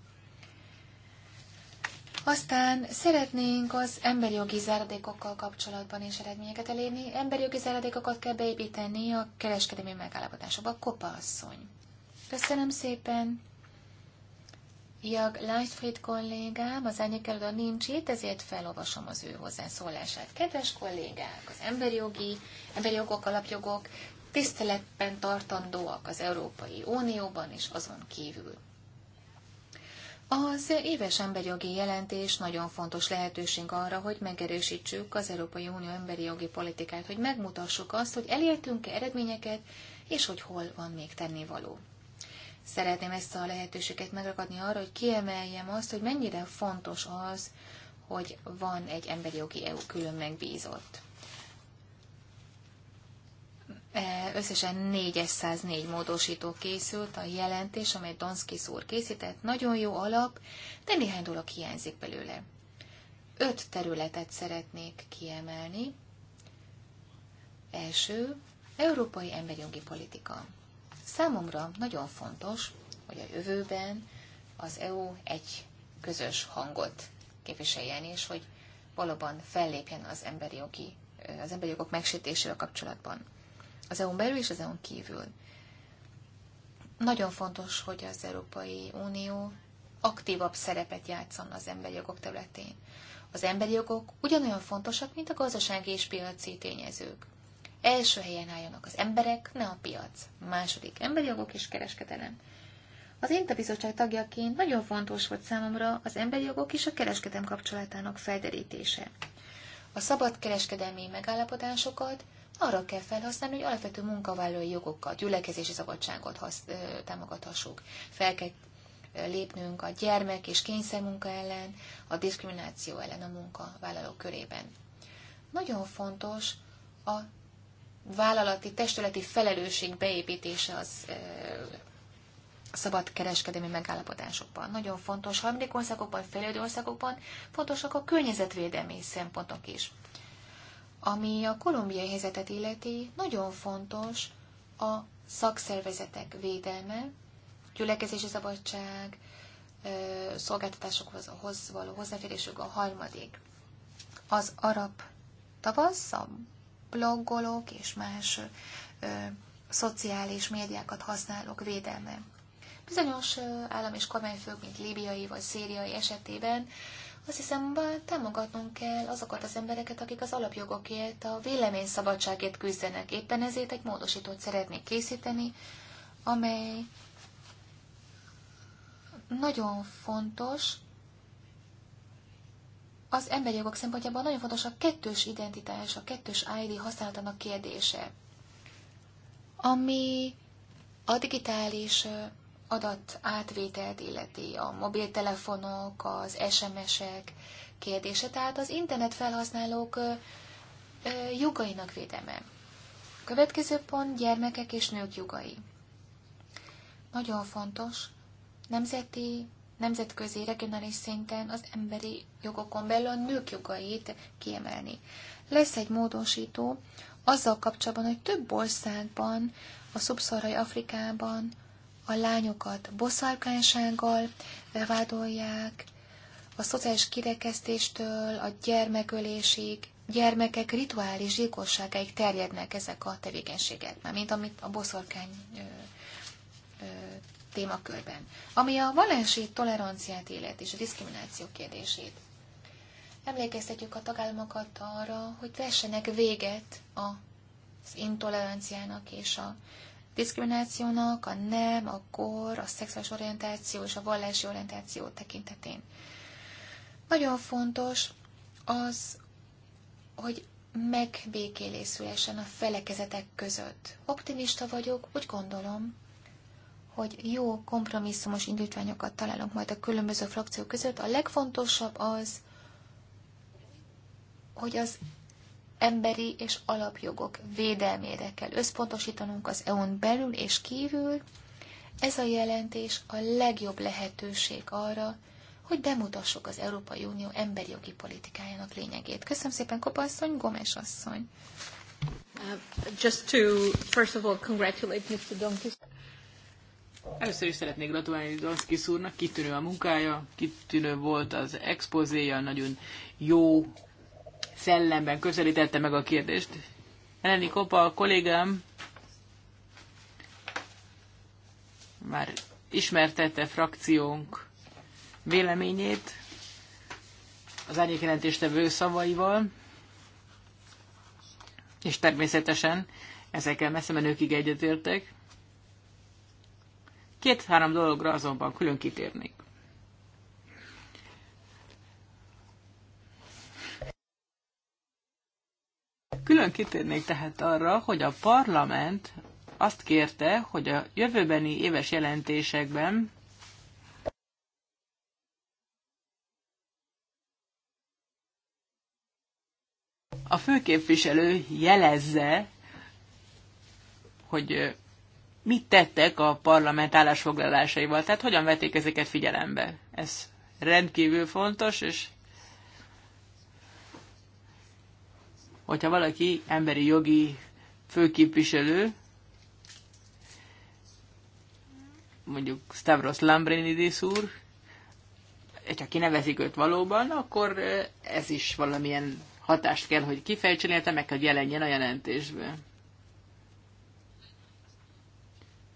Aztán szeretnénk az emberi jogi záradékokkal kapcsolatban is eredményeket elérni. Emberi jogi záradékokat kell beépíteni a kereskedelmi megállapodásokba. Kopa asszony. Köszönöm szépen. Jag Leichtfried kollégám, az elnökelőda nincs itt, ezért felolvasom az ő hozzászólását. Kedves kollégák, az emberi jogi, emberi jogok, alapjogok tiszteletben tartandóak az Európai Unióban és azon kívül. Az éves emberjogi jelentés nagyon fontos lehetőség arra, hogy megerősítsük az Európai Unió emberi jogi politikát, hogy megmutassuk azt, hogy elértünk-e eredményeket, és hogy hol van még tennivaló. Szeretném ezt a lehetőséget megragadni arra, hogy kiemeljem azt, hogy mennyire fontos az, hogy van egy emberi jogi EU külön megbízott. E, összesen 404 módosító készült a jelentés, amely Donszki úr készített. Nagyon jó alap, de néhány dolog hiányzik belőle. Öt területet szeretnék kiemelni. Első, európai emberjogi politika. Számomra nagyon fontos, hogy a jövőben az EU egy közös hangot képviseljen, és hogy valóban fellépjen az emberi, jogi, az emberi jogok megsértésével kapcsolatban az EU-n belül és az EU-n kívül. Nagyon fontos, hogy az Európai Unió aktívabb szerepet játszon az emberi jogok területén. Az emberi jogok ugyanolyan fontosak, mint a gazdasági és piaci tényezők. Első helyen álljanak az emberek, ne a piac. Második emberi jogok és kereskedelem. Az INTA bizottság tagjaként nagyon fontos volt számomra az emberi jogok és a kereskedem kapcsolatának felderítése. A szabad kereskedelmi megállapodásokat arra kell felhasználni, hogy alapvető munkavállalói jogokat, gyülekezési szabadságot hasz, támogathassuk. Fel kell lépnünk a gyermek és kényszermunka ellen, a diszkrimináció ellen a munkavállalók körében. Nagyon fontos a vállalati, testületi felelősség beépítése az szabad kereskedelmi megállapodásokban. Nagyon fontos harmadik országokban, fejlődő országokban, fontosak a környezetvédelmi szempontok is. Ami a kolumbiai helyzetet illeti, nagyon fontos a szakszervezetek védelme, gyülekezési szabadság, szolgáltatásokhoz való hozzáférésük a harmadik. Az arab tavasz, a bloggolók és más ö, szociális médiákat használók védelme. Bizonyos állam és kormányfők, mint líbiai vagy szíriai esetében azt hiszem, támogatnunk kell azokat az embereket, akik az alapjogokért, a vélemény szabadságért küzdenek. Éppen ezért egy módosítót szeretnék készíteni, amely nagyon fontos, az emberi jogok szempontjából nagyon fontos a kettős identitás, a kettős ID használatának kérdése, ami a digitális adat átvételt illeti, a mobiltelefonok, az SMS-ek kérdése, tehát az internet felhasználók jogainak védeme. Következő pont gyermekek és nők jogai. Nagyon fontos, nemzeti, nemzetközi, regionális szinten az emberi jogokon belül a nők jogait kiemelni. Lesz egy módosító azzal kapcsolatban, hogy több országban, a szubszorai Afrikában, a lányokat boszorkánysággal vádolják, a szociális kirekesztéstől a gyermekölésig, gyermekek rituális gyilkosságáig terjednek ezek a tevékenységek, már mint amit a boszorkány ö, ö, témakörben. Ami a valensi toleranciát élet és a diszkrimináció kérdését. Emlékeztetjük a tagállamokat arra, hogy vessenek véget az intoleranciának és a diszkriminációnak a nem, a kor, a szexuális orientáció és a vallási orientáció tekintetén. Nagyon fontos az, hogy megbékélés a felekezetek között. Optimista vagyok, úgy gondolom, hogy jó kompromisszumos indítványokat találunk majd a különböző frakciók között. A legfontosabb az, hogy az emberi és alapjogok védelmére kell összpontosítanunk az EU-n belül és kívül. Ez a jelentés a legjobb lehetőség arra, hogy bemutassuk az Európai Unió emberi jogi politikájának lényegét. Köszönöm szépen, Kopasszony, Gomes asszony. Uh, just to, first of all, congratulate Mr. Először is szeretnék gratulálni Donskis úrnak, kitűnő a munkája, kitűnő volt az expozéja, nagyon jó szellemben közelítette meg a kérdést. Eleni Kopa, a kollégám már ismertette frakciónk véleményét az árnyékjelentéstevő szavaival, és természetesen ezekkel messze menőkig egyetértek. Két-három dologra azonban külön kitérnék. Külön kitérnék tehát arra, hogy a parlament azt kérte, hogy a jövőbeni éves jelentésekben a főképviselő jelezze, hogy mit tettek a parlament állásfoglalásaival, tehát hogyan vették ezeket figyelembe. Ez rendkívül fontos, és hogyha valaki emberi jogi főképviselő, mondjuk Stavros Lambrinidis úr, ha kinevezik őt valóban, akkor ez is valamilyen hatást kell, hogy kifejtsen, illetve meg kell jelenjen a jelentésből.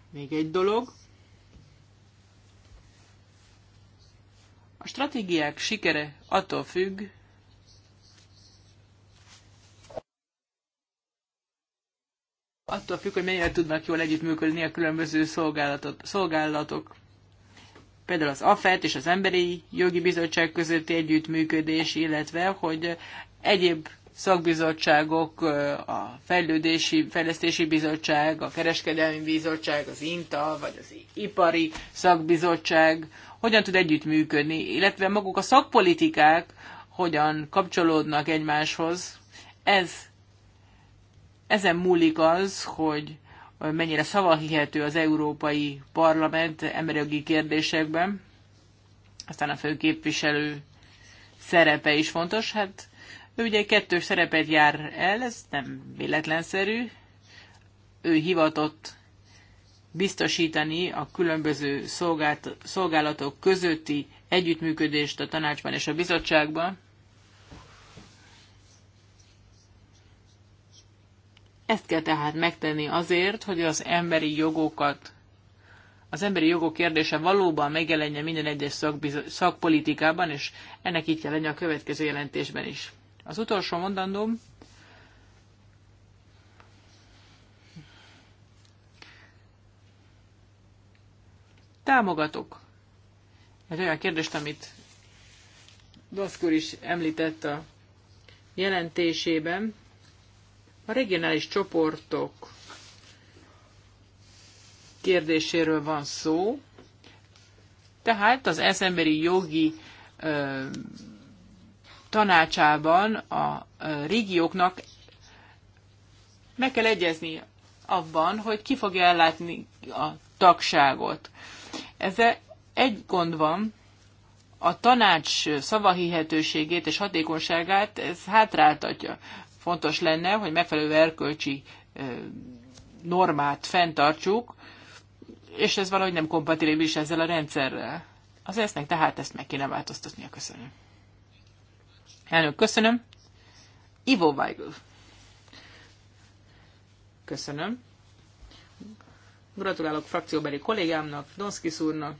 Még egy dolog. A stratégiák sikere attól függ, attól függ, hogy mennyire tudnak jól együttműködni a különböző szolgálatot, szolgálatok. Például az AFET és az Emberi Jogi Bizottság közötti együttműködés, illetve hogy egyéb szakbizottságok, a Fejlődési, Fejlesztési Bizottság, a Kereskedelmi Bizottság, az INTA, vagy az Ipari Szakbizottság hogyan tud együttműködni, illetve maguk a szakpolitikák hogyan kapcsolódnak egymáshoz. Ez ezen múlik az, hogy mennyire szavahihető az Európai Parlament emberjogi kérdésekben, aztán a főképviselő szerepe is fontos. Hát ő ugye kettős szerepet jár el, ez nem véletlenszerű. Ő hivatott biztosítani a különböző szolgált, szolgálatok közötti együttműködést a tanácsban és a bizottságban. Ezt kell tehát megtenni azért, hogy az emberi jogokat, az emberi jogok kérdése valóban megjelenjen minden egyes szakpolitikában, és ennek itt kell lenni a következő jelentésben is. Az utolsó mondandóm, támogatok. Egy olyan kérdést, amit Daszkor is említett a jelentésében, a regionális csoportok kérdéséről van szó, tehát az ENSZ emberi jogi ö, tanácsában a régióknak meg kell egyezni abban, hogy ki fogja ellátni a tagságot. Ezzel egy gond van, a tanács szavahihetőségét és hatékonyságát ez hátráltatja fontos lenne, hogy megfelelő erkölcsi normát fenntartsuk, és ez valahogy nem kompatibilis ezzel a rendszerrel. Az esznek tehát ezt meg kéne változtatnia. Köszönöm. Elnök, köszönöm. Ivo Weigl. Köszönöm. Gratulálok frakcióbeli kollégámnak, Donszkis úrnak,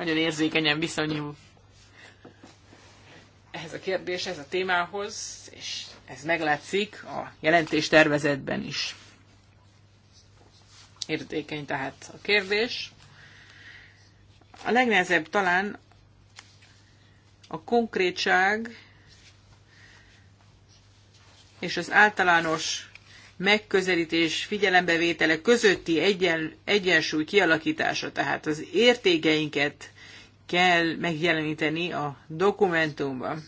nagyon érzékenyen viszonyul ehhez a kérdés, ez a témához, és ez meglátszik a jelentés tervezetben is. értékeny tehát a kérdés. A legnehezebb talán a konkrétság és az általános megközelítés, figyelembevétele közötti egyen, egyensúly kialakítása, tehát az értékeinket kell megjeleníteni a dokumentumban.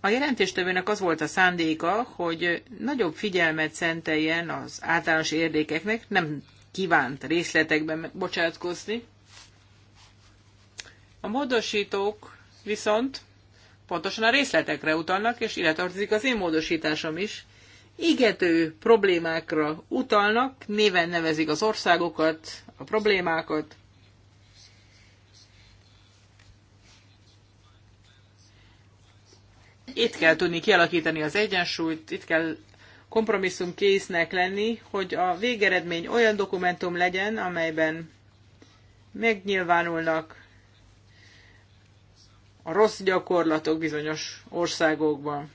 A jelentéstevőnek az volt a szándéka, hogy nagyobb figyelmet szenteljen az általános érdekeknek, nem kívánt részletekben bocsátkozni. A módosítók viszont pontosan a részletekre utalnak, és ide tartozik az én módosításom is. Igető problémákra utalnak, néven nevezik az országokat, a problémákat. Itt kell tudni kialakítani az egyensúlyt, itt kell kompromisszum késznek lenni, hogy a végeredmény olyan dokumentum legyen, amelyben megnyilvánulnak a rossz gyakorlatok bizonyos országokban.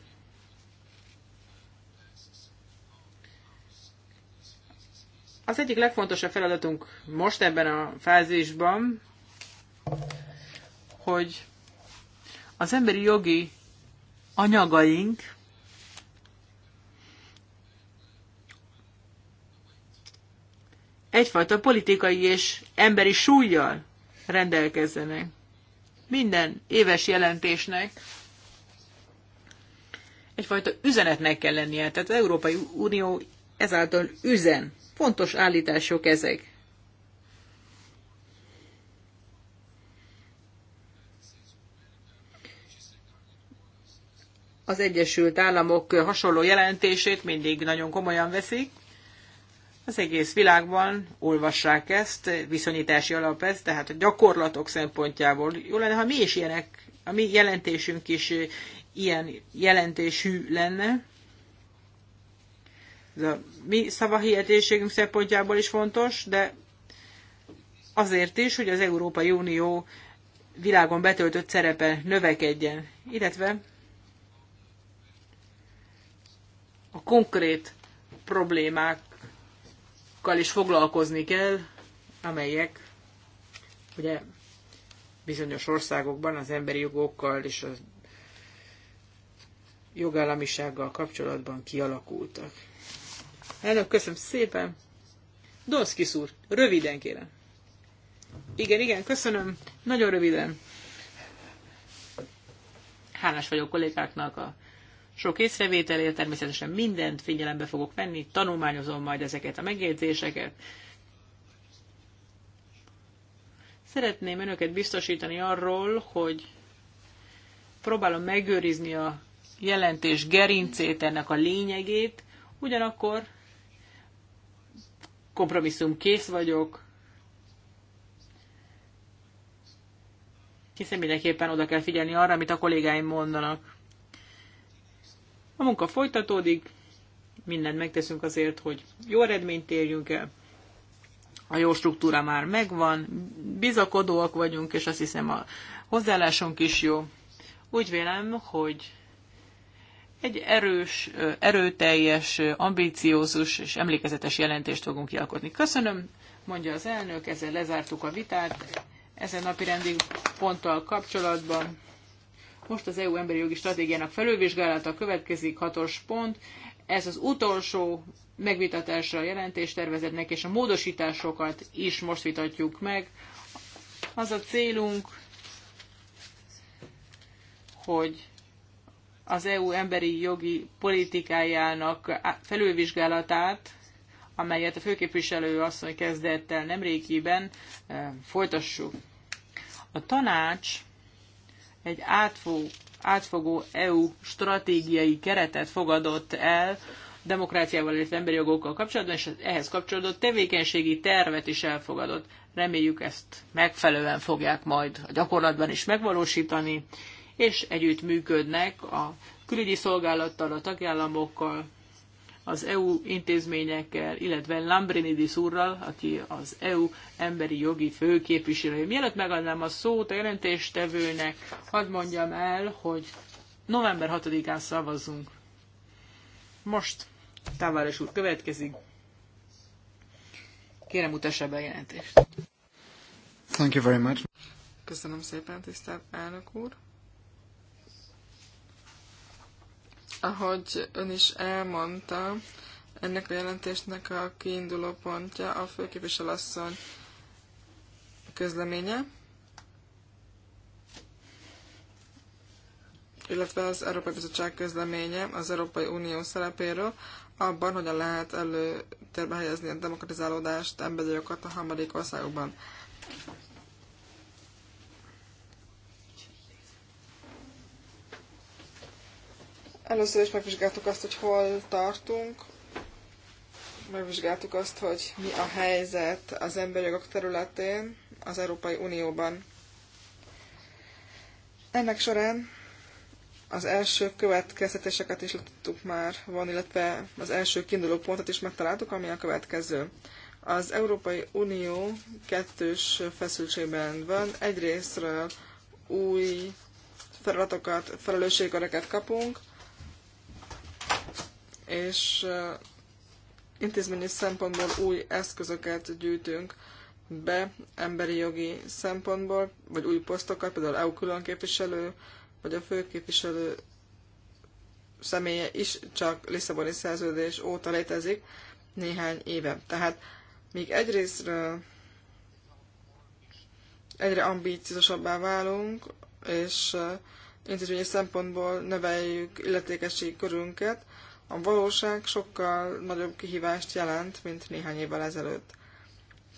Az egyik legfontosabb feladatunk most ebben a fázisban, hogy az emberi jogi anyagaink egyfajta politikai és emberi súlyjal rendelkezzenek minden éves jelentésnek egyfajta üzenetnek kell lennie. Tehát az Európai Unió ezáltal üzen. Fontos állítások ezek. Az Egyesült Államok hasonló jelentését mindig nagyon komolyan veszik, az egész világban olvassák ezt, viszonyítási alap ez, tehát a gyakorlatok szempontjából jó lenne, ha mi is ilyenek, a mi jelentésünk is ilyen jelentésű lenne. Ez a mi szavahihetőségünk szempontjából is fontos, de azért is, hogy az Európai Unió világon betöltött szerepe növekedjen, illetve a konkrét problémák aspektusokkal is foglalkozni kell, amelyek ugye bizonyos országokban az emberi jogokkal és a jogállamisággal kapcsolatban kialakultak. Elnök, köszönöm szépen! Donszki úr, röviden kérem. Igen, igen, köszönöm. Nagyon röviden. Hálás vagyok kollégáknak a sok észrevételért, természetesen mindent figyelembe fogok venni, tanulmányozom majd ezeket a megjegyzéseket. Szeretném önöket biztosítani arról, hogy próbálom megőrizni a jelentés gerincét, ennek a lényegét, ugyanakkor kompromisszum kész vagyok, hiszen mindenképpen oda kell figyelni arra, amit a kollégáim mondanak. A munka folytatódik, mindent megteszünk azért, hogy jó eredményt érjünk el, a jó struktúra már megvan, bizakodóak vagyunk, és azt hiszem a hozzáállásunk is jó. Úgy vélem, hogy egy erős, erőteljes, ambíciózus és emlékezetes jelentést fogunk kialkotni. Köszönöm, mondja az elnök, ezzel lezártuk a vitát ezen napi rendi ponttal kapcsolatban. Most az EU emberi jogi stratégiának felülvizsgálata következik, hatos pont. Ez az utolsó megvitatása a tervezetnek és a módosításokat is most vitatjuk meg. Az a célunk, hogy az EU emberi jogi politikájának felülvizsgálatát, amelyet a főképviselő asszony kezdett el nemrégiben, eh, folytassuk. A tanács egy átfogó, átfogó e EU stratégiai keretet fogadott el demokráciával, illetve emberi jogokkal kapcsolatban, és ehhez kapcsolódó tevékenységi tervet is elfogadott. Reméljük ezt megfelelően fogják majd a gyakorlatban is megvalósítani, és együtt működnek a külügyi szolgálattal, a tagállamokkal, az EU intézményekkel, illetve Lambrinidis úrral, aki az EU emberi jogi főképviselője. Mielőtt megadnám a szót a jelentéstevőnek, hadd mondjam el, hogy november 6-án szavazunk. Most Táváros úr következik. Kérem, utassa be a jelentést. Thank you very much. Köszönöm szépen, tisztelt elnök úr. Ahogy ön is elmondta, ennek a jelentésnek a kiinduló pontja a főképviselőasszony közleménye, illetve az Európai Bizottság közleménye az Európai Unió szerepéről, abban, hogyan lehet előtérbe helyezni a demokratizálódást, emberi jogokat a harmadik országokban. Először is megvizsgáltuk azt, hogy hol tartunk, megvizsgáltuk azt, hogy mi a helyzet az emberi jogok területén az Európai Unióban. Ennek során az első következtetéseket is tudtuk már van, illetve az első kiinduló pontot is megtaláltuk, ami a következő. Az Európai Unió kettős feszültségben van. Egyrésztről új feladatokat, felelősségköröket kapunk, és intézményi szempontból új eszközöket gyűjtünk be emberi jogi szempontból, vagy új posztokat, például EU külön képviselő, vagy a főképviselő személye is csak Lisszaboni szerződés óta létezik néhány éve. Tehát míg egyrésztről egyre ambíciósabbá válunk, és intézményi szempontból növeljük illetékesség körünket, a valóság sokkal nagyobb kihívást jelent, mint néhány évvel ezelőtt.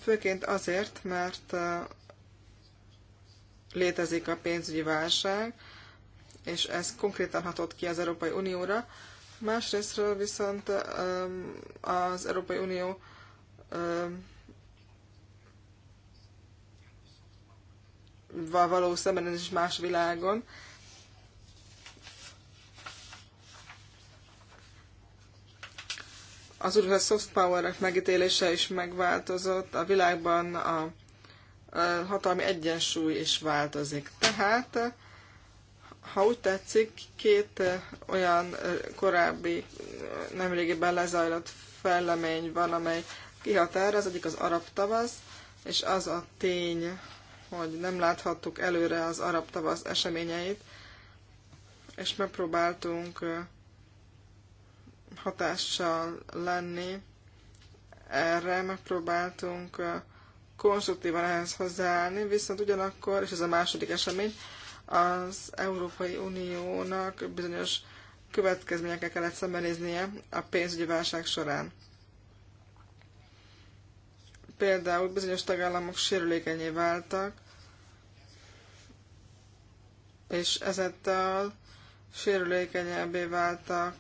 Főként azért, mert létezik a pénzügyi válság, és ez konkrétan hatott ki az Európai Unióra. Másrésztről viszont az Európai Unió való szemben ez is más világon, az úrhoz soft power megítélése is megváltozott, a világban a hatalmi egyensúly is változik. Tehát, ha úgy tetszik, két olyan korábbi, nemrégiben lezajlott fellemény van, amely kihatár, az egyik az arab tavasz, és az a tény, hogy nem láthattuk előre az arab tavasz eseményeit, és megpróbáltunk hatással lenni erre, megpróbáltunk konstruktívan ehhez hozzáállni, viszont ugyanakkor, és ez a második esemény, az Európai Uniónak bizonyos következményekkel kellett szembenéznie a pénzügyi válság során. Például bizonyos tagállamok sérülékenyé váltak, és ezáltal sérülékenyebbé váltak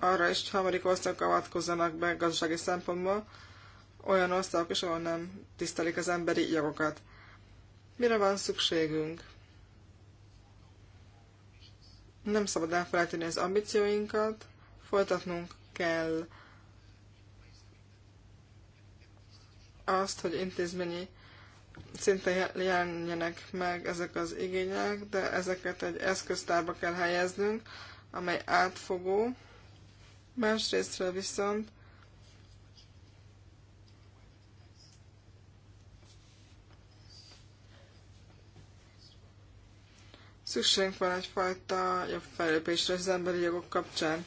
arra is, hogy harmadik országok avatkozzanak be gazdasági szempontból, olyan országok is, ahol nem tisztelik az emberi jogokat. Mire van szükségünk? Nem szabad elfelejteni az ambícióinkat, folytatnunk kell azt, hogy intézményi szinten jelenjenek meg ezek az igények, de ezeket egy eszköztárba kell helyeznünk, amely átfogó, Másrésztről viszont szükségünk van egyfajta jobb fejlődésre az emberi jogok kapcsán.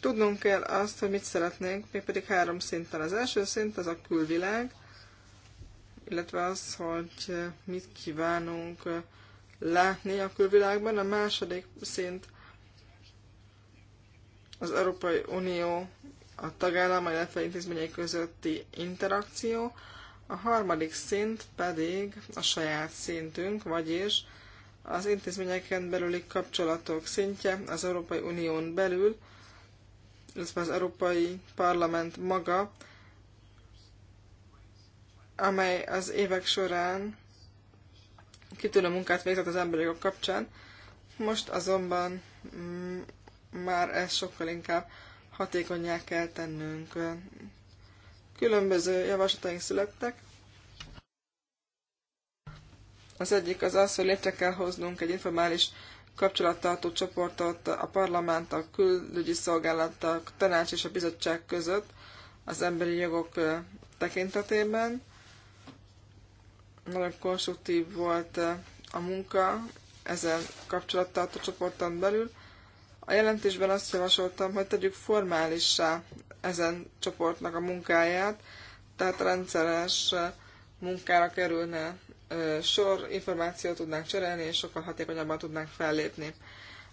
Tudnunk kell azt, hogy mit szeretnénk, mi pedig három szinten. Az első szint az a külvilág, illetve az, hogy mit kívánunk látni a külvilágban. A második szint az Európai Unió a tagállam, illetve intézményei közötti interakció, a harmadik szint pedig a saját szintünk, vagyis az intézményeken belüli kapcsolatok szintje az Európai Unión belül, illetve az Európai Parlament maga, amely az évek során kitűnő munkát végzett az emberi jogok kapcsán, most azonban mm, már ezt sokkal inkább hatékonyá kell tennünk. Különböző javaslataink születtek. Az egyik az az, hogy létre kell hoznunk egy informális kapcsolattartó csoportot a parlament, a külügyi szolgálat, a tanács és a bizottság között az emberi jogok tekintetében. Nagyon konstruktív volt a munka ezen kapcsolattartó csoporton belül. A jelentésben azt javasoltam, hogy tegyük formálissá ezen csoportnak a munkáját, tehát rendszeres munkára kerülne sor, információt tudnánk cserélni, és sokkal hatékonyabban tudnánk fellépni.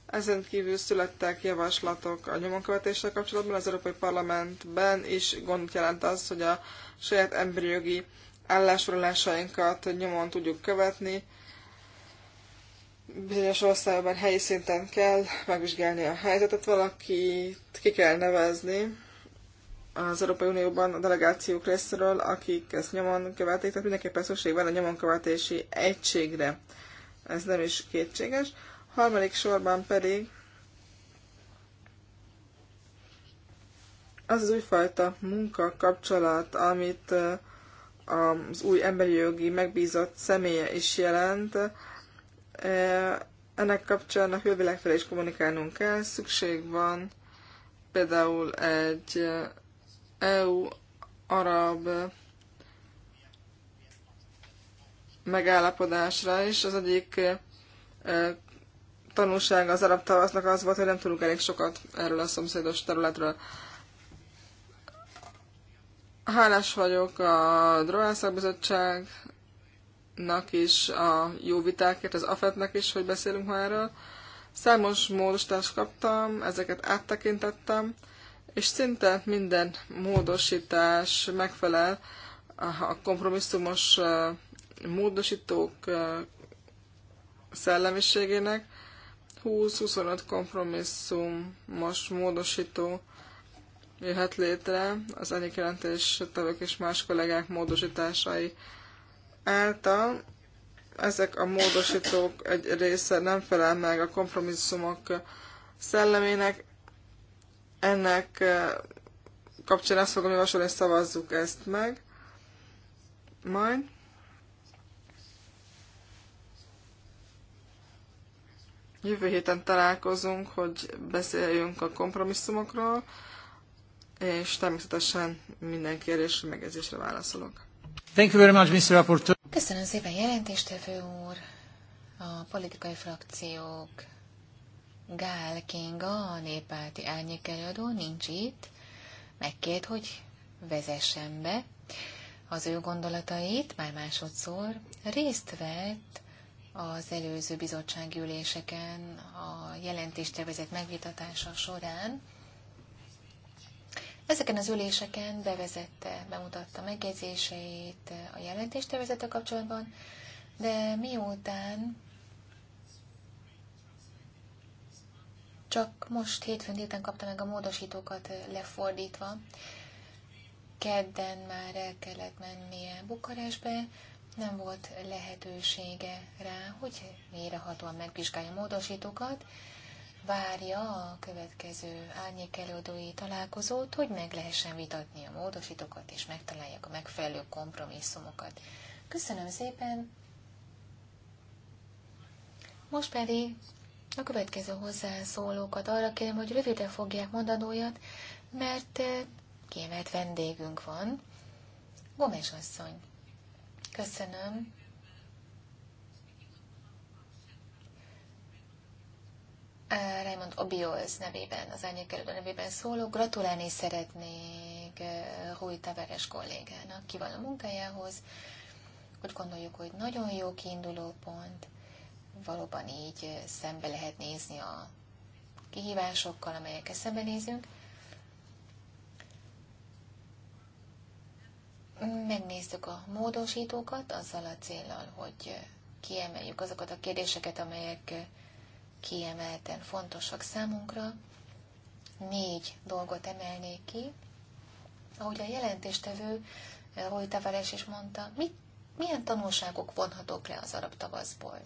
Ezen kívül születtek javaslatok a nyomonkövetéssel kapcsolatban. Az Európai Parlamentben is gond jelent az, hogy a saját emberi jogi állásfoglalásainkat nyomon tudjuk követni, bizonyos országban helyi szinten kell megvizsgálni a helyzetet, valakit ki kell nevezni az Európai Unióban a delegációk részéről, akik ezt nyomon követik, tehát mindenképpen szükség van a követési egységre. Ez nem is kétséges. Harmadik sorban pedig az az újfajta munka kapcsolat, amit eh, az új emberi jogi megbízott személye is jelent, ennek kapcsán a külvilág felé is kommunikálnunk kell. Szükség van például egy EU-arab megállapodásra is. Az egyik tanulság az arab tavasznak az volt, hogy nem tudunk elég sokat erről a szomszédos területről. Hálás vagyok a Droászak Bizottság nak is a jó vitákért, az afetnek is, hogy beszélünk ma erről. Számos módosítást kaptam, ezeket áttekintettem, és szinte minden módosítás megfelel a kompromisszumos módosítók szellemiségének. 20-25 kompromisszumos módosító jöhet létre az egyik jelentés tevők és más kollégák módosításai által ezek a módosítók egy része nem felel meg a kompromisszumok szellemének. Ennek eh, kapcsán azt fogom javasolni, hogy szavazzuk ezt meg. Majd. Jövő héten találkozunk, hogy beszéljünk a kompromisszumokról, és természetesen minden kérdésre, megjegyzésre válaszolok. Thank you very much, Mr. Rapporteur. Köszönöm szépen, jelentéstevő úr. A politikai frakciók Gál Kinga, a néppárti árnyék nincs itt. Megkért, hogy vezessen be az ő gondolatait, már másodszor részt vett az előző bizottsági üléseken a jelentéstervezet megvitatása során, Ezeken az üléseken bevezette, bemutatta megjegyzéseit a jelentéstervezete kapcsolatban, de miután csak most hétfőn délután kapta meg a módosítókat lefordítva, kedden már el kellett mennie Bukarestbe, nem volt lehetősége rá, hogy mérehatóan megvizsgálja a módosítókat, várja a következő árnyék előadói találkozót, hogy meg lehessen vitatni a módosítókat és megtalálják a megfelelő kompromisszumokat. Köszönöm szépen! Most pedig a következő hozzászólókat arra kérem, hogy rövide fogják mondanóját, mert eh, kiemelt vendégünk van. Gomes asszony. Köszönöm. Raymond Obiols nevében, az árnyékelődő nevében szóló, gratulálni szeretnék Rui Taveres kollégának, kiváló munkájához. Úgy gondoljuk, hogy nagyon jó kiinduló pont, valóban így szembe lehet nézni a kihívásokkal, amelyekkel szembenézünk. Megnéztük a módosítókat azzal a célral, hogy kiemeljük azokat a kérdéseket, amelyek kiemelten fontosak számunkra. Négy dolgot emelnék ki. Ahogy a jelentéstevő eh, Roy Tavares is mondta, mit, milyen tanulságok vonhatók le az arab tavaszból?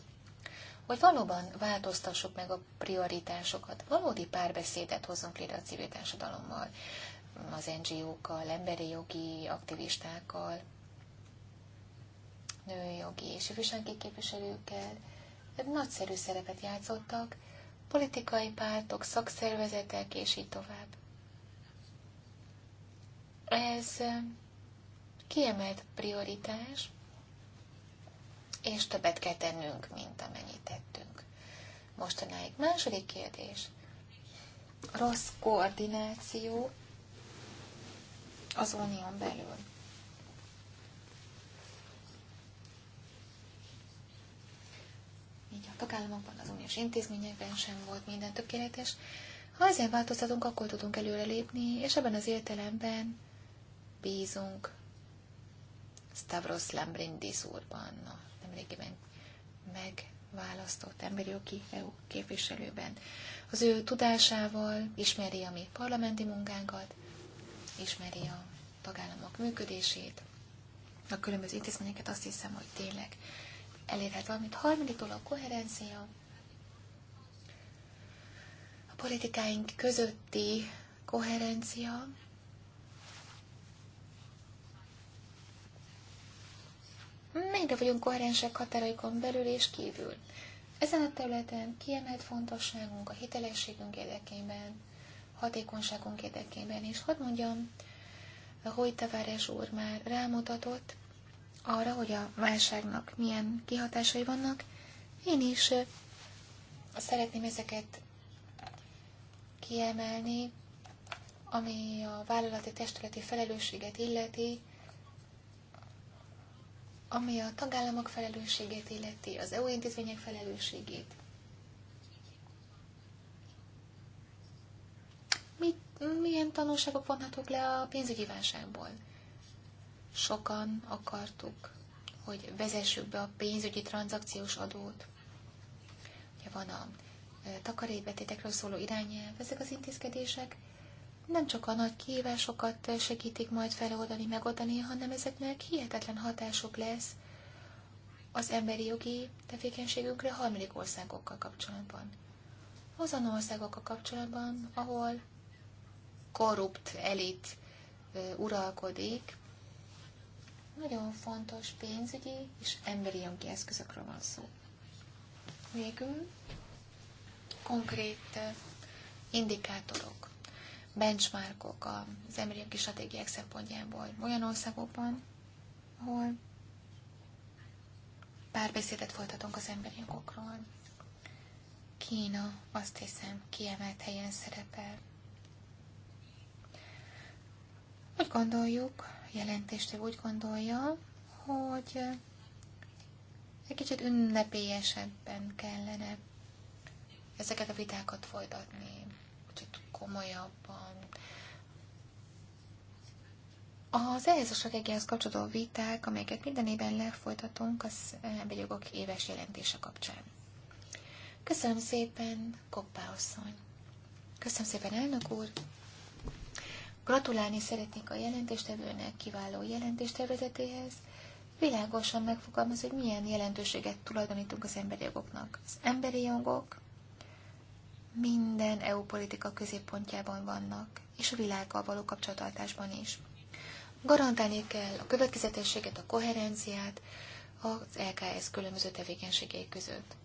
Hogy valóban változtassuk meg a prioritásokat, valódi párbeszédet hozzunk létre a civil társadalommal, az NGO-kkal, emberi jogi aktivistákkal, nőjogi és ifjúsági képviselőkkel, nagyszerű szerepet játszottak, politikai pártok, szakszervezetek, és így tovább. Ez kiemelt prioritás, és többet kell tennünk, mint amennyit tettünk. Mostanáig második kérdés. Rossz koordináció az unión belül. így a tagállamokban, az uniós intézményekben sem volt minden tökéletes. Ha ezen változtatunk, akkor tudunk előrelépni, és ebben az értelemben bízunk Stavros Lambrindis úrban, a nemrégiben megválasztott emberi oki EU képviselőben. Az ő tudásával ismeri a mi parlamenti munkánkat, ismeri a tagállamok működését, a különböző intézményeket, azt hiszem, hogy tényleg elérhet valamit. Harmadik dolog, koherencia. A politikáink közötti koherencia. Mennyire vagyunk koherensek határaikon belül és kívül. Ezen a területen kiemelt fontosságunk a hitelességünk érdekében, hatékonyságunk érdekében, és hadd mondjam, hogy Tavares úr már rámutatott, arra, hogy a válságnak milyen kihatásai vannak, én is szeretném ezeket kiemelni, ami a vállalati testületi felelősséget illeti, ami a tagállamok felelősségét illeti, az EU intézmények felelősségét. Mit, milyen tanulságok vonhatók le a pénzügyi válságból? Sokan akartuk, hogy vezessük be a pénzügyi tranzakciós adót. Ugye van a takarékbetétekről szóló irányelv, ezek az intézkedések nem csak a nagy kihívásokat segítik majd feloldani, megoldani, hanem ezeknek hihetetlen hatások lesz az emberi jogi tevékenységünkre harmadik országokkal kapcsolatban. Azon országokkal kapcsolatban, ahol korrupt elit uralkodik, nagyon fontos pénzügyi és emberi jogi eszközökről van szó. Végül konkrét indikátorok, benchmarkok az emberi jogi stratégiák szempontjából olyan országokban, ahol párbeszédet folytatunk az emberi jogokról. Kína azt hiszem kiemelt helyen szerepel. Úgy gondoljuk, ő úgy gondolja, hogy egy kicsit ünnepélyesebben kellene ezeket a vitákat folytatni, kicsit komolyabban. Az ehhez a stratégiához kapcsolódó viták, amelyeket minden évben lefolytatunk, az emberi jogok éves jelentése kapcsán. Köszönöm szépen, Koppá asszony! Köszönöm szépen, elnök úr! Gratulálni szeretnék a jelentéstevőnek kiváló jelentéstervezetéhez. Világosan megfogalmaz, hogy milyen jelentőséget tulajdonítunk az emberi jogoknak. Az emberi jogok minden EU politika középpontjában vannak, és a világgal való kapcsolatartásban is. Garantálni kell a következetességet, a koherenciát az LKS e különböző tevékenységei között.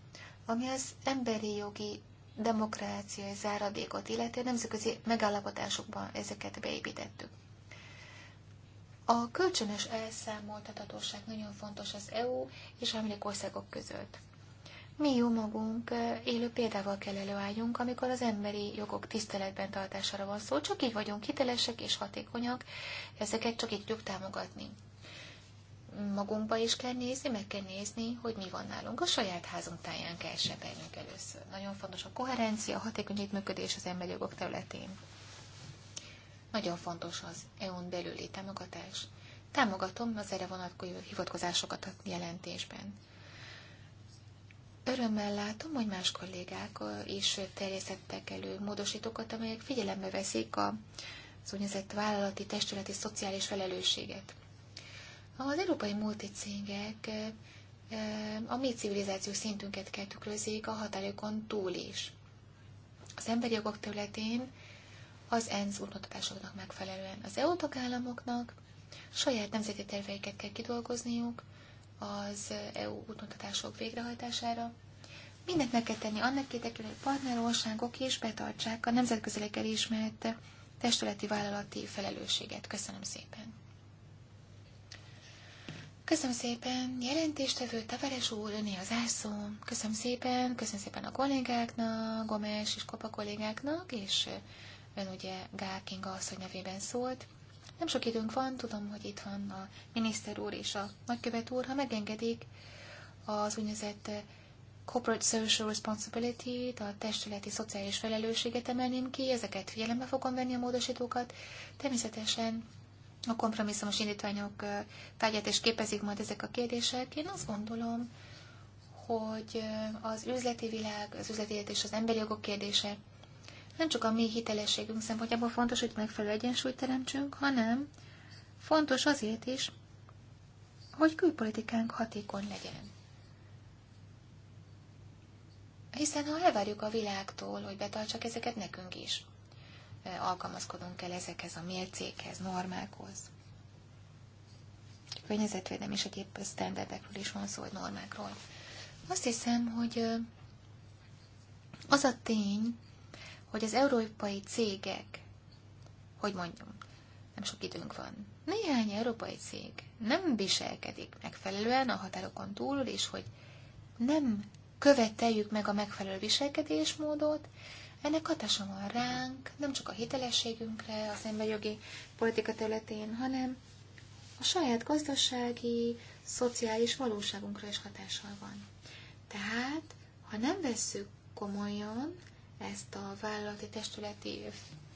Ami az emberi jogi demokráciai záradékot illetve a nemzetközi megállapodásokban ezeket beépítettük. A kölcsönös elszámoltatatóság nagyon fontos az EU és amerikai országok között. Mi jó magunk élő példával kell előálljunk, amikor az emberi jogok tiszteletben tartására van szó, csak így vagyunk hitelesek és hatékonyak, ezeket csak így tudjuk támogatni magunkba is kell nézni, meg kell nézni, hogy mi van nálunk. A saját házunk táján kell sebelnünk először. Nagyon fontos a koherencia, a hatékony működés az emberi jogok területén. Nagyon fontos az EU-n belüli támogatás. Támogatom az erre vonatkozó hivatkozásokat a jelentésben. Örömmel látom, hogy más kollégák is terjesztettek elő módosítókat, amelyek figyelembe veszik a, az úgynevezett vállalati, testületi, szociális felelősséget. Az európai multicégek a mi civilizációs szintünket kell tükrözik a határokon túl is. Az emberi jogok területén az ENSZ útmutatásoknak megfelelően az EU tagállamoknak saját nemzeti terveiket kell kidolgozniuk az EU útmutatások végrehajtására. Mindent meg kell tenni annak érdekében, hogy partnerországok is betartsák a nemzetközileg elismert testületi vállalati felelősséget. Köszönöm szépen! Köszönöm szépen, jelentéstevő Tavares úr, öné az ászó. Köszönöm szépen, köszönöm szépen a kollégáknak, Gomes és Kopa kollégáknak, és ön ugye Gál asszony nevében szólt. Nem sok időnk van, tudom, hogy itt van a miniszter úr és a nagykövet úr, ha megengedik az úgynevezett Corporate Social responsibility a testületi szociális felelősséget emelném ki, ezeket figyelembe fogom venni a módosítókat. Természetesen a kompromisszumos indítványok tárgyát és képezik majd ezek a kérdések. Én azt gondolom, hogy az üzleti világ, az üzleti élet és az emberi jogok kérdése nem csak a mi hitelességünk szempontjából fontos, hogy megfelelő egyensúlyt teremtsünk, hanem fontos azért is, hogy külpolitikánk hatékony legyen. Hiszen ha elvárjuk a világtól, hogy betartsak ezeket nekünk is, alkalmazkodunk kell ezekhez a mércékhez, normákhoz. Környezetvédelem is egyéb sztenderdekről is van szó, hogy normákról. Azt hiszem, hogy az a tény, hogy az európai cégek, hogy mondjam, nem sok időnk van, néhány európai cég nem viselkedik megfelelően a határokon túl, és hogy nem követeljük meg a megfelelő viselkedésmódot, ennek hatása van ránk, nem csak a hitelességünkre, az emberjogi politika területén, hanem a saját gazdasági, szociális valóságunkra is hatással van. Tehát, ha nem vesszük komolyan ezt a vállalati testületi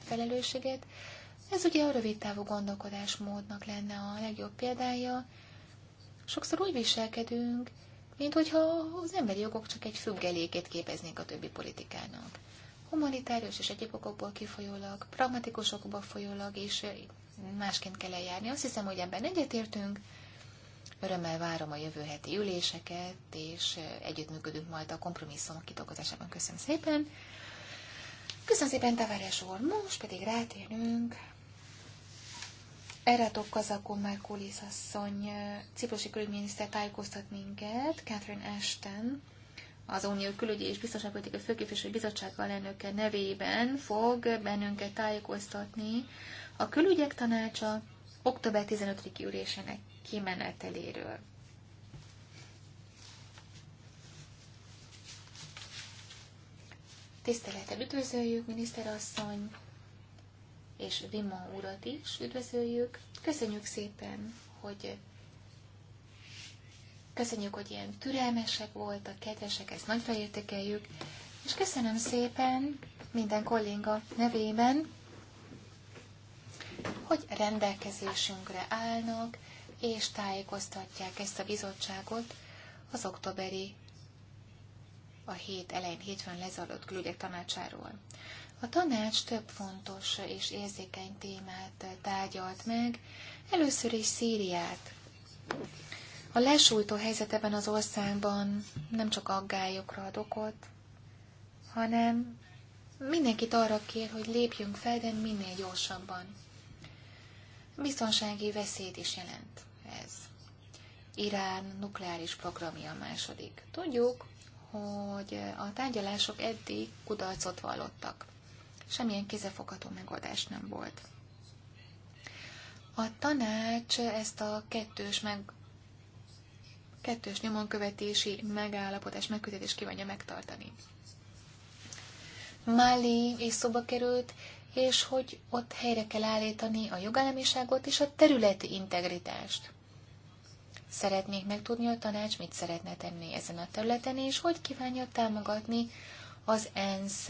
felelősséget, ez ugye a rövid távú gondolkodásmódnak lenne a legjobb példája. Sokszor úgy viselkedünk, mint hogyha az emberi jogok csak egy függelékét képeznék a többi politikának humanitárius és egyéb okokból kifolyólag, pragmatikus okokból folyólag és eh, másként kell eljárni. Azt hiszem, hogy ebben egyetértünk. Örömmel várom a jövő heti üléseket, és eh, együttműködünk majd a kompromisszum kidolgozásában. Köszönöm szépen! Köszönöm szépen, Tavares úr! Most pedig rátérünk Eratok Kazakon már Kulisz asszony, eh, ciprusi külügyminiszter tájékoztat minket, Catherine Ashton, az Unió külügyi és biztonságpolitikai Főképviselői bizottság alelnöke nevében fog bennünket tájékoztatni a külügyek tanácsa október 15. ülésének kimeneteléről. Tisztelettel üdvözöljük miniszterasszony és Vimon urat is üdvözöljük. Köszönjük szépen, hogy Köszönjük, hogy ilyen türelmesek voltak, kedvesek, ezt nagyra értékeljük. És köszönöm szépen minden kolléga nevében, hogy rendelkezésünkre állnak, és tájékoztatják ezt a bizottságot az októberi a hét elején, hétfőn lezajlott külügyek tanácsáról. A tanács több fontos és érzékeny témát tárgyalt meg, először is Szíriát. A lesújtó helyzet ebben az országban nem csak aggályokra ad okot, hanem mindenkit arra kér, hogy lépjünk fel, de minél gyorsabban. Biztonsági veszélyt is jelent ez. Irán nukleáris programja a második. Tudjuk, hogy a tárgyalások eddig kudarcot vallottak. Semmilyen kézefogható megoldás nem volt. A tanács ezt a kettős meg kettős nyomonkövetési megállapodás megkötetés kívánja megtartani. Mali és szoba került, és hogy ott helyre kell állítani a jogállamiságot és a területi integritást. Szeretnék megtudni a tanács, mit szeretne tenni ezen a területen, és hogy kívánja támogatni az ENSZ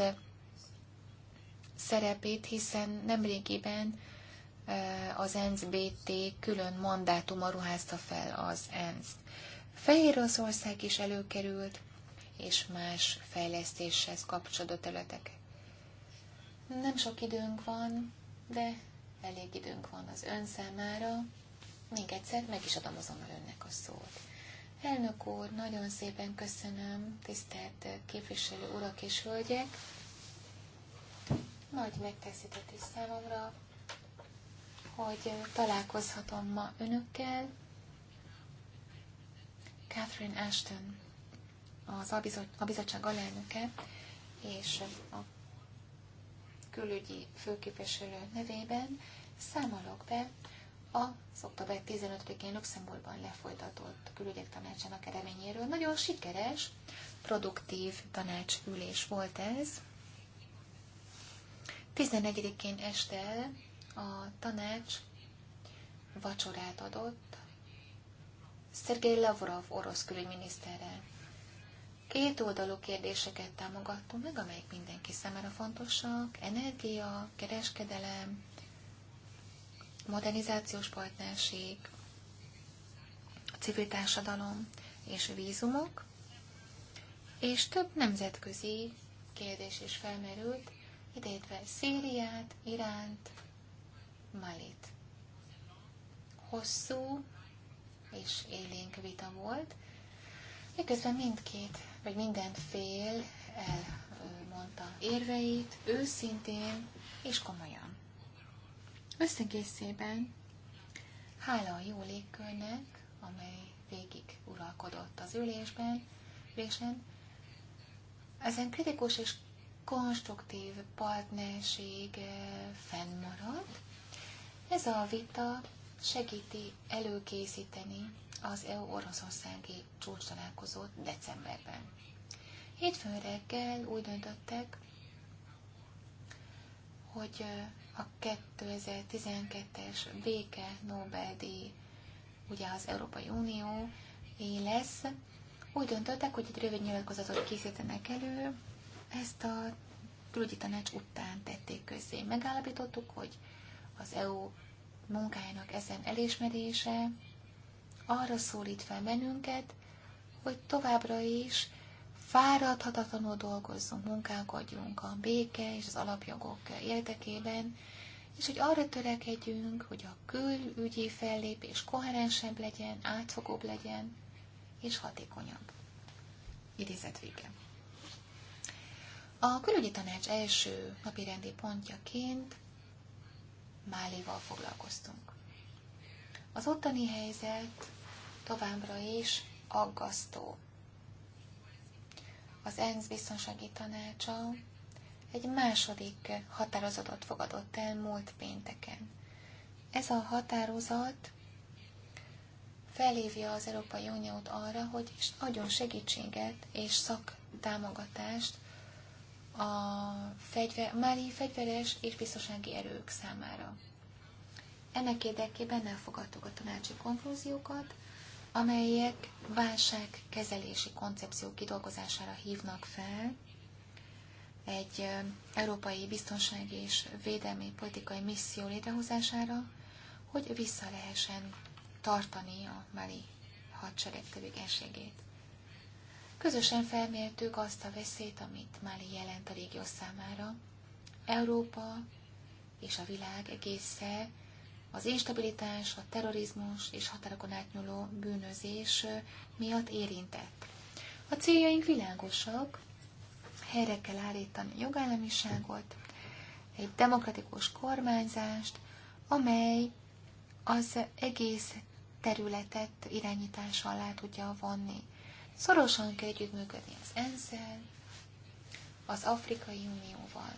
szerepét, hiszen nemrégiben eh, az ENSZ BT külön mandátuma ruházta fel az ENSZ-t. Oroszország is előkerült, és más fejlesztéshez kapcsolódó területek. Nem sok időnk van, de elég időnk van az ön számára. Még egyszer meg is adom azonnal önnek a szót. Elnök úr, nagyon szépen köszönöm, tisztelt képviselő urak és hölgyek. Nagy is számomra, hogy találkozhatom ma önökkel, Catherine Ashton, az a bizottság alelnöke, és a külügyi főképviselő nevében számolok be az október 15-én Luxemburgban lefolytatott külügyek tanácsának eredményéről. Nagyon sikeres, produktív tanácsülés volt ez. 14 én este a tanács vacsorát adott Szergei Lavrov orosz külügyminiszterrel. Két oldalú kérdéseket támogattunk meg, amelyek mindenki számára fontosak. Energia, kereskedelem, modernizációs partnerség, civil társadalom és vízumok, és több nemzetközi kérdés is felmerült, idejétve Szíriát, Iránt, Malit. Hosszú, és élénk vita volt. Miközben mindkét, vagy minden fél elmondta érveit őszintén és komolyan. Összegészében hála a jó légkörnek, amely végig uralkodott az ülésben, ülésen, ezen kritikus és konstruktív partnerség eh, fennmaradt. Ez a vita segíti előkészíteni az EU-Oroszországi csúcs találkozót decemberben. Hétfőn reggel úgy döntöttek, hogy a 2012-es béke Nobel-díj, ugye az Európai Unió lesz, úgy döntöttek, hogy egy rövid nyilatkozatot készítenek elő, ezt a külügyi tanács után tették közzé. Megállapítottuk, hogy az EU munkájának ezen elismerése arra szólít fel bennünket, hogy továbbra is fáradhatatlanul dolgozzunk, munkálkodjunk a béke és az alapjogok érdekében, és hogy arra törekedjünk, hogy a külügyi fellépés koherensebb legyen, átfogóbb legyen, és hatékonyabb. Idézet vége. A külügyi tanács első napirendi pontjaként Málival foglalkoztunk. Az ottani helyzet továbbra is aggasztó. Az ENSZ biztonsági tanácsa egy második határozatot fogadott el múlt pénteken. Ez a határozat felhívja az Európai Uniót arra, hogy adjon segítséget és szaktámogatást a fegyver, máli fegyveres és biztonsági erők számára. Ennek érdekében elfogadtuk a tanácsi konklúziókat, amelyek válságkezelési koncepció kidolgozására hívnak fel egy európai biztonsági és védelmi politikai misszió létrehozására, hogy vissza lehessen tartani a mali hadsereg tevékenységét. Közösen felmértük azt a veszélyt, amit Mali jelent a régió számára. Európa és a világ egésze az instabilitás, a terrorizmus és határokon átnyúló bűnözés miatt érintett. A céljaink világosak, helyre kell állítani a jogállamiságot, egy demokratikus kormányzást, amely az egész területet irányítás alá tudja vonni. Szorosan kell együttműködni az ensz az Afrikai Unióval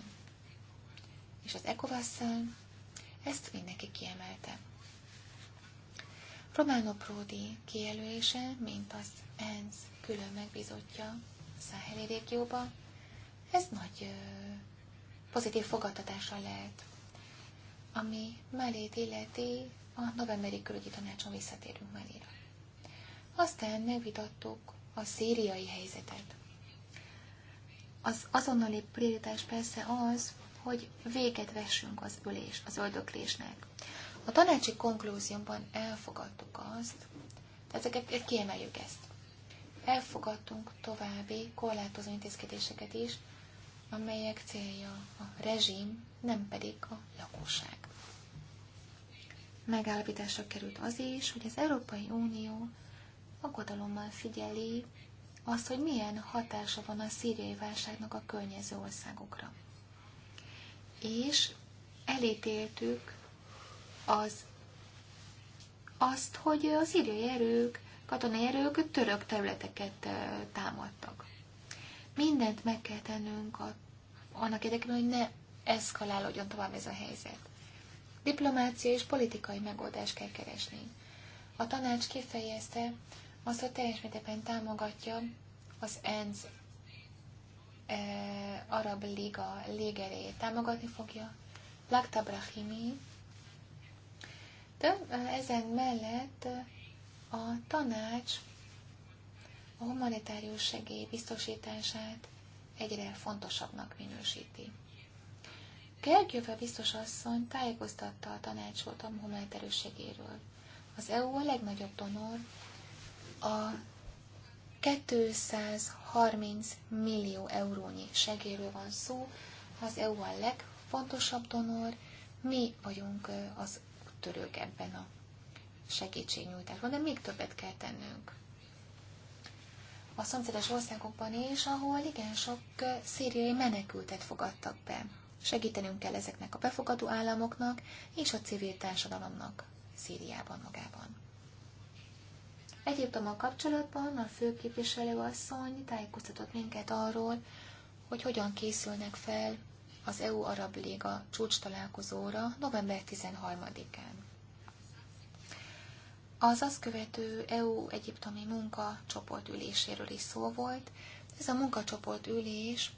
és az ecowas ezt mindenki kiemelte. Romano Prodi kijelölése, mint az ENSZ külön megbízottja Száheli régióba, ez nagy ö, pozitív fogadtatásra lehet, ami mellét illeti a novemberi külügyi tanácson visszatérünk Malira. Aztán megvitattuk a szíriai helyzetet. Az azonnali prioritás persze az, hogy véget vessünk az ülés, az öldöklésnek. A tanácsi konklúziumban elfogadtuk azt, ezeket eh, kiemeljük ezt. Elfogadtunk további korlátozó intézkedéseket is, amelyek célja a rezsim, nem pedig a lakosság. Megállapításra került az is, hogy az Európai Unió aggodalommal figyeli azt, hogy milyen hatása van a szíriai válságnak a környező országokra. És elítéltük az, azt, hogy a szíriai erők, katonai erők török területeket támadtak. Mindent meg kell tennünk a, annak érdekében, hogy ne eszkalálódjon tovább ez a helyzet. Diplomácia és politikai megoldást kell keresni. A tanács kifejezte, az, hogy teljes mértékben támogatja az ENSZ e, Arab Liga légerét Támogatni fogja Lakta Brahimi, de eh, ezen mellett eh, a tanács a humanitárius segély biztosítását egyre fontosabbnak minősíti. Gergőve biztos asszony tájékoztatta a tanácsot a humanitárius segélyről. Az EU a legnagyobb donor, a 230 millió eurónyi segélyről van szó, az EU a legfontosabb donor, mi vagyunk az törők ebben a segítségnyújtásban, de még többet kell tennünk. A szomszédos országokban is, ahol igen sok szíriai menekültet fogadtak be. Segítenünk kell ezeknek a befogadó államoknak és a civil társadalomnak Szíriában magában. Egyiptommal kapcsolatban a főképviselő asszony tájékoztatott minket arról, hogy hogyan készülnek fel az EU-Arab Liga csúcs találkozóra november 13-án. Az azt követő EU-egyiptomi munkacsoport üléséről is szó volt. Ez a munkacsoport ülés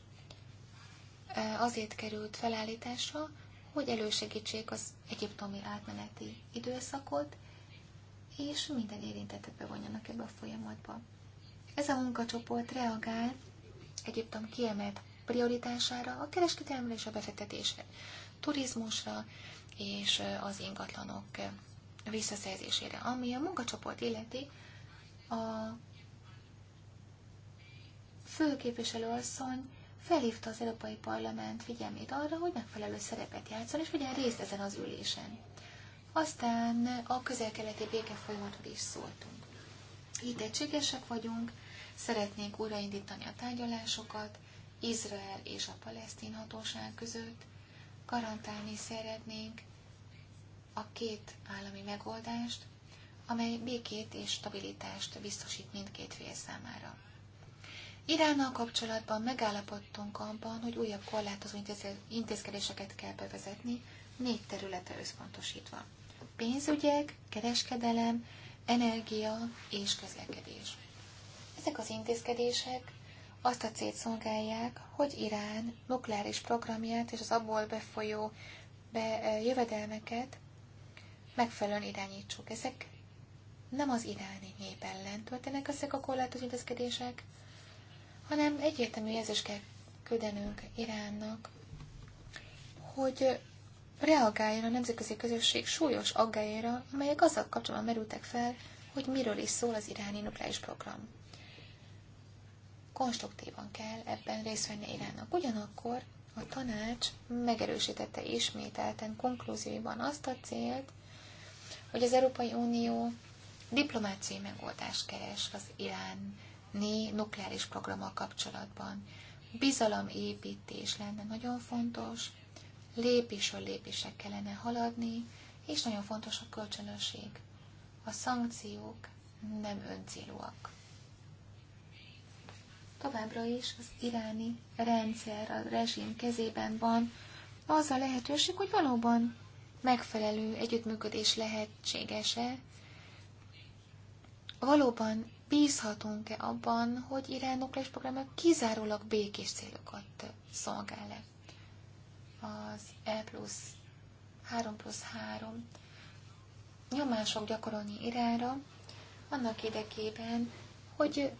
e, azért került felállításra, hogy elősegítsék az egyiptomi átmeneti időszakot, és minden érintettet bevonjanak ebbe a folyamatba. Ez a munkacsoport reagál Egyiptom kiemelt prioritására, a kereskedelemre és a befektetésre, turizmusra és az ingatlanok visszaszerzésére, ami a munkacsoport illeti a főképviselőasszony felhívta az Európai Parlament figyelmét arra, hogy megfelelő szerepet játszon, és hogy részt ezen az ülésen. Aztán a közel-keleti folyamatról is szóltunk. Itt egységesek vagyunk, szeretnénk újraindítani a tárgyalásokat Izrael és a palesztin hatóság között, garantálni szeretnénk a két állami megoldást, amely békét és stabilitást biztosít mindkét fél számára. Iránnal kapcsolatban megállapodtunk abban, hogy újabb korlátozó intézkedéseket kell bevezetni, négy területe összpontosítva pénzügyek, kereskedelem, energia és közlekedés. Ezek az intézkedések azt a célt szolgálják, hogy Irán nukleáris programját és az abból befolyó be, jövedelmeket megfelelően irányítsuk. Ezek nem az iráni nép ellen történnek ezek a korlátozó intézkedések, hanem egyértelmű jelzést kell küldenünk Iránnak, hogy reagáljon a nemzetközi közösség súlyos aggájára, amelyek azzal kapcsolatban merültek fel, hogy miről is szól az iráni nukleáris program. Konstruktívan kell ebben részt venni Iránnak. Ugyanakkor a tanács megerősítette ismételten konklúzióiban azt a célt, hogy az Európai Unió diplomáciai megoldást keres az iráni nukleáris programmal kapcsolatban. Bizalomépítés lenne nagyon fontos, lépésről lépésre kellene haladni, és nagyon fontos a kölcsönösség. A szankciók nem öncélúak. Továbbra is az iráni rendszer, a rezsim kezében van az a lehetőség, hogy valóban megfelelő együttműködés lehetséges-e, valóban bízhatunk-e abban, hogy Irán nukleáris programja kizárólag békés célokat szolgál az E plusz 3 plusz 3 nyomások gyakorolni Iránra, annak érdekében, hogy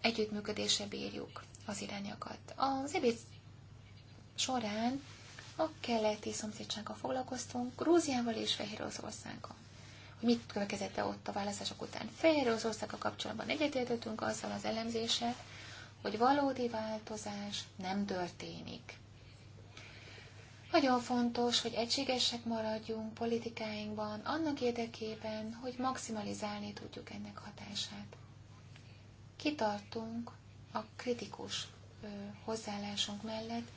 együttműködésre bírjuk az irányokat. Az ebéd során a keleti szomszédsággal foglalkoztunk, Grúziával és Fehér Oroszországgal. Hogy mit következett ott a választások után? Fehér Oroszországgal kapcsolatban egyetértettünk azzal az elemzéssel, hogy valódi változás nem történik. Nagyon fontos, hogy egységesek maradjunk politikáinkban annak érdekében, hogy maximalizálni tudjuk ennek hatását. Kitartunk a kritikus ö, hozzáállásunk mellett,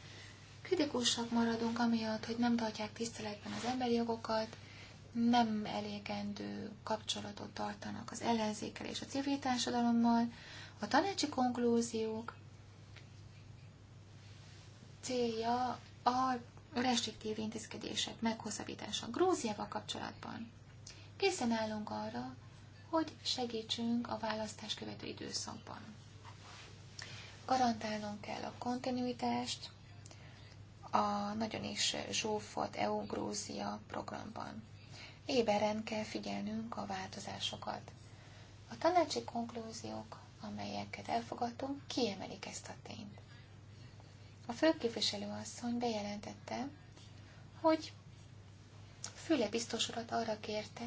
kritikusak maradunk amiatt, hogy nem tartják tiszteletben az emberi jogokat, nem elégendő kapcsolatot tartanak az ellenzékkel és a civil társadalommal. A tanácsi konklúziók célja a restriktív intézkedések meghosszabbítása Grúziával kapcsolatban. Készen állunk arra, hogy segítsünk a választás követő időszakban. Garantálnunk kell a kontinuitást a nagyon is zsúfolt EU-Grúzia programban. Éberen kell figyelnünk a változásokat. A tanácsi konklúziók, amelyeket elfogadtunk, kiemelik ezt a tényt. A főképviselő asszony bejelentette, hogy Füle biztos urat arra kérte,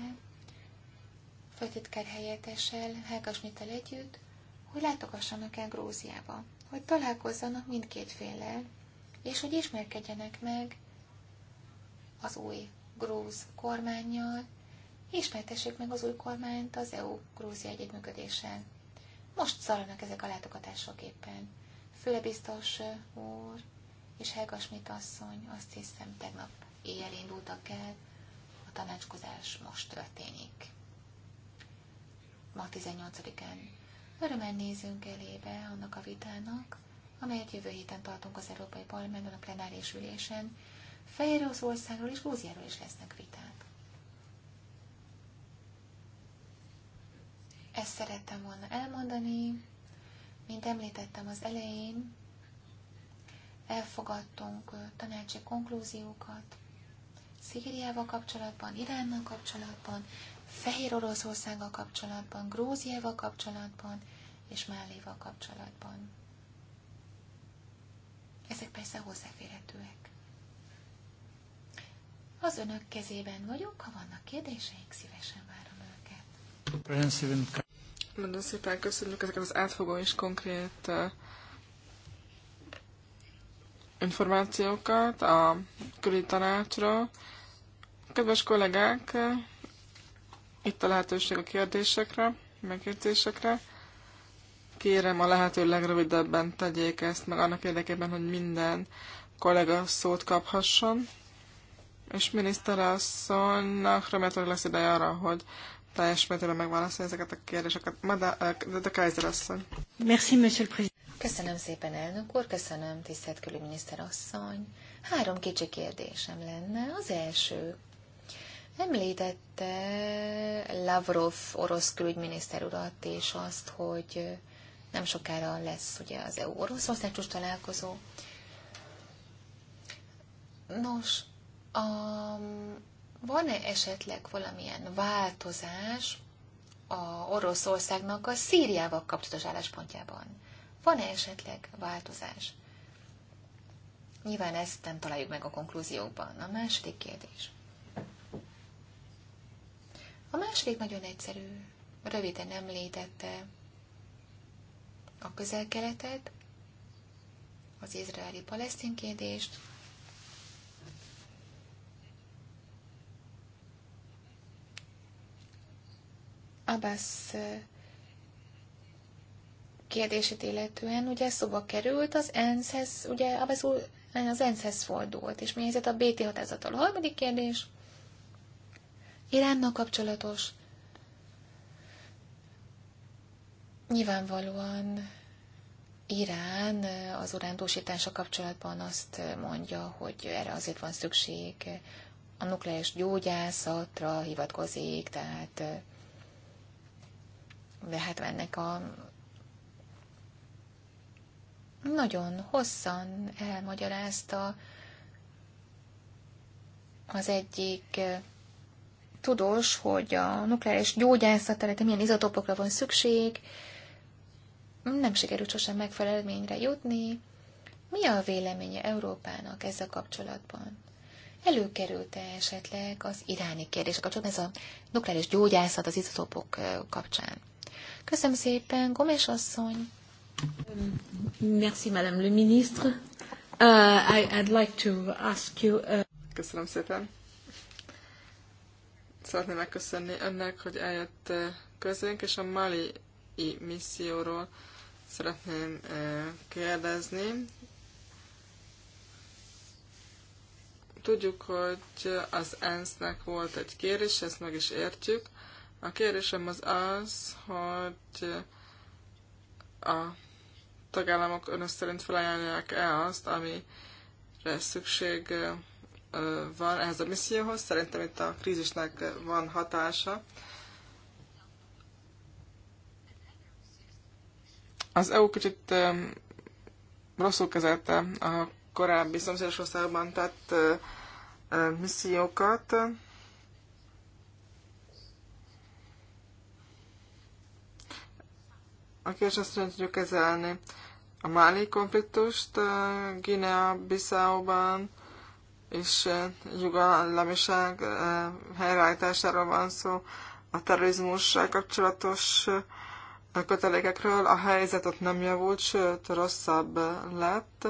főtitkár helyettessel, Hágasmittel együtt, hogy látogassanak el Gróziába, hogy találkozzanak mindkét féllel, és hogy ismerkedjenek meg az új grúz kormányjal, ismertessék meg az új kormányt az EU-Grúzia együttműködéssel. Most szalanak ezek a látogatások éppen biztos úr és Helga Schmidt asszony azt hiszem tegnap éjjel indultak el, a tanácskozás most történik. Ma 18-án örömmel nézünk elébe annak a vitának, amelyet jövő héten tartunk az Európai Parlamentben a plenáris ülésen, Fehér országról és Grúziáról is lesznek viták. Ezt szerettem volna elmondani, mint említettem az elején, elfogadtunk tanácsi konklúziókat Szíriával kapcsolatban, Iránnal kapcsolatban, Fehér Oroszországgal kapcsolatban, Gróziával kapcsolatban és Máléval kapcsolatban. Ezek persze hozzáférhetőek. Az önök kezében vagyok, ha vannak kérdéseik, szívesen várom őket. Nagyon szépen köszönjük ezeket az átfogó és konkrét információkat a küli tanácsra, Kedves kollégák, itt a lehetőség a kérdésekre, megkérdésekre. Kérem a lehető legrövidebben tegyék ezt meg annak érdekében, hogy minden kollega szót kaphasson. És miniszterasszonynak remélhetőleg lesz ideje arra, hogy teljes mértékben megválaszolni ezeket a kérdéseket. De Kaiser asszony. Merci, monsieur le président. Köszönöm szépen, elnök úr, köszönöm, tisztelt külügyminiszter asszony. Három kicsi kérdésem lenne. Az első, Említette Lavrov orosz külügyminiszter urat, és azt, hogy nem sokára lesz ugye az EU Oroszország csúcs találkozó. Nos, a van-e esetleg valamilyen változás a Oroszországnak a Szíriával kapcsolatos álláspontjában? Van-e esetleg változás? Nyilván ezt nem találjuk meg a konklúziókban. A második kérdés. A második nagyon egyszerű. Röviden nem létette a közel-keletet, az izraeli-palesztin kérdést, Abbas kérdését illetően, ugye szóba került, az ENSZ-hez, ugye Abbas úr az ENSZ-hez fordult, és mi helyzet a BT határozattal? A harmadik kérdés, Iránnal kapcsolatos. Nyilvánvalóan Irán az urándósítása kapcsolatban azt mondja, hogy erre azért van szükség, a nukleáris gyógyászatra hivatkozik, tehát de hát ennek a nagyon hosszan elmagyarázta az egyik eh, tudós, hogy a nukleáris gyógyászat területen milyen izotopokra van szükség, nem sikerült sosem megfelelményre jutni. Mi a véleménye Európának ezzel kapcsolatban? Előkerült-e esetleg az iráni kérdés kapcsolatban ez a nukleáris gyógyászat az izotopok eh, kapcsán? Köszönöm szépen, Gomes asszony. Merci, madame le ministre. Uh, I, I'd like to ask you... Uh... Köszönöm szépen. Szeretném megköszönni önnek, hogy eljött uh, közénk, és a Mali misszióról szeretném uh, kérdezni. Tudjuk, hogy az ENSZ-nek volt egy kérés, ezt meg is értjük, a kérdésem az az, hogy a tagállamok önös szerint felajánlják-e azt, amire szükség van ehhez a misszióhoz. Szerintem itt a krízisnek van hatása. Az EU kicsit rosszul kezelte a korábbi szomszédos országban tett missziókat. aki kérdés azt mondja, tudjuk kezelni. A Máli konfliktust eh, Guinea-Bissau-ban és eh, jogallamiság eh, helyreállításáról van szó, a terrorizmussal kapcsolatos kötelékekről. A helyzet ott nem javult, sőt rosszabb lett,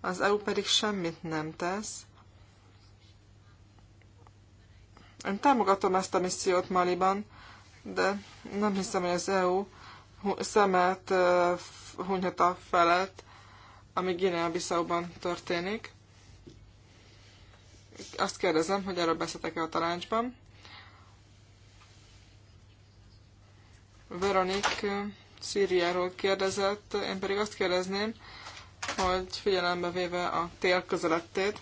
az EU pedig semmit nem tesz. Én támogatom ezt a missziót Maliban, de nem hiszem, hogy az EU szemet hunyhat a felett, ami Guinea-Bissauban történik. Azt kérdezem, hogy erről beszéltek-e a tanácsban. Veronik Szíriáról kérdezett, én pedig azt kérdezném, hogy figyelembe véve a tél közelettét,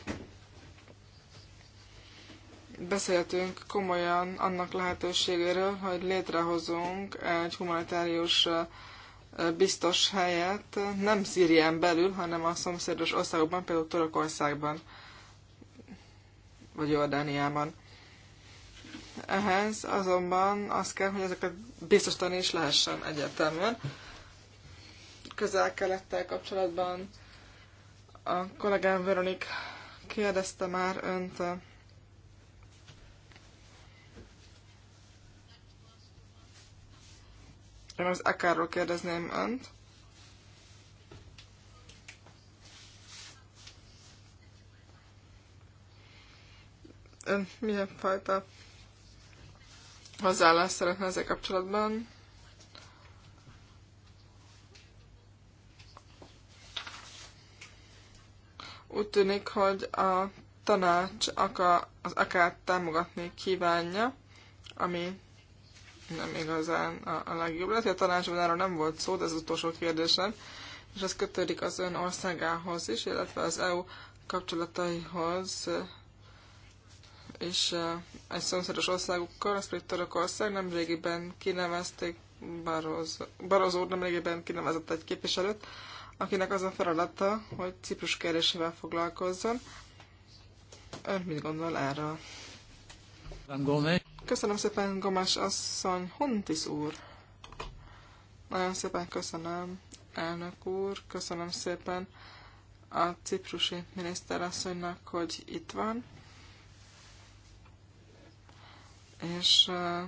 beszéltünk komolyan annak lehetőségéről, hogy létrehozunk egy humanitárius biztos helyet, nem Szírián belül, hanem a szomszédos országokban, például Törökországban, vagy Jordániában. Ehhez azonban az kell, hogy ezeket biztosítani is lehessen egyértelműen. Közel-kelettel kapcsolatban a kollégám Veronik kérdezte már önt Én az akáról kérdezném önt. Ön milyen fajta hozzáállást szeretne ezzel kapcsolatban? Úgy tűnik, hogy a tanács aka, az akát támogatni kívánja, ami nem igazán a, a legjobb. Lehet, hogy a tanácsadáról nem volt szó, de ez az utolsó kérdésem, és ez kötődik az ön országához is, illetve az EU kapcsolataihoz és egy szomszédos országokkal, az pedig Törökország, régiben kinevezték, Barroso úr régiben kinevezett egy képviselőt, akinek az a feladata, hogy Ciprus kérésével foglalkozzon. Ön mit gondol erről? Köszönöm szépen, Gomas asszony, Hontis úr. Nagyon szépen köszönöm, elnök úr, köszönöm szépen a ciprusi miniszterasszonynak, hogy itt van. És uh,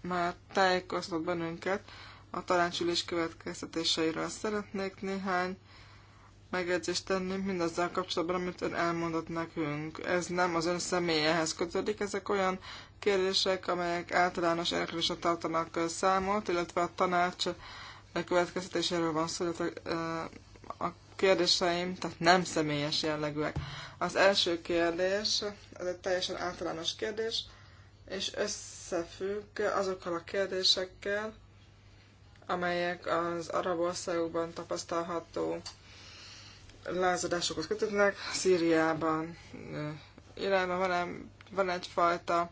már tájékoztat bennünket a tanácsülés következtetéseiről. Szeretnék néhány megjegyzést tenni mindazzal kapcsolatban, amit ön elmondott nekünk. Ez nem az ön személyehez kötődik, ezek olyan kérdések, amelyek általános érkezésre tartanak számot, illetve a tanács következtetéséről van szó, illetve a kérdéseim, tehát nem személyes jellegűek. Az első kérdés, ez egy teljesen általános kérdés, és összefügg azokkal a kérdésekkel, amelyek az arab országokban tapasztalható lázadásokhoz kötöttek Szíriában, Iránban van, -e, van egyfajta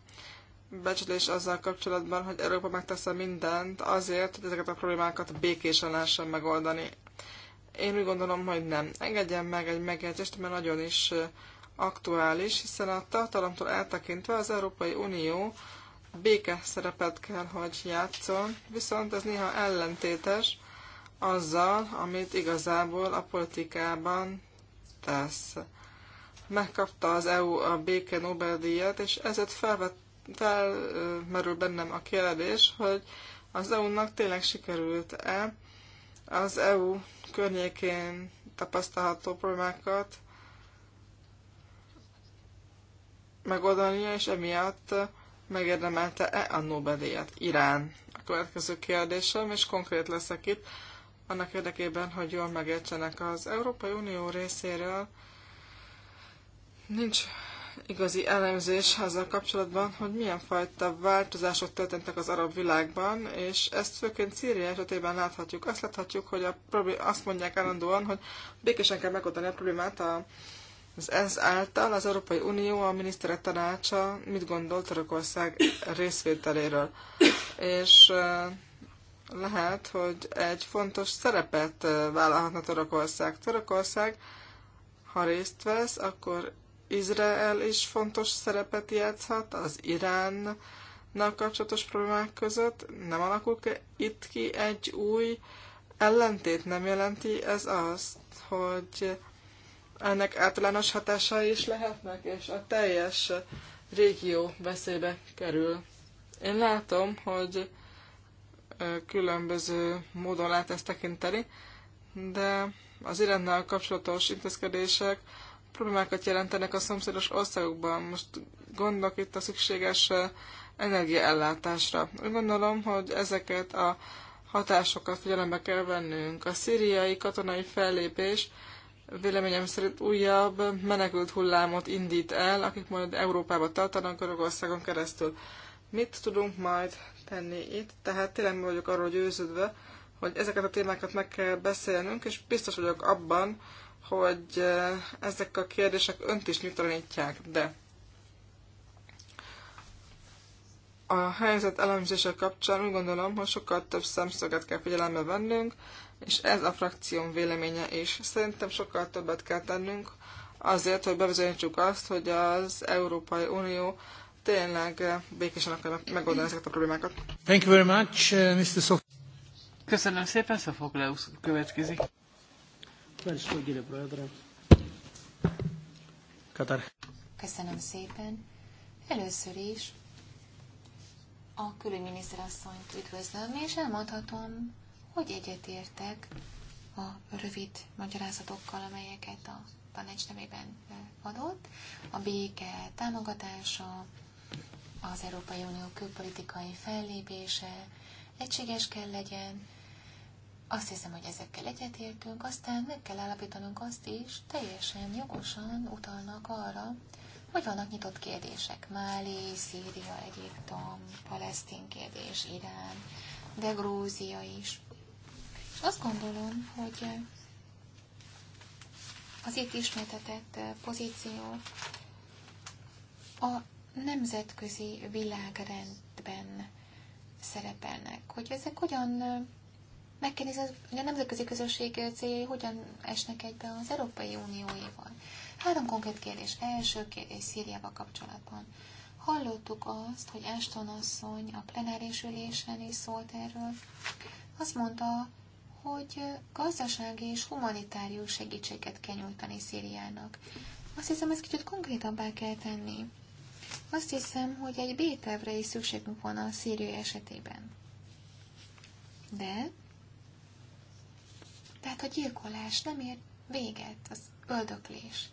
becsülés azzal kapcsolatban, hogy Európa megtesz mindent azért, hogy ezeket a problémákat békésen lehessen megoldani. Én úgy gondolom, hogy nem. Engedjen meg egy megjegyzést, mert nagyon is aktuális, hiszen a tartalomtól eltekintve az Európai Unió béke szerepet kell, hogy játszon, viszont ez néha ellentétes azzal, amit igazából a politikában tesz. Megkapta az EU a béke Nobel-díjat, és ezért felvet, fel, bennem a kérdés, hogy az EU-nak tényleg sikerült-e az EU környékén tapasztalható problémákat megoldania, és emiatt megérdemelte-e a Nobel-díjat Irán? A következő kérdésem, és konkrét leszek itt, annak érdekében, hogy jól megértsenek az Európai Unió részéről. Nincs igazi elemzés azzal kapcsolatban, hogy milyen fajta változások történtek az arab világban, és ezt főként Szíria esetében láthatjuk. Azt láthatjuk, hogy a probléma, azt mondják állandóan, hogy békésen kell megoldani a problémát a, az ENSZ által, az Európai Unió, a miniszterek tanácsa mit gondol Törökország részvételéről. És lehet, hogy egy fontos szerepet vállalhatna Törökország. Törökország, ha részt vesz, akkor Izrael is fontos szerepet játszhat az Iránnal kapcsolatos problémák között. Nem alakul -e itt ki egy új ellentét? Nem jelenti ez azt, hogy ennek általános hatásai is lehetnek, és a teljes régió veszélybe kerül. Én látom, hogy különböző módon lehet ezt tekinteni, de az Irennel kapcsolatos intézkedések problémákat jelentenek a szomszédos országokban. Most gondolok itt a szükséges energiaellátásra. Úgy gondolom, hogy ezeket a hatásokat figyelembe kell vennünk. A szíriai katonai fellépés véleményem szerint újabb menekült hullámot indít el, akik majd Európába tartanak Görögországon keresztül. Mit tudunk majd tenni itt. Tehát tényleg mi vagyok arról győződve, hogy ezeket a témákat meg kell beszélnünk, és biztos vagyok abban, hogy eh, ezek a kérdések önt is nyugtalanítják, de a helyzet elemzése kapcsán úgy gondolom, hogy sokkal több szemszöget kell figyelembe vennünk, és ez a frakcióm véleménye is. Szerintem sokkal többet kell tennünk azért, hogy bebizonyítsuk azt, hogy az Európai Unió tényleg eh, békésen akarnak megoldani ezeket a problémákat. Thank you very much, eh, Mr. Sof Köszönöm szépen, Szofokleusz következik. Köszönöm szépen. Először is a külügyminiszter asszonyt üdvözlöm, és elmondhatom, hogy egyetértek a rövid magyarázatokkal, amelyeket a tanács nevében eh, adott. A béke támogatása, az Európai Unió külpolitikai fellépése egységes kell legyen. Azt hiszem, hogy ezekkel egyetértünk, aztán meg kell állapítanunk azt is, teljesen jogosan utalnak arra, hogy vannak nyitott kérdések. Máli, Szíria, Egyiptom, Palesztin kérdés, Irán, de Grúzia is. És azt gondolom, hogy az itt ismertetett pozíció a nemzetközi világrendben szerepelnek, hogy ezek hogyan meg hogy a nemzetközi közösség céljai hogyan esnek egybe az Európai Unióival. Három konkrét kérdés. Első kérdés Szíriával kapcsolatban. Hallottuk azt, hogy Ashton asszony a plenáris ülésen is szólt erről. Azt mondta, hogy gazdasági és humanitárius segítséget kell nyújtani Szíriának. Azt hiszem, ezt kicsit konkrétabbá kell tenni. Azt hiszem, hogy egy B-tervre is szükségünk van a szíriai esetében. De, tehát a gyilkolás nem ér véget, az öldöklés.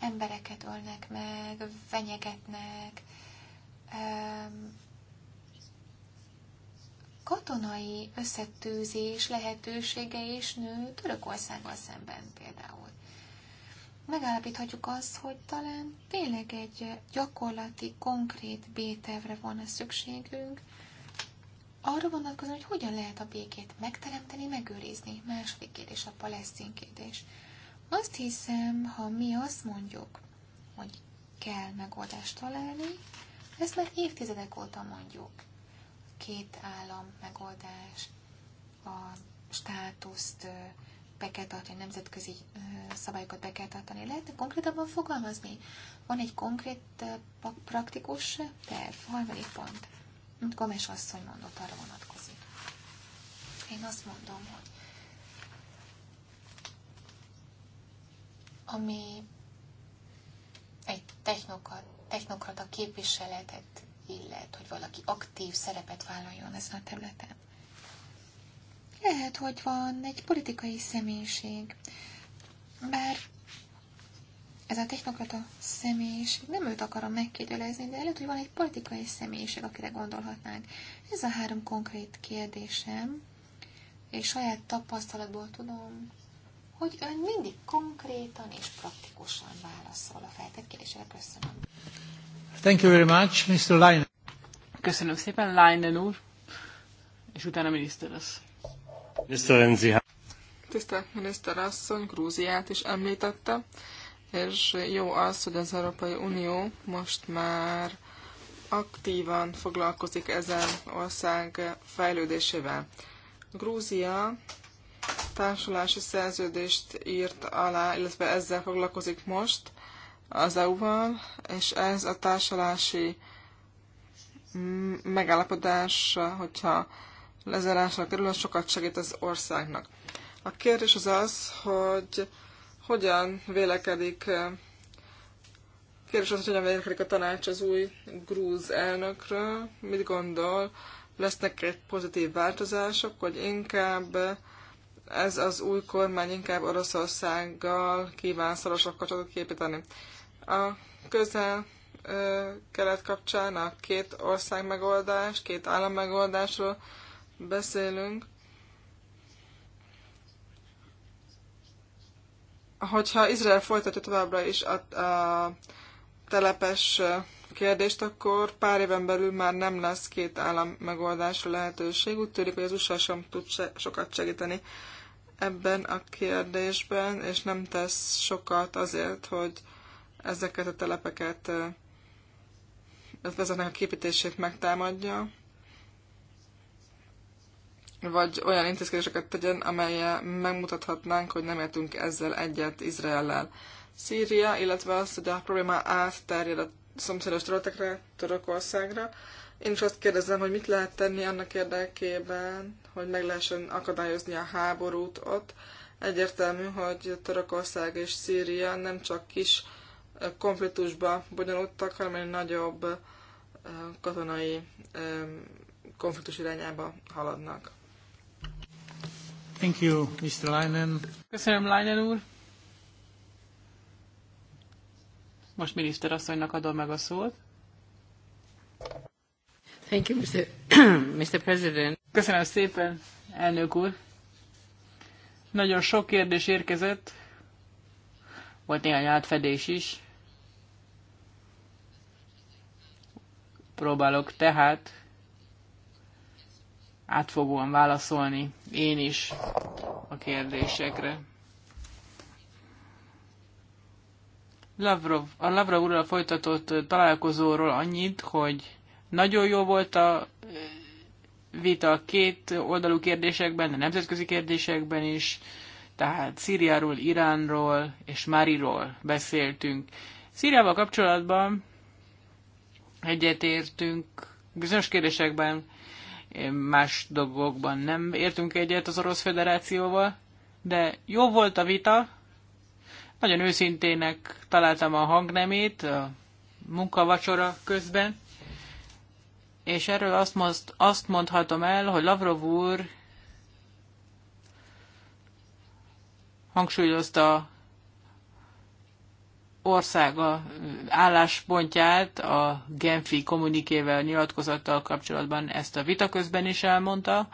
Embereket ölnek meg, fenyegetnek, katonai összetűzés lehetősége is nő Törökországgal szemben például megállapíthatjuk azt, hogy talán tényleg egy gyakorlati, konkrét bétevre van szükségünk, arra vonatkozóan, hogy hogyan lehet a békét megteremteni, megőrizni. Második kérdés a palesztin kérdés. Azt hiszem, ha mi azt mondjuk, hogy kell megoldást találni, ezt már évtizedek óta mondjuk. Két állam megoldás, a státuszt be kell tartani, nemzetközi szabályokat be kell tartani. Lehetne konkrétabban fogalmazni? Van egy konkrét praktikus terv, harmadik pont, mint Gomes asszony mondott, arra vonatkozik. Én azt mondom, hogy ami egy technokat, technokrata képviseletet illet, hogy valaki aktív szerepet vállaljon ezen a területen lehet, hogy van egy politikai személyiség, bár ez a technokrata személyiség, nem őt akarom megkérdelezni, de lehet, hogy van egy politikai személyiség, akire gondolhatnánk. Ez a három konkrét kérdésem, és saját tapasztalatból tudom, hogy ön mindig konkrétan és praktikusan válaszol a feltett kérdésre. Köszönöm. Thank you very much, Mr. Leinen. Köszönöm szépen, Leinen úr, és utána miniszter az. Tisztelt miniszter asszony Grúziát is említette, és jó az, hogy az Európai Unió most már aktívan foglalkozik ezen ország fejlődésével. Grúzia társulási szerződést írt alá, illetve ezzel foglalkozik most az EU-val, és ez a társulási megállapodás, hogyha lezárásra kerül, az sokat segít az országnak. A kérdés az az, hogy hogyan vélekedik Kérdés az, hogy hogyan vélekedik a tanács az új grúz elnökről, mit gondol, lesznek egy pozitív változások, hogy inkább ez az új kormány inkább Oroszországgal kíván szorosabb kapcsolatot képíteni. A közel kelet kapcsán a két ország megoldás, két állam megoldásról beszélünk, hogyha Izrael folytatja továbbra is a, a telepes kérdést, akkor pár éven belül már nem lesz két állam megoldásra lehetőség. Úgy tűnik, hogy az USA sem tud se, sokat segíteni ebben a kérdésben, és nem tesz sokat azért, hogy ezeket a telepeket ezeknek a képítését megtámadja vagy olyan intézkedéseket tegyen, amelyen megmutathatnánk, hogy nem értünk ezzel egyet Izraellel. Szíria, illetve az, hogy a probléma átterjed a szomszédos területekre, Törökországra. Én is azt kérdezem, hogy mit lehet tenni annak érdekében, hogy meg lehessen akadályozni a háborút ott. Egyértelmű, hogy Törökország és Szíria nem csak kis konfliktusba bonyolultak, hanem egy nagyobb katonai konfliktus irányába haladnak. Thank you, Mr. Leinen. Köszönöm, Leinen úr. Most miniszterasszonynak adom meg a szót. Thank you, Mr. [clears throat] Mr. President. Köszönöm szépen, elnök úr. Nagyon sok kérdés érkezett, volt néhány átfedés is. Próbálok tehát átfogóan válaszolni én is a kérdésekre. Lavrov, a Lavrov úrral folytatott találkozóról annyit, hogy nagyon jó volt a vita két oldalú kérdésekben, de nemzetközi kérdésekben is, tehát Szíriáról, Iránról és Máriról beszéltünk. Szíriával kapcsolatban egyetértünk bizonyos kérdésekben, más dolgokban nem értünk egyet az Orosz Föderációval, de jó volt a vita, nagyon őszintének találtam a hangnemét a munkavacsora közben, és erről azt, most, azt mondhatom el, hogy Lavrov úr hangsúlyozta országa álláspontját a Genfi kommunikével, nyilatkozattal kapcsolatban ezt a vita közben is elmondta,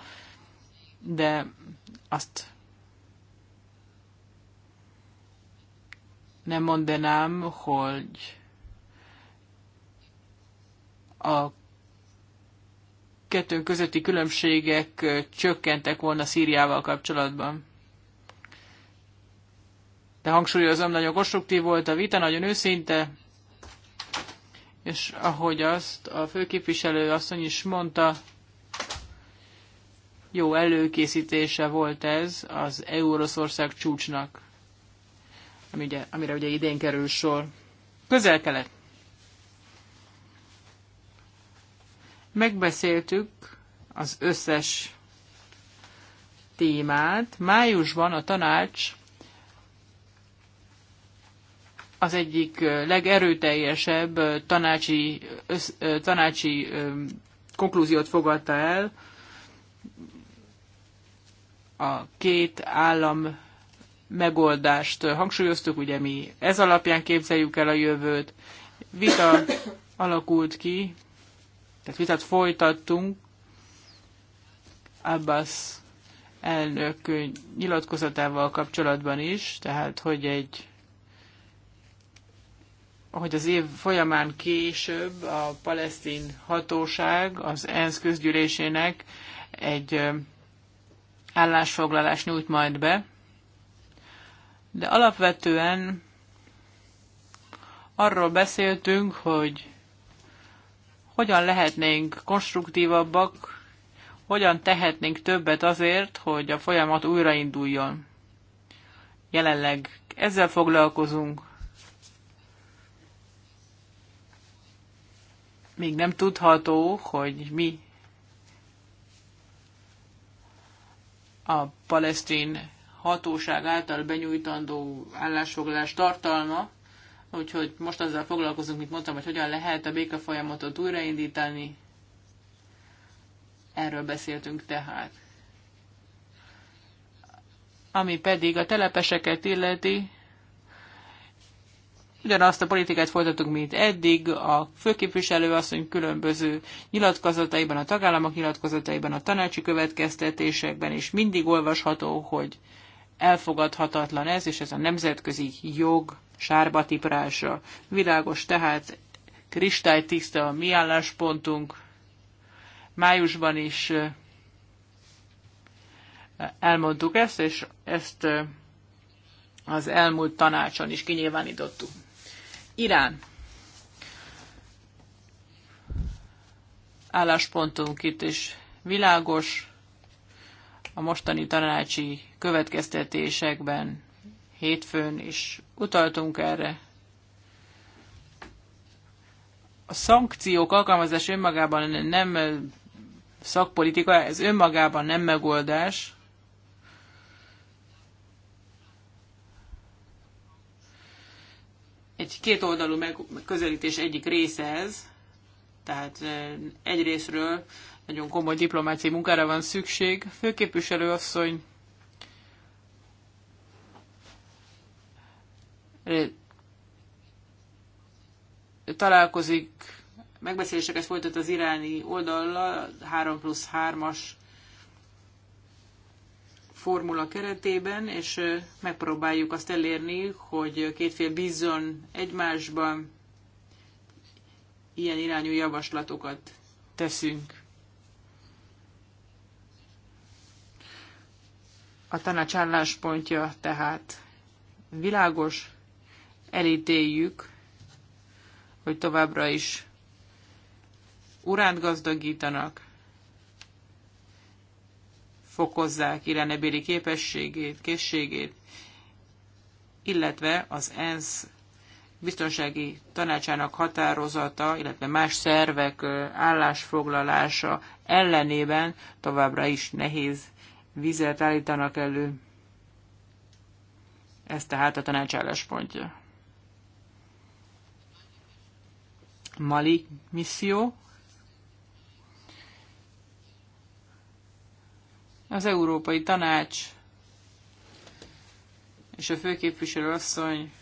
de azt nem mondanám, hogy a kettőnk közötti különbségek csökkentek volna Szíriával kapcsolatban de hangsúlyozom, nagyon konstruktív volt a vita, nagyon őszinte, és ahogy azt a főképviselő asszony is mondta, jó előkészítése volt ez az Euroszország csúcsnak, ugye, amire ugye idén kerül sor. Közel-kelet. Megbeszéltük az összes témát. Májusban a tanács az egyik legerőteljesebb tanácsi, össz, tanácsi konklúziót fogadta el a két állam megoldást hangsúlyoztuk, ugye mi ez alapján képzeljük el a jövőt. Vita [coughs] alakult ki, tehát vitát folytattunk. Abbas elnök nyilatkozatával kapcsolatban is, tehát hogy egy hogy az év folyamán később a palesztin hatóság az ENSZ közgyűlésének egy állásfoglalás nyújt majd be, de alapvetően arról beszéltünk, hogy hogyan lehetnénk konstruktívabbak, hogyan tehetnénk többet azért, hogy a folyamat újrainduljon. Jelenleg ezzel foglalkozunk. még nem tudható, hogy mi a palesztin hatóság által benyújtandó állásfoglalás tartalma, úgyhogy most azzal foglalkozunk, mint mondtam, hogy hogyan lehet a béka folyamatot újraindítani. Erről beszéltünk tehát. Ami pedig a telepeseket illeti, ugyanazt a politikát folytattuk, mint eddig, a főképviselő asszony különböző nyilatkozataiban, a tagállamok nyilatkozataiban, a tanácsi következtetésekben is mindig olvasható, hogy elfogadhatatlan ez, és ez a nemzetközi jog sárba tiprása. Világos tehát, kristálytiszta a mi álláspontunk. Májusban is elmondtuk ezt, és ezt az elmúlt tanácson is kinyilvánítottuk. Irán. Álláspontunk itt is világos. A mostani tanácsi következtetésekben hétfőn is utaltunk erre. A szankciók alkalmazása önmagában nem szakpolitika, ez önmagában nem megoldás, egy kétoldalú megközelítés egyik része ez, tehát egyrésztről nagyon komoly diplomáciai munkára van szükség. Főképviselő asszony találkozik, megbeszéléseket folytat az iráni oldallal, 3 plusz 3-as formula keretében, és megpróbáljuk azt elérni, hogy két fél bízzon egymásban, ilyen irányú javaslatokat teszünk. A tanács álláspontja tehát világos, elítéljük, hogy továbbra is uránt gazdagítanak, fokozzák iránybéli képességét, készségét, illetve az ENSZ biztonsági tanácsának határozata, illetve más szervek állásfoglalása ellenében továbbra is nehéz vizet állítanak elő. Ez tehát a tanács álláspontja. Mali misszió, Az Európai Tanács és a főképviselő asszony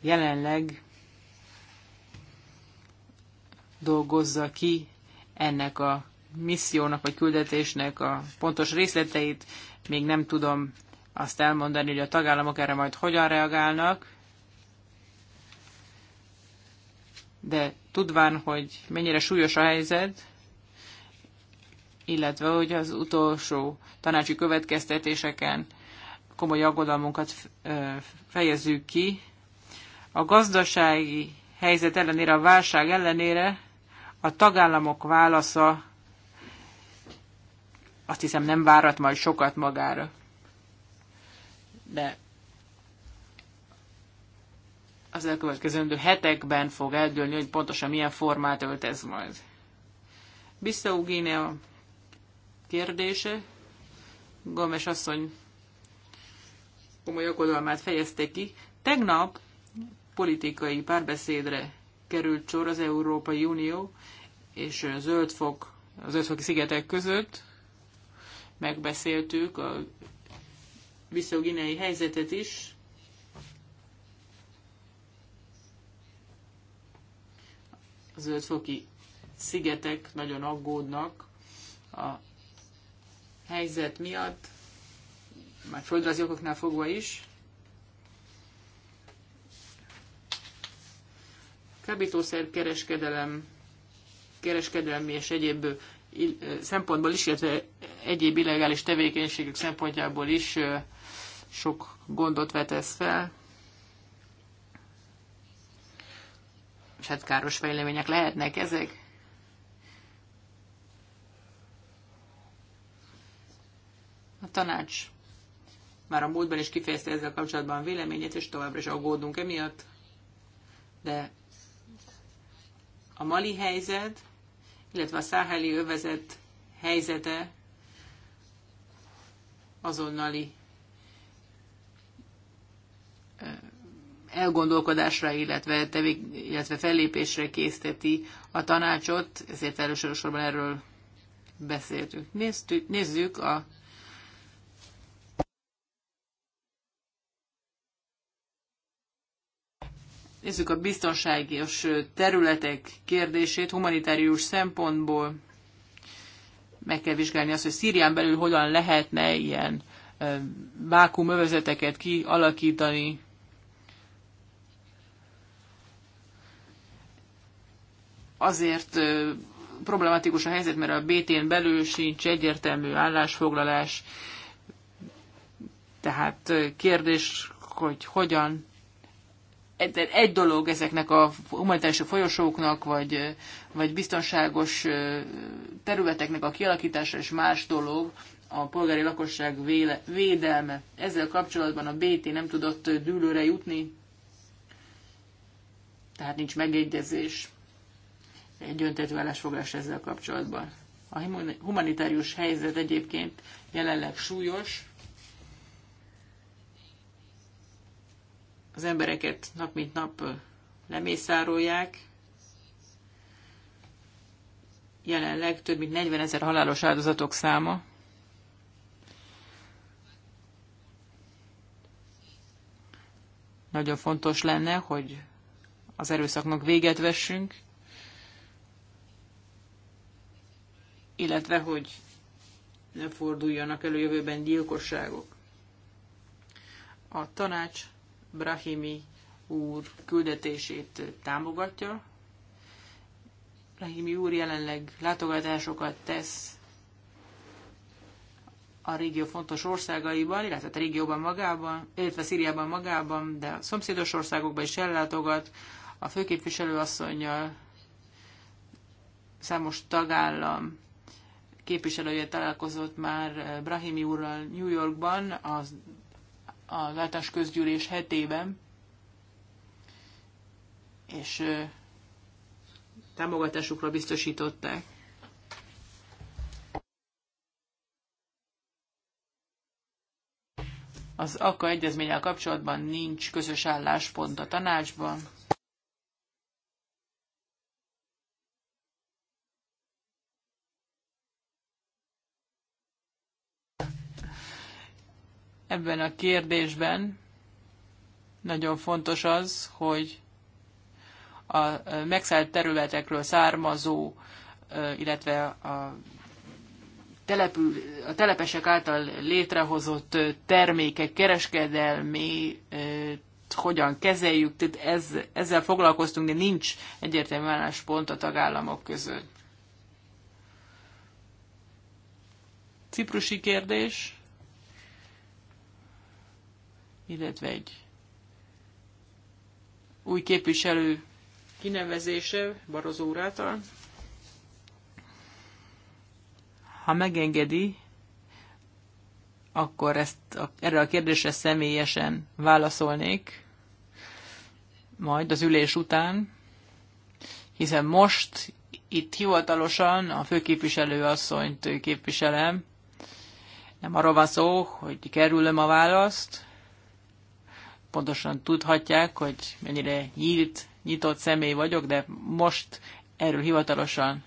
jelenleg dolgozza ki ennek a missziónak vagy küldetésnek a pontos részleteit. Még nem tudom azt elmondani, hogy a tagállamok erre majd hogyan reagálnak, de tudván, hogy mennyire súlyos a helyzet, illetve hogy az utolsó tanácsi következtetéseken komoly aggodalmunkat fejezzük ki. A gazdasági helyzet ellenére, a válság ellenére a tagállamok válasza azt hiszem nem várat majd sokat magára. De az elkövetkező hetekben fog eldőlni, hogy pontosan milyen formát ölt ez majd. Bissau Guinea kérdése. Gomes asszony komoly aggodalmát fejezte ki. Tegnap politikai párbeszédre került sor az Európai Unió és Zöldfok, az Zöldfoki szigetek között. Megbeszéltük a visszaginei helyzetet is. A Zöldfoki szigetek nagyon aggódnak a helyzet miatt, már földrajzi okoknál fogva is, kábítószer kereskedelem, kereskedelmi és egyéb szempontból is, illetve egyéb illegális tevékenységük szempontjából is sok gondot vetesz fel. És hát káros fejlemények lehetnek ezek. tanács már a múltban is kifejezte ezzel kapcsolatban a véleményét, és továbbra is aggódunk emiatt, de a mali helyzet, illetve a száheli övezet helyzete azonnali elgondolkodásra, illetve, tevék, illetve fellépésre készteti a tanácsot, ezért elősorban erről beszéltünk. Néztük, nézzük a Nézzük a biztonságos területek kérdését humanitárius szempontból. Meg kell vizsgálni azt, hogy Szírián belül hogyan lehetne ilyen vákumövezeteket kialakítani. Azért problematikus a helyzet, mert a BT-n belül sincs egyértelmű állásfoglalás. Tehát kérdés, hogy hogyan egy, dolog ezeknek a humanitárius folyosóknak, vagy, vagy biztonságos területeknek a kialakítása, és más dolog a polgári lakosság véle, védelme. Ezzel kapcsolatban a BT nem tudott dűlőre jutni, tehát nincs megegyezés, egy öntető állásfoglás ezzel kapcsolatban. A humanitárius helyzet egyébként jelenleg súlyos, az embereket nap mint nap lemészárolják. Jelenleg több mint 40 ezer halálos áldozatok száma. Nagyon fontos lenne, hogy az erőszaknak véget vessünk, illetve hogy ne forduljanak elő jövőben gyilkosságok. A tanács Brahimi úr küldetését támogatja. Brahimi úr jelenleg látogatásokat tesz a régió fontos országaiban, illetve a régióban magában, illetve Szíriában magában, de a szomszédos országokban is ellátogat. A főképviselő asszonynal számos tagállam képviselője találkozott már Brahimi úrral New Yorkban, az az általános közgyűlés hetében, és támogatásukra biztosították. Az AKA egyezménnyel kapcsolatban nincs közös álláspont a tanácsban. ebben a kérdésben nagyon fontos az, hogy a megszállt területekről származó, illetve a, települ, a telepesek által létrehozott termékek kereskedelmi hogyan kezeljük, tehát ez, ezzel foglalkoztunk, de nincs egyértelmű álláspont a tagállamok között. Ciprusi kérdés illetve egy új képviselő kinevezése Barozó úr Ha megengedi, akkor ezt a, erre a kérdésre személyesen válaszolnék, majd az ülés után, hiszen most itt hivatalosan a főképviselő asszonyt képviselem. Nem arról van szó, hogy kerülöm a választ, pontosan tudhatják, hogy mennyire nyílt, nyitott személy vagyok, de most erről hivatalosan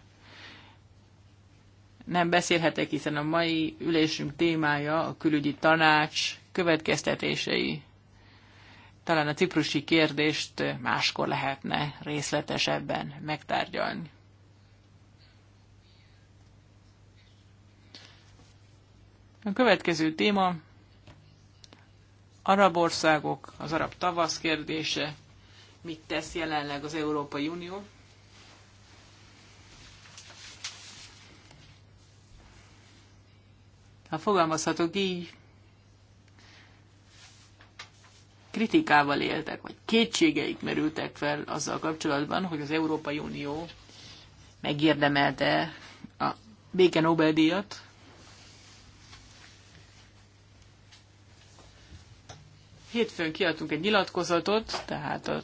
nem beszélhetek, hiszen a mai ülésünk témája a külügyi tanács következtetései. Talán a ciprusi kérdést máskor lehetne részletesebben megtárgyalni. A következő téma arab országok, az arab tavasz kérdése, mit tesz jelenleg az Európai Unió. Ha fogalmazhatok így, kritikával éltek, vagy kétségeik merültek fel azzal kapcsolatban, hogy az Európai Unió megérdemelte a béke Nobel-díjat, Hétfőn kiadtunk egy nyilatkozatot, tehát a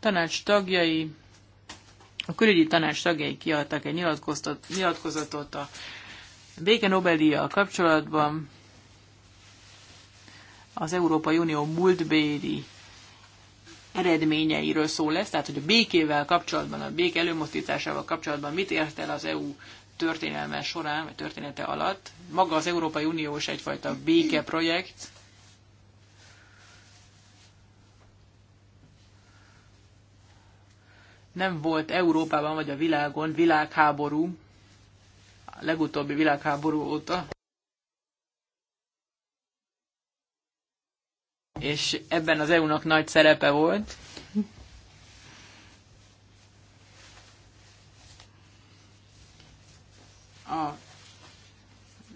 tanács tagjai, a külügyi tanács tagjai kiadtak egy nyilatkozatot, nyilatkozatot a béke nobel kapcsolatban. Az Európai Unió múltbéli eredményeiről szó lesz, tehát hogy a békével kapcsolatban, a béke előmozdításával kapcsolatban mit ért el az EU történelme során, vagy története alatt. Maga az Európai Unió is egyfajta békeprojekt, nem volt Európában vagy a világon világháború, a legutóbbi világháború óta. És ebben az EU-nak nagy szerepe volt. A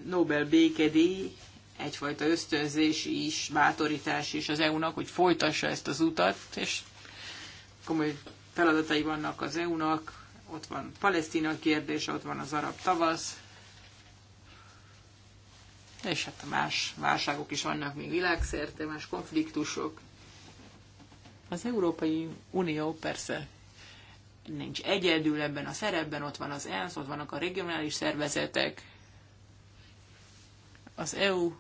Nobel békedíj egyfajta ösztönzés is, bátorítás is az EU-nak, hogy folytassa ezt az utat, és komoly feladatai vannak az EU-nak, ott van Palesztina kérdése, ott van az arab tavasz, és hát más válságok is vannak még világszerte, más konfliktusok. Az Európai Unió persze nincs egyedül ebben a szerepben, ott van az ENSZ, ott vannak a regionális szervezetek, az EU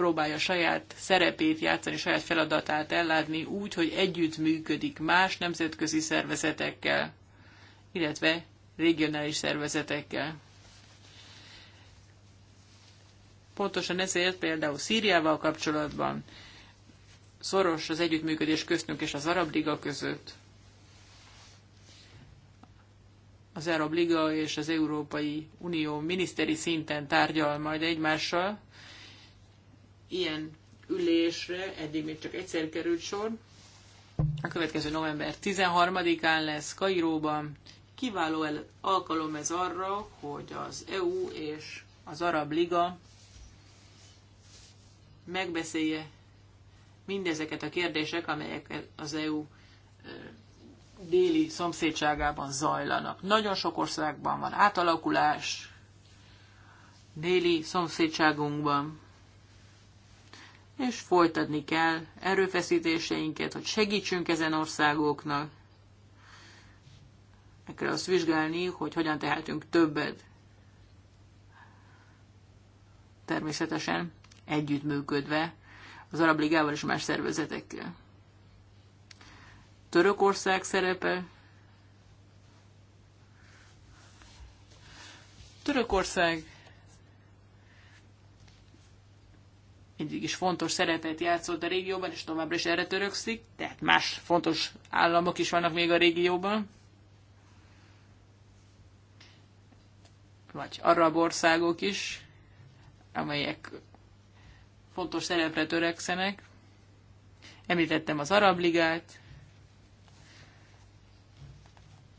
próbálja saját szerepét játszani, saját feladatát ellátni úgy, hogy együtt működik más nemzetközi szervezetekkel, illetve regionális szervezetekkel. Pontosan ezért például Szíriával kapcsolatban szoros az együttműködés köztünk és az Arab Liga között. Az Arab Liga és az Európai Unió miniszteri szinten tárgyal majd egymással, ilyen ülésre eddig még csak egyszer került sor. A következő november 13-án lesz Kairóban. Kiváló el, alkalom ez arra, hogy az EU és az Arab Liga megbeszélje mindezeket a kérdések, amelyek az EU déli szomszédságában zajlanak. Nagyon sok országban van átalakulás, déli szomszédságunkban és folytatni kell erőfeszítéseinket, hogy segítsünk ezen országoknak. Meg kell azt vizsgálni, hogy hogyan tehetünk többet. Természetesen együttműködve az Arab Ligával és más szervezetekkel. Törökország szerepe. Törökország mindig is fontos szerepet játszott a régióban, és továbbra is erre törökszik, tehát más fontos államok is vannak még a régióban. Vagy arab országok is, amelyek fontos szerepre törekszenek. Említettem az Arab Ligát.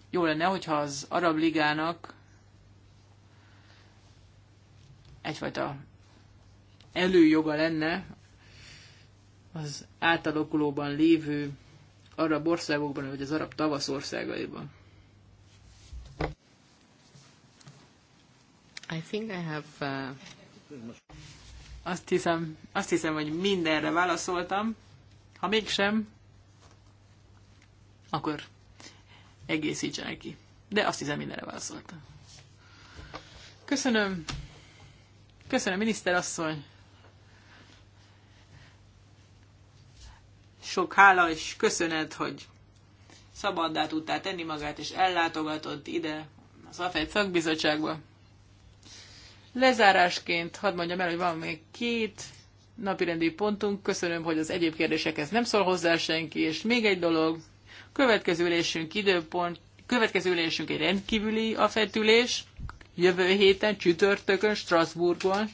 Jó lenne, hogyha az Arab Ligának egyfajta előjoga lenne az átalakulóban lévő arab országokban, vagy az arab tavasz országaiban. I think I have, uh... azt, hiszem, azt hiszem, hogy mindenre válaszoltam. Ha mégsem, akkor egészítsenek ki. De azt hiszem, mindenre válaszoltam. Köszönöm. Köszönöm, miniszter asszony. Sok hála és köszönet, hogy szabaddá tudtál tenni magát, és ellátogatott ide az AFEJ szakbizottságba. Lezárásként hadd mondjam el, hogy van még két napirendi pontunk. Köszönöm, hogy az egyéb kérdésekhez nem szól hozzá senki, és még egy dolog, következő ülésünk időpont, következő ülésünk egy rendkívüli afetülés, jövő héten, csütörtökön, Strasbourgban.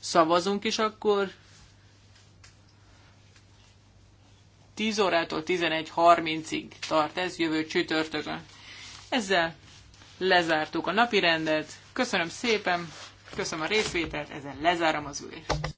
Szavazunk is akkor, 10 órától 11.30-ig tart ez jövő csütörtökön. Ezzel lezártuk a napi rendet. Köszönöm szépen, köszönöm a részvételt, ezzel lezárom az ülést.